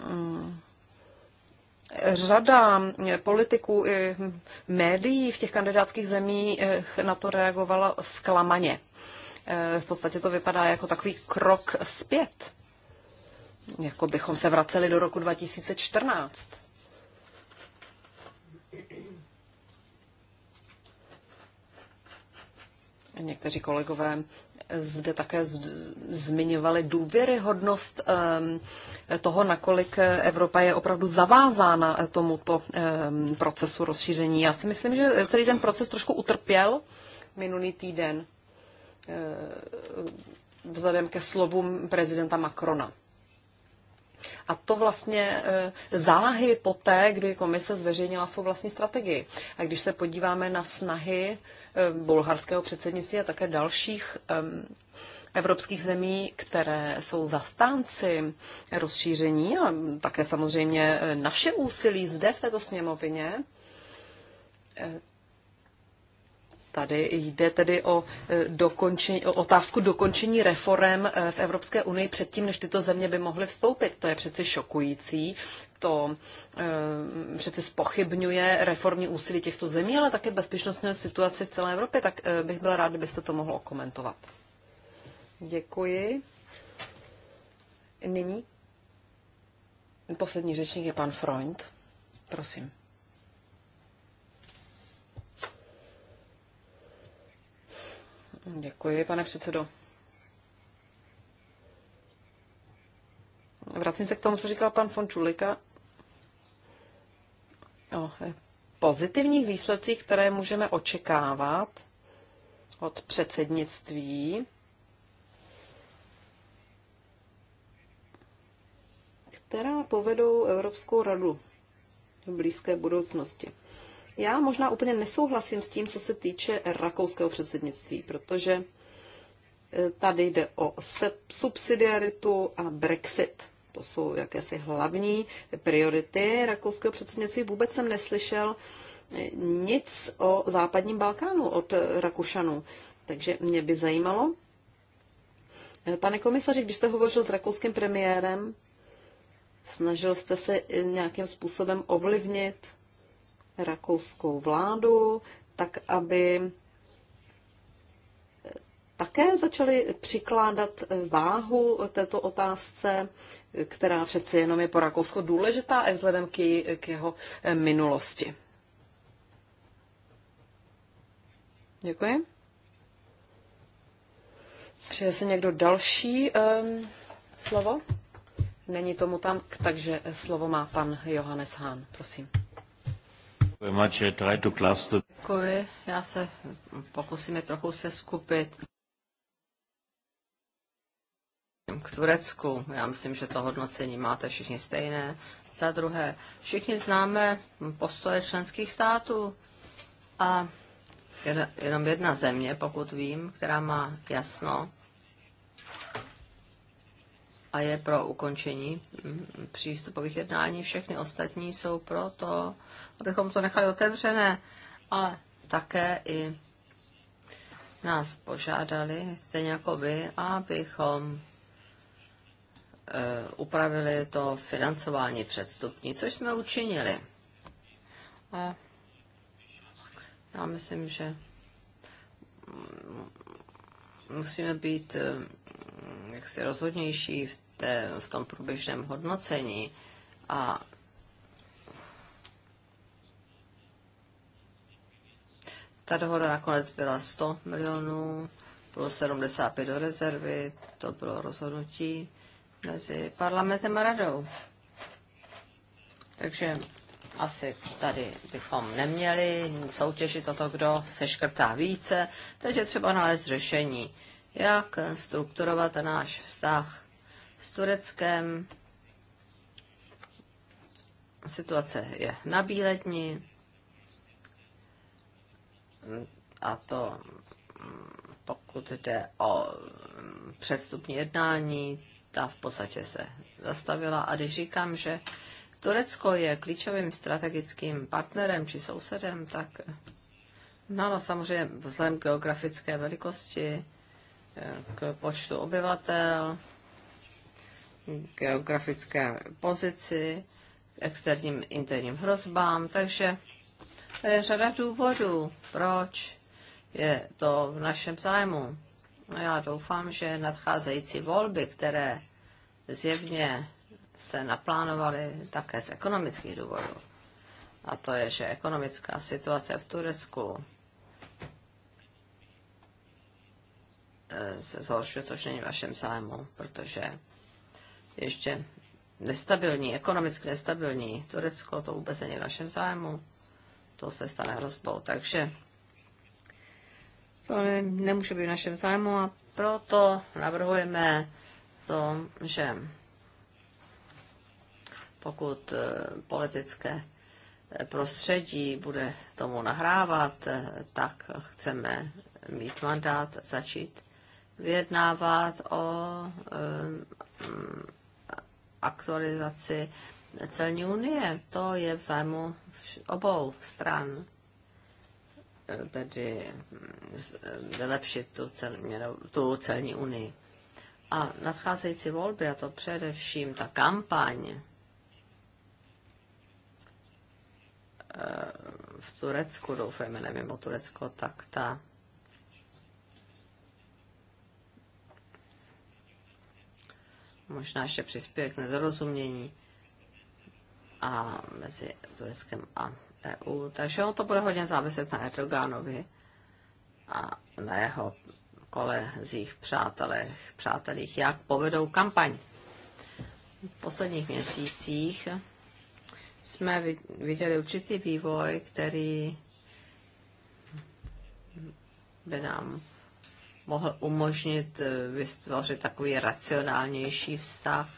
Hmm. Řada politiků i médií v těch kandidátských zemích na to reagovala zklamaně. Eh, v podstatě to vypadá jako takový krok zpět. Jako bychom se vraceli do roku 2014. Někteří kolegové zde také zmiňovali důvěryhodnost ehm, toho, nakolik Evropa je opravdu zavázána tomuto ehm, procesu rozšíření. Já si myslím, že celý ten proces trošku utrpěl minulý týden. Eh, vzhledem ke slovům prezidenta Macrona. A to vlastně eh, záhy poté, kdy komise zveřejnila svou vlastní strategii. A když se podíváme na snahy eh, bulharského předsednictví a také dalších evropských zemí, které jsou zastánci rozšíření a také samozřejmě naše úsilí zde v této sněmovině, Tady jde tedy o, e, dokončení, o otázku dokončení reform e, v Evropské unii předtím, než tyto země by mohly vstoupit. To je přeci šokující, to e, přeci spochybňuje reformní úsilí těchto zemí, ale také bezpečnostní situaci v celé Evropě, tak e, bych byla ráda, kdybyste to mohlo komentovat. Děkuji. Nyní poslední řečník je pan Freund. Prosím. Děkuji, pane předsedo. Vracím se k tomu, co říkal pan von Čulika o pozitivních výsledcích, které můžeme očekávat od předsednictví. která povedou Evropskou radu v blízké budoucnosti. Já možná úplně nesouhlasím s tím, co se týče rakouského předsednictví, protože e, tady jde o subsidiaritu a Brexit. To jsou jakési hlavní priority rakouského předsednictví. Vůbec jsem neslyšel e, nic o západním Balkánu od Rakušanů. Takže mě by zajímalo. E, pane komisaři, když jste hovořil s rakouským premiérem, snažil jste se nějakým způsobem ovlivnit rakouskou vládu, tak aby eh, také začali přikládat eh, váhu této otázce, eh, která přeci jenom je po Rakousko důležitá a vzhledem k, její, k jeho minulosti. Děkuji. Přeje se někdo další um, slovo? Není tomu tam, takže slovo má pan Johannes Hahn. Prosím. Děkuji, já se pokusím je trochu se skupit. K Turecku, já myslím, že to hodnocení máte všichni stejné. Za druhé, všichni známe postoje členských států a jenom jedna země, pokud vím, která má jasno a je pro ukončení mm, přístupových jednání. Všechny ostatní jsou pro to, abychom to nechali otevřené, ale také i nás požádali, stejně jako vy, abychom eh, upravili to financování předstupní, což jsme učinili. A já myslím, že mm, musíme být eh, jaksi rozhodnější v, té, v tom průběžném hodnocení a ta dohoda nakonec byla 100 milionů plus 75 do rezervy, to bylo rozhodnutí mezi parlamentem a radou. Takže asi tady bychom neměli soutěžit o to, kdo se škrtá více, takže třeba nalézt řešení jak strukturovat náš vztah s Tureckem. Situace je na bíledni a to pokud jde o předstupní jednání, ta v podstatě se zastavila. A když říkám, že Turecko je klíčovým strategickým partnerem či sousedem, tak no, no samozřejmě vzhledem geografické velikosti k počtu obyvatel, geografické pozici, externím interním hrozbám, takže to je řada důvodů, proč je to v našem zájmu. No já doufám, že nadcházející volby, které zjevně se naplánovaly také z ekonomických důvodů, a to je, že ekonomická situace v Turecku se zhoršuje, což není v vašem zájmu, protože ještě nestabilní, ekonomicky nestabilní Turecko, to vůbec není v našem zájmu, to se stane hrozbou. Takže to nemůže být v našem zájmu a proto navrhujeme to, že pokud eh, politické eh, prostředí bude tomu nahrávat, eh, tak chceme mít mandát začít vyjednávat o eh, aktualizaci celní unie. To je v zájmu obou stran eh, tedy mm, eh, vylepšit tu, cel, tu celní unii. A nadcházející volby, a to především ta kampaň v Turecku, doufejme, nevím o Turecko, tak ta možná ještě přispěje k nedorozumění a mezi Tureckem a EU. Takže on to bude hodně záviset na Erdoganovi a na jeho kolezích, přátelích, přátelích, jak povedou kampaň. V posledních měsících jsme viděli určitý vývoj, který by nám mohl umožnit eh, vytvořit takový racionálnější vztah.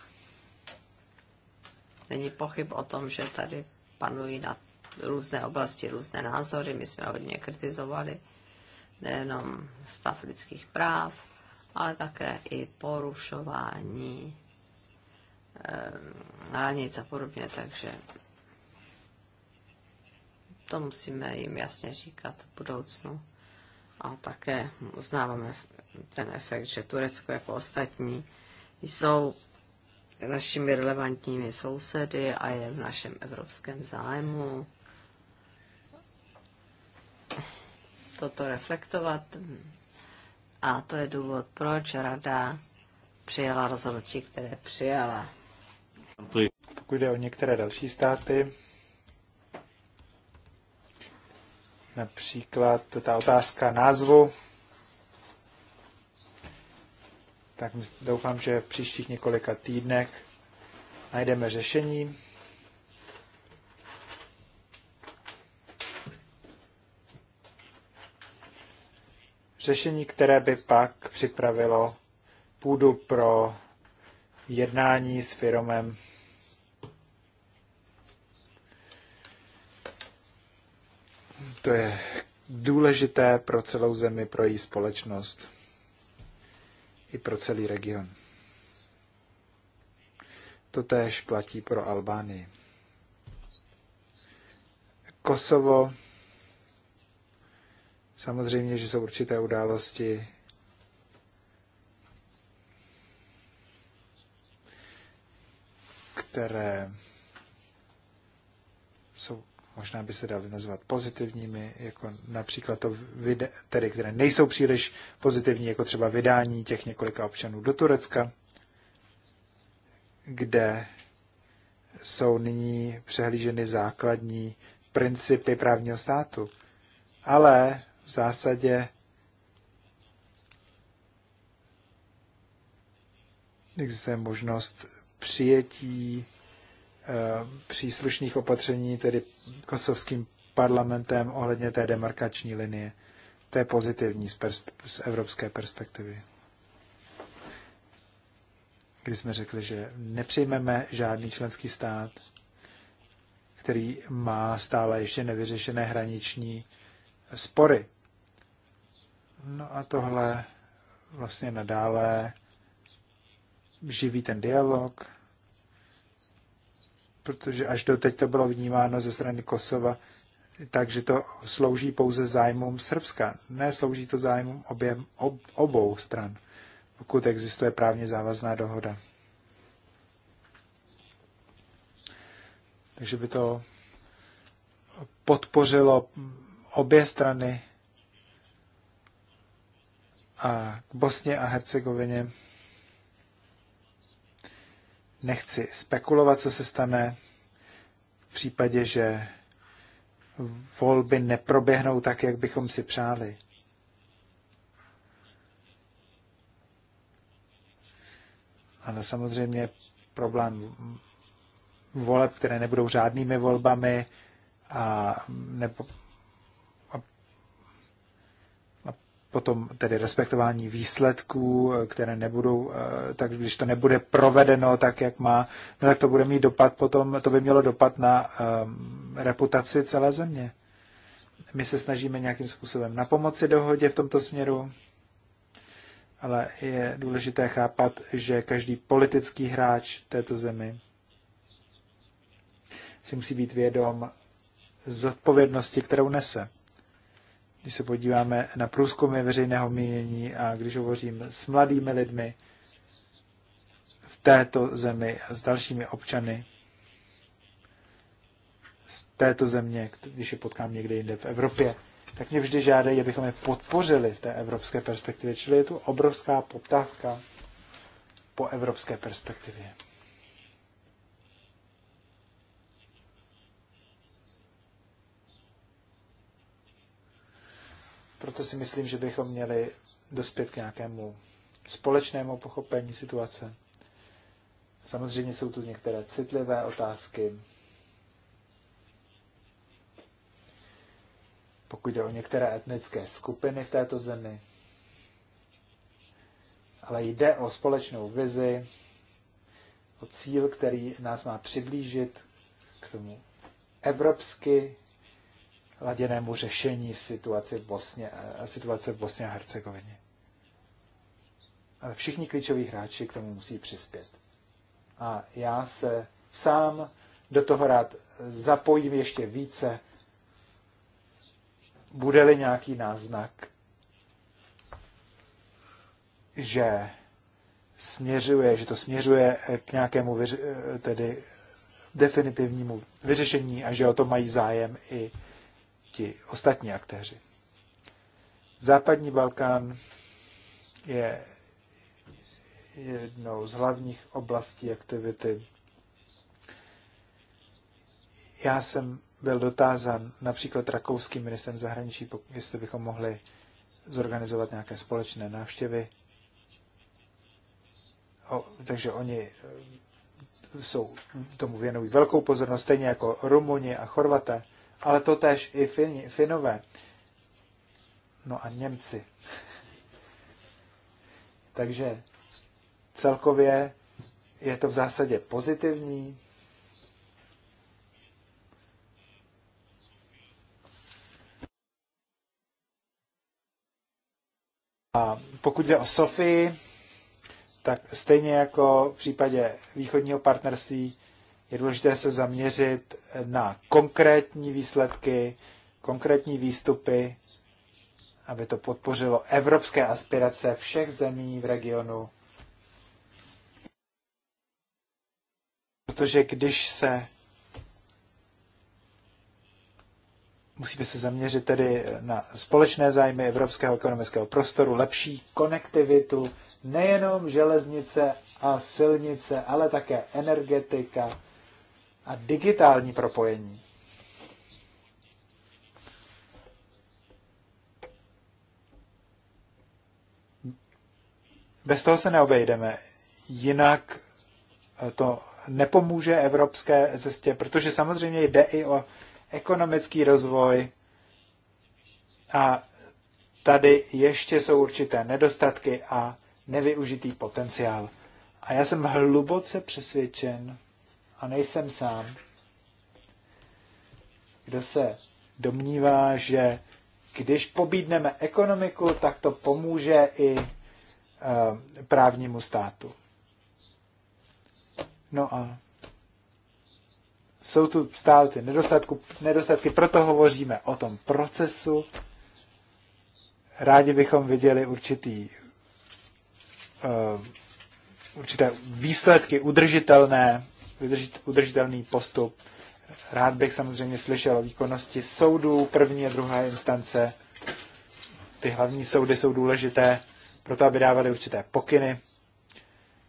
Není pochyb o tom, že tady panují na různé oblasti různé názory. My jsme hodně kritizovali nejenom stav lidských práv, ale také i porušování eh, hranic a podobně, takže to musíme jim jasně říkat v budoucnu a také uznáváme ten efekt, že Turecko jako ostatní jsou našimi relevantními sousedy a je v našem evropském zájmu toto reflektovat. A to je důvod, proč Rada přijala rozhodnutí, které přijala. Pokud jde o některé další státy, Například ta otázka názvu. Tak doufám, že v příštích několika týdnech najdeme řešení. řešení, které by pak připravilo půdu pro jednání s firmem To je důležité pro celou zemi, pro její společnost i pro celý region. To též platí pro Albánii. Kosovo. Samozřejmě, že jsou určité události. které jsou možná by se daly nazvat pozitivními, jako například to, vide, tedy které nejsou příliš pozitivní, jako třeba vydání těch několika občanů do Turecka, kde jsou nyní přehlíženy základní principy právního státu. Ale v zásadě existuje možnost přijetí Eh, příslušných opatření, tedy kosovským parlamentem ohledně té demarkační linie. To je pozitivní z, pers- z evropské perspektivy. Kdy jsme řekli, že nepřijmeme žádný členský stát, který má stále ještě nevyřešené hraniční spory. No a tohle vlastně nadále živí ten dialog, protože až do teď to bylo vnímáno ze strany Kosova, takže to slouží pouze zájmům Srbska. Ne, slouží to zájmům objem, ob, obou stran, pokud existuje právně závazná dohoda. Takže by to podpořilo obě strany a k Bosně a Hercegovině. Nechci spekulovat, co se stane v případě, že volby neproběhnou tak, jak bychom si přáli. Ale samozřejmě problém voleb, které nebudou řádnými volbami a nebo potom tedy respektování výsledků, které nebudou, eh, tak když to nebude provedeno tak, jak má, no tak to bude mít dopad potom, to by mělo dopad na ehm, reputaci celé země. My se snažíme nějakým způsobem na pomoci dohodě v tomto směru, ale je důležité chápat, že každý politický hráč této zemi si musí být vědom zodpovědnosti, kterou nese když se podíváme na průzkumy veřejného mínění a když hovořím s mladými lidmi v této zemi a s dalšími občany z této země, když je potkám někde jinde v Evropě, tak mě vždy žádají, abychom je podpořili v té evropské perspektivě. Čili je tu obrovská poptávka po evropské perspektivě. Proto si myslím, že bychom měli dospět k nějakému společnému pochopení situace. Samozřejmě jsou tu některé citlivé otázky. Pokud jde o některé etnické skupiny v této zemi, ale jde o společnou vizi, o cíl, který nás má přiblížit k tomu evropsky laděnému řešení situace v Bosně, situace v Bosně a Hercegovině. Ale všichni klíčoví hráči k tomu musí přispět. A já se sám do toho rád zapojím ještě více, bude-li nějaký náznak, že směřuje, že to směřuje k nějakému tedy definitivnímu vyřešení a že o to mají zájem i ti ostatní aktéři. Západní Balkán je jednou z hlavních oblastí aktivity. Já jsem byl dotázan například rakouským ministrem zahraničí, jestli bychom mohli zorganizovat nějaké společné návštěvy. O, takže oni eh, jsou, tomu věnují velkou pozornost, stejně jako Rumuni a Chorvaté ale to tež i fin, Finové. No a Němci. Takže celkově je to v zásadě pozitivní. A pokud jde o Sofii, tak stejně jako v případě východního partnerství je důležité se zaměřit na konkrétní výsledky, konkrétní výstupy, aby to podpořilo evropské aspirace všech zemí v regionu. Protože když se musíme se zaměřit tedy na společné zájmy evropského ekonomického prostoru, lepší konektivitu, nejenom železnice a silnice, ale také energetika, a digitální propojení. Bez toho se neobejdeme. Jinak eh, to nepomůže evropské cestě, protože samozřejmě jde i o ekonomický rozvoj a tady ještě jsou určité nedostatky a nevyužitý potenciál. A já jsem hluboce přesvědčen, a nejsem sám, kdo se domnívá, že když pobídneme ekonomiku, tak to pomůže i e, právnímu státu. No a jsou tu stále ty nedostatky, nedostatky, proto hovoříme o tom procesu. Rádi bychom viděli určitý, uh, určité výsledky udržitelné vydržit udržitelný postup. Rád bych samozřejmě slyšel o výkonnosti soudů první a druhé instance. Ty hlavní soudy jsou důležité to, aby dávaly určité pokyny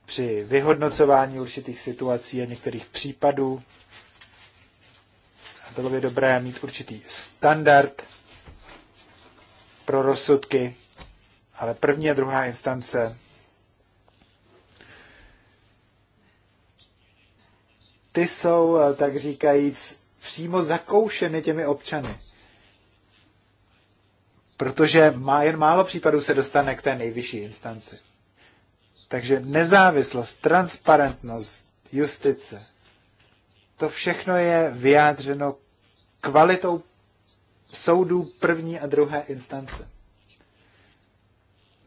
při vyhodnocování určitých situací a některých případů. A bylo by dobré mít určitý standard pro rozsudky, ale první a druhá instance ty jsou, eh, tak říkajíc, přímo zakoušeny těmi občany. Protože má jen málo případů se dostane k té nejvyšší instanci. Takže nezávislost, transparentnost, justice, to všechno je vyjádřeno kvalitou soudů první a druhé instance.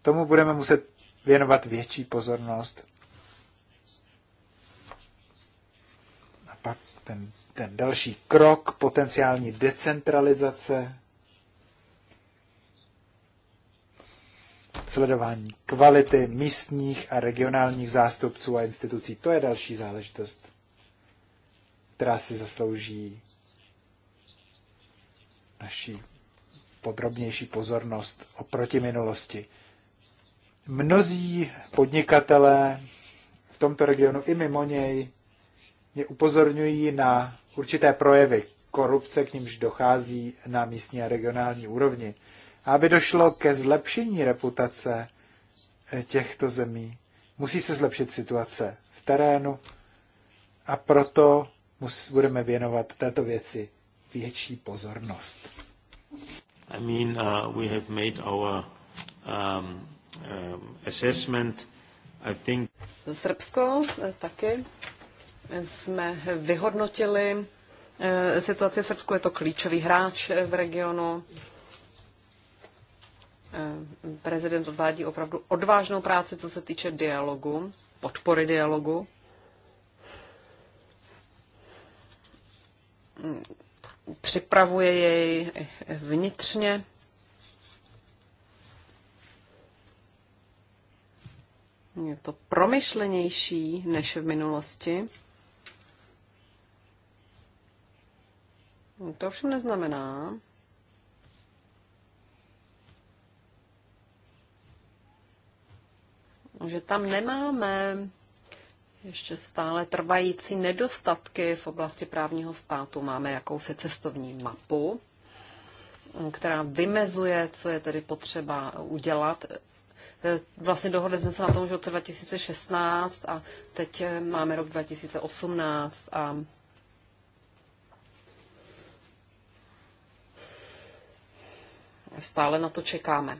Tomu budeme muset věnovat větší pozornost ten, ten další krok, potenciální decentralizace, sledování kvality místních a regionálních zástupců a institucí. To je další záležitost, která si zaslouží naší podrobnější pozornost oproti minulosti. Mnozí podnikatelé v tomto regionu i mimo něj mě upozorňují na určité projevy korupce, k nímž dochází na místní a regionální úrovni. A aby došlo ke zlepšení reputace eh, těchto zemí, musí se zlepšit situace v terénu a proto mus, budeme věnovat této věci větší pozornost. I mean, uh, we have made our um, um, assessment. I think... Srbsko eh, taky jsme vyhodnotili eh, situaci v Srbsku. Je to klíčový hráč eh, v regionu. Eh, prezident odvádí opravdu odvážnou práci, co se týče dialogu, podpory dialogu. Připravuje jej vnitřně. Je to promyšlenější než v minulosti. To ovšem neznamená, že tam nemáme ještě stále trvající nedostatky v oblasti právního státu. Máme jakousi cestovní mapu, která vymezuje, co je tedy potřeba udělat. Vlastně dohodli jsme se na tom, že od 2016 a teď máme rok 2018 a stále na to čekáme.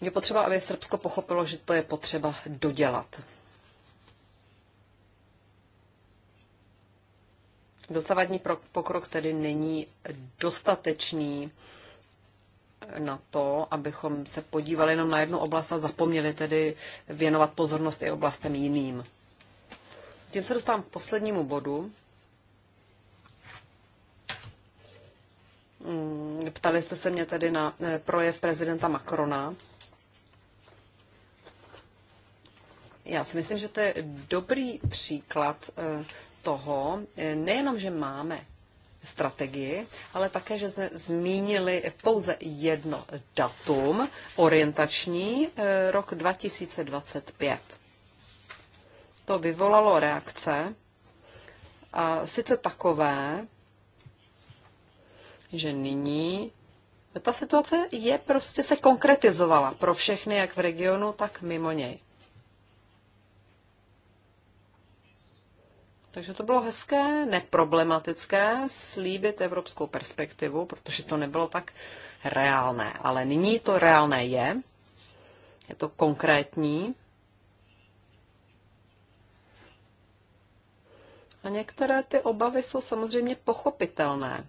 Je potřeba, aby Srbsko pochopilo, že to je potřeba dodělat. Dosavadní pokrok tedy není dostatečný na to, abychom se podívali jenom na jednu oblast a zapomněli tedy věnovat pozornost i oblastem jiným. Tím se dostávám k poslednímu bodu. Mm, ptali jste se mě tedy na eh, projev prezidenta Macrona. Já si myslím, že to je dobrý příklad eh, toho, eh, nejenom, že máme strategii, ale také, že jsme zmínili pouze jedno datum, orientační rok 2025. To vyvolalo reakce, a sice takové, že nyní ta situace je prostě se konkretizovala pro všechny, jak v regionu, tak mimo něj. Takže to bylo hezké, neproblematické slíbit evropskou perspektivu, protože to nebylo tak reálné. Ale nyní to reálné je, je to konkrétní. A některé ty obavy jsou samozřejmě pochopitelné.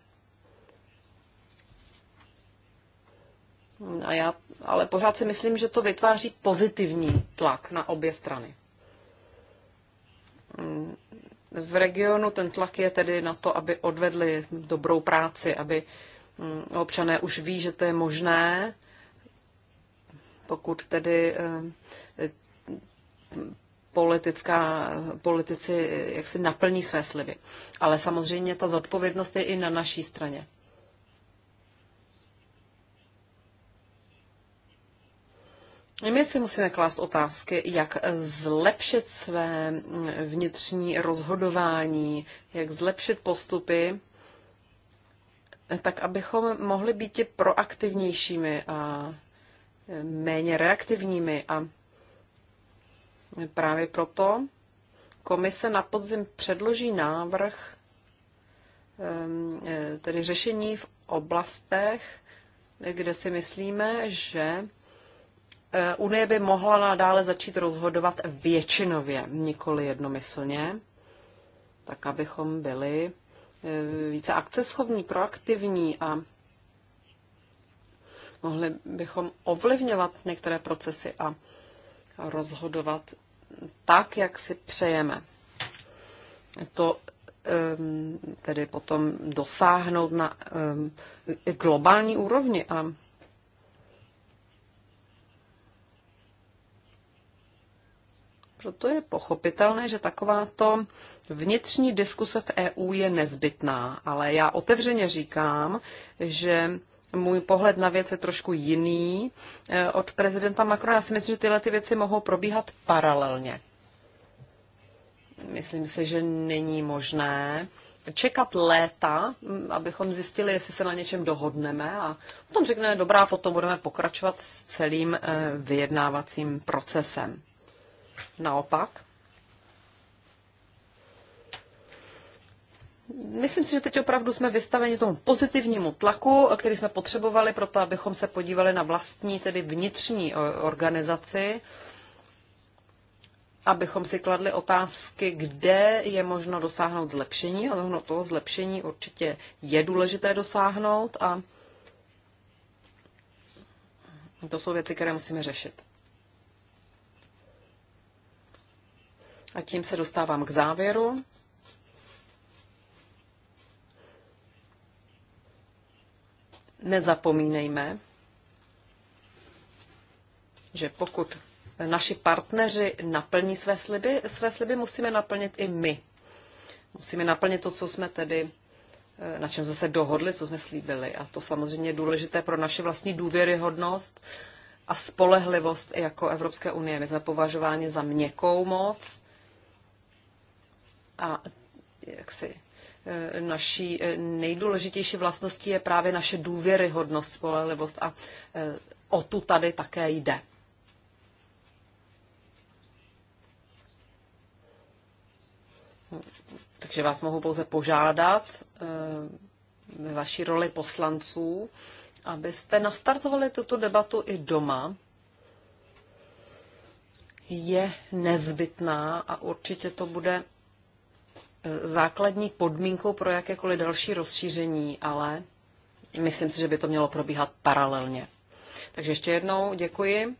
A já ale pořád si myslím, že to vytváří pozitivní tlak na obě strany. V regionu ten tlak je tedy na to, aby odvedli dobrou práci, aby mm, občané už ví, že to je možné, pokud tedy eh, politická, politici jaksi naplní své sliby. Ale samozřejmě ta zodpovědnost je i na naší straně. My si musíme klást otázky, jak zlepšit své vnitřní rozhodování, jak zlepšit postupy, tak abychom mohli být proaktivnějšími a méně reaktivními. A právě proto komise na podzim předloží návrh ehm, tedy řešení v oblastech, kde si myslíme, že Eh, Unie by mohla nadále začít rozhodovat většinově, nikoli jednomyslně, tak abychom byli eh, více akceschovní, proaktivní a mohli bychom ovlivňovat některé procesy a rozhodovat tak, jak si přejeme. To ehm, tedy potom dosáhnout na ehm, globální úrovni a Proto je pochopitelné, že takováto vnitřní diskuse v EU je nezbytná, ale já otevřeně říkám, že můj pohled na věc je trošku jiný eh, od prezidenta Macrona. Já si myslím, že tyhle ty věci mohou probíhat paralelně. Myslím si, že není možné čekat léta, mm, abychom zjistili, jestli se na něčem dohodneme a potom řekne, dobrá, potom budeme pokračovat s celým eh, vyjednávacím procesem naopak. Myslím si, že teď opravdu jsme vystaveni tomu pozitivnímu tlaku, který jsme potřebovali pro to, abychom se podívali na vlastní, tedy vnitřní eh, organizaci, abychom si kladli otázky, kde je možno dosáhnout zlepšení. A ono toho zlepšení určitě je důležité dosáhnout a to jsou věci, které musíme řešit. A tím se dostávám k závěru. Nezapomínejme, že pokud naši partneři naplní své sliby, své sliby musíme naplnit i my. Musíme naplnit to, co jsme tedy, eh, na čem jsme se dohodli, co jsme slíbili. A to samozřejmě je důležité pro naši vlastní důvěryhodnost a spolehlivost jako Evropské unie. My jsme považováni za měkkou moc, a jak si e, naší e, nejdůležitější vlastností je právě naše důvěryhodnost, spolehlivost a e, o tu tady také jde. Takže vás mohu pouze požádat ve vaší roli poslanců, abyste nastartovali tuto debatu i doma. Je nezbytná a určitě to bude základní podmínkou pro jakékoliv další rozšíření, ale myslím si, že by to mělo probíhat paralelně. Takže ještě jednou děkuji.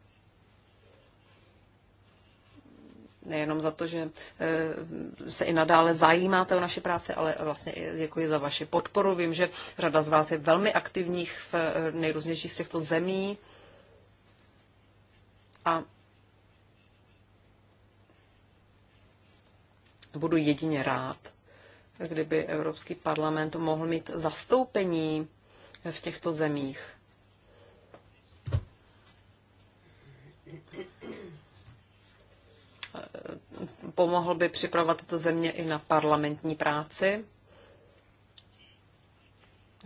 Nejenom za to, že eh, se i nadále zajímáte o naše práce, ale vlastně i děkuji za vaši podporu. Vím, že řada z vás je velmi aktivních v eh, nejrůznějších z těchto zemí. A budu jedině rád, kdyby Evropský parlament mohl mít zastoupení v těchto zemích. Pomohl by připravovat tyto země i na parlamentní práci,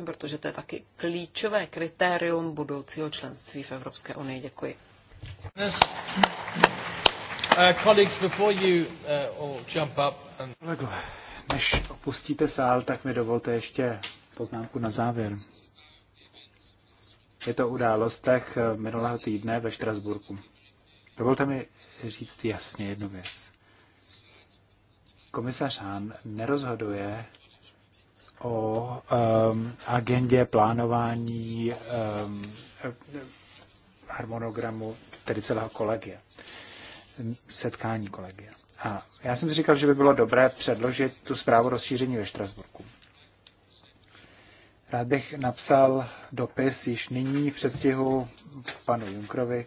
protože to je taky klíčové kritérium budoucího členství v Evropské unii. Děkuji. Yes. Uh, uh než opustíte sál, tak mi dovolte ještě poznámku na závěr. Je to událostech eh, minulého týdne ve Štrasburku. Dovolte mi říct jasně jednu věc. Komisař Hahn nerozhoduje o um, agendě plánování um, harmonogramu, tedy celého kolegie setkání kolegia. A já jsem si říkal, že by bylo dobré předložit tu zprávu rozšíření ve Štrasburku. Rád bych napsal dopis již nyní v předstihu panu Junkrovi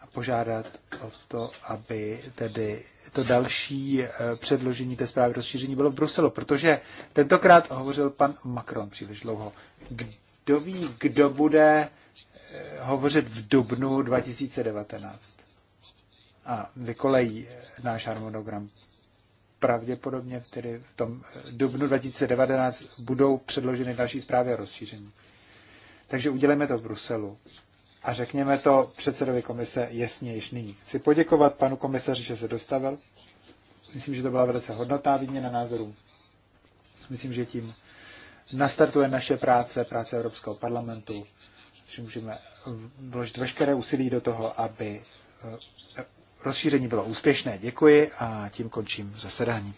a požádat o to, aby tedy to další eh, předložení té zprávy rozšíření bylo v Bruselu, protože tentokrát hovořil pan Macron příliš dlouho. Kdo ví, kdo bude eh, hovořit v dubnu 2019? a vykolejí náš harmonogram. Pravděpodobně tedy v tom eh, dubnu 2019 budou předloženy další zprávy o rozšíření. Takže uděláme to v Bruselu a řekněme to předsedovi komise jasně již nyní. Chci poděkovat panu komisaři, že se dostavil. Myslím, že to byla velice hodnotná výměna názorů. Myslím, že tím nastartuje naše práce, práce Evropského parlamentu, že můžeme vložit veškeré úsilí do toho, aby eh, rozšíření bylo úspěšné. Děkuji a tím končím zasedání.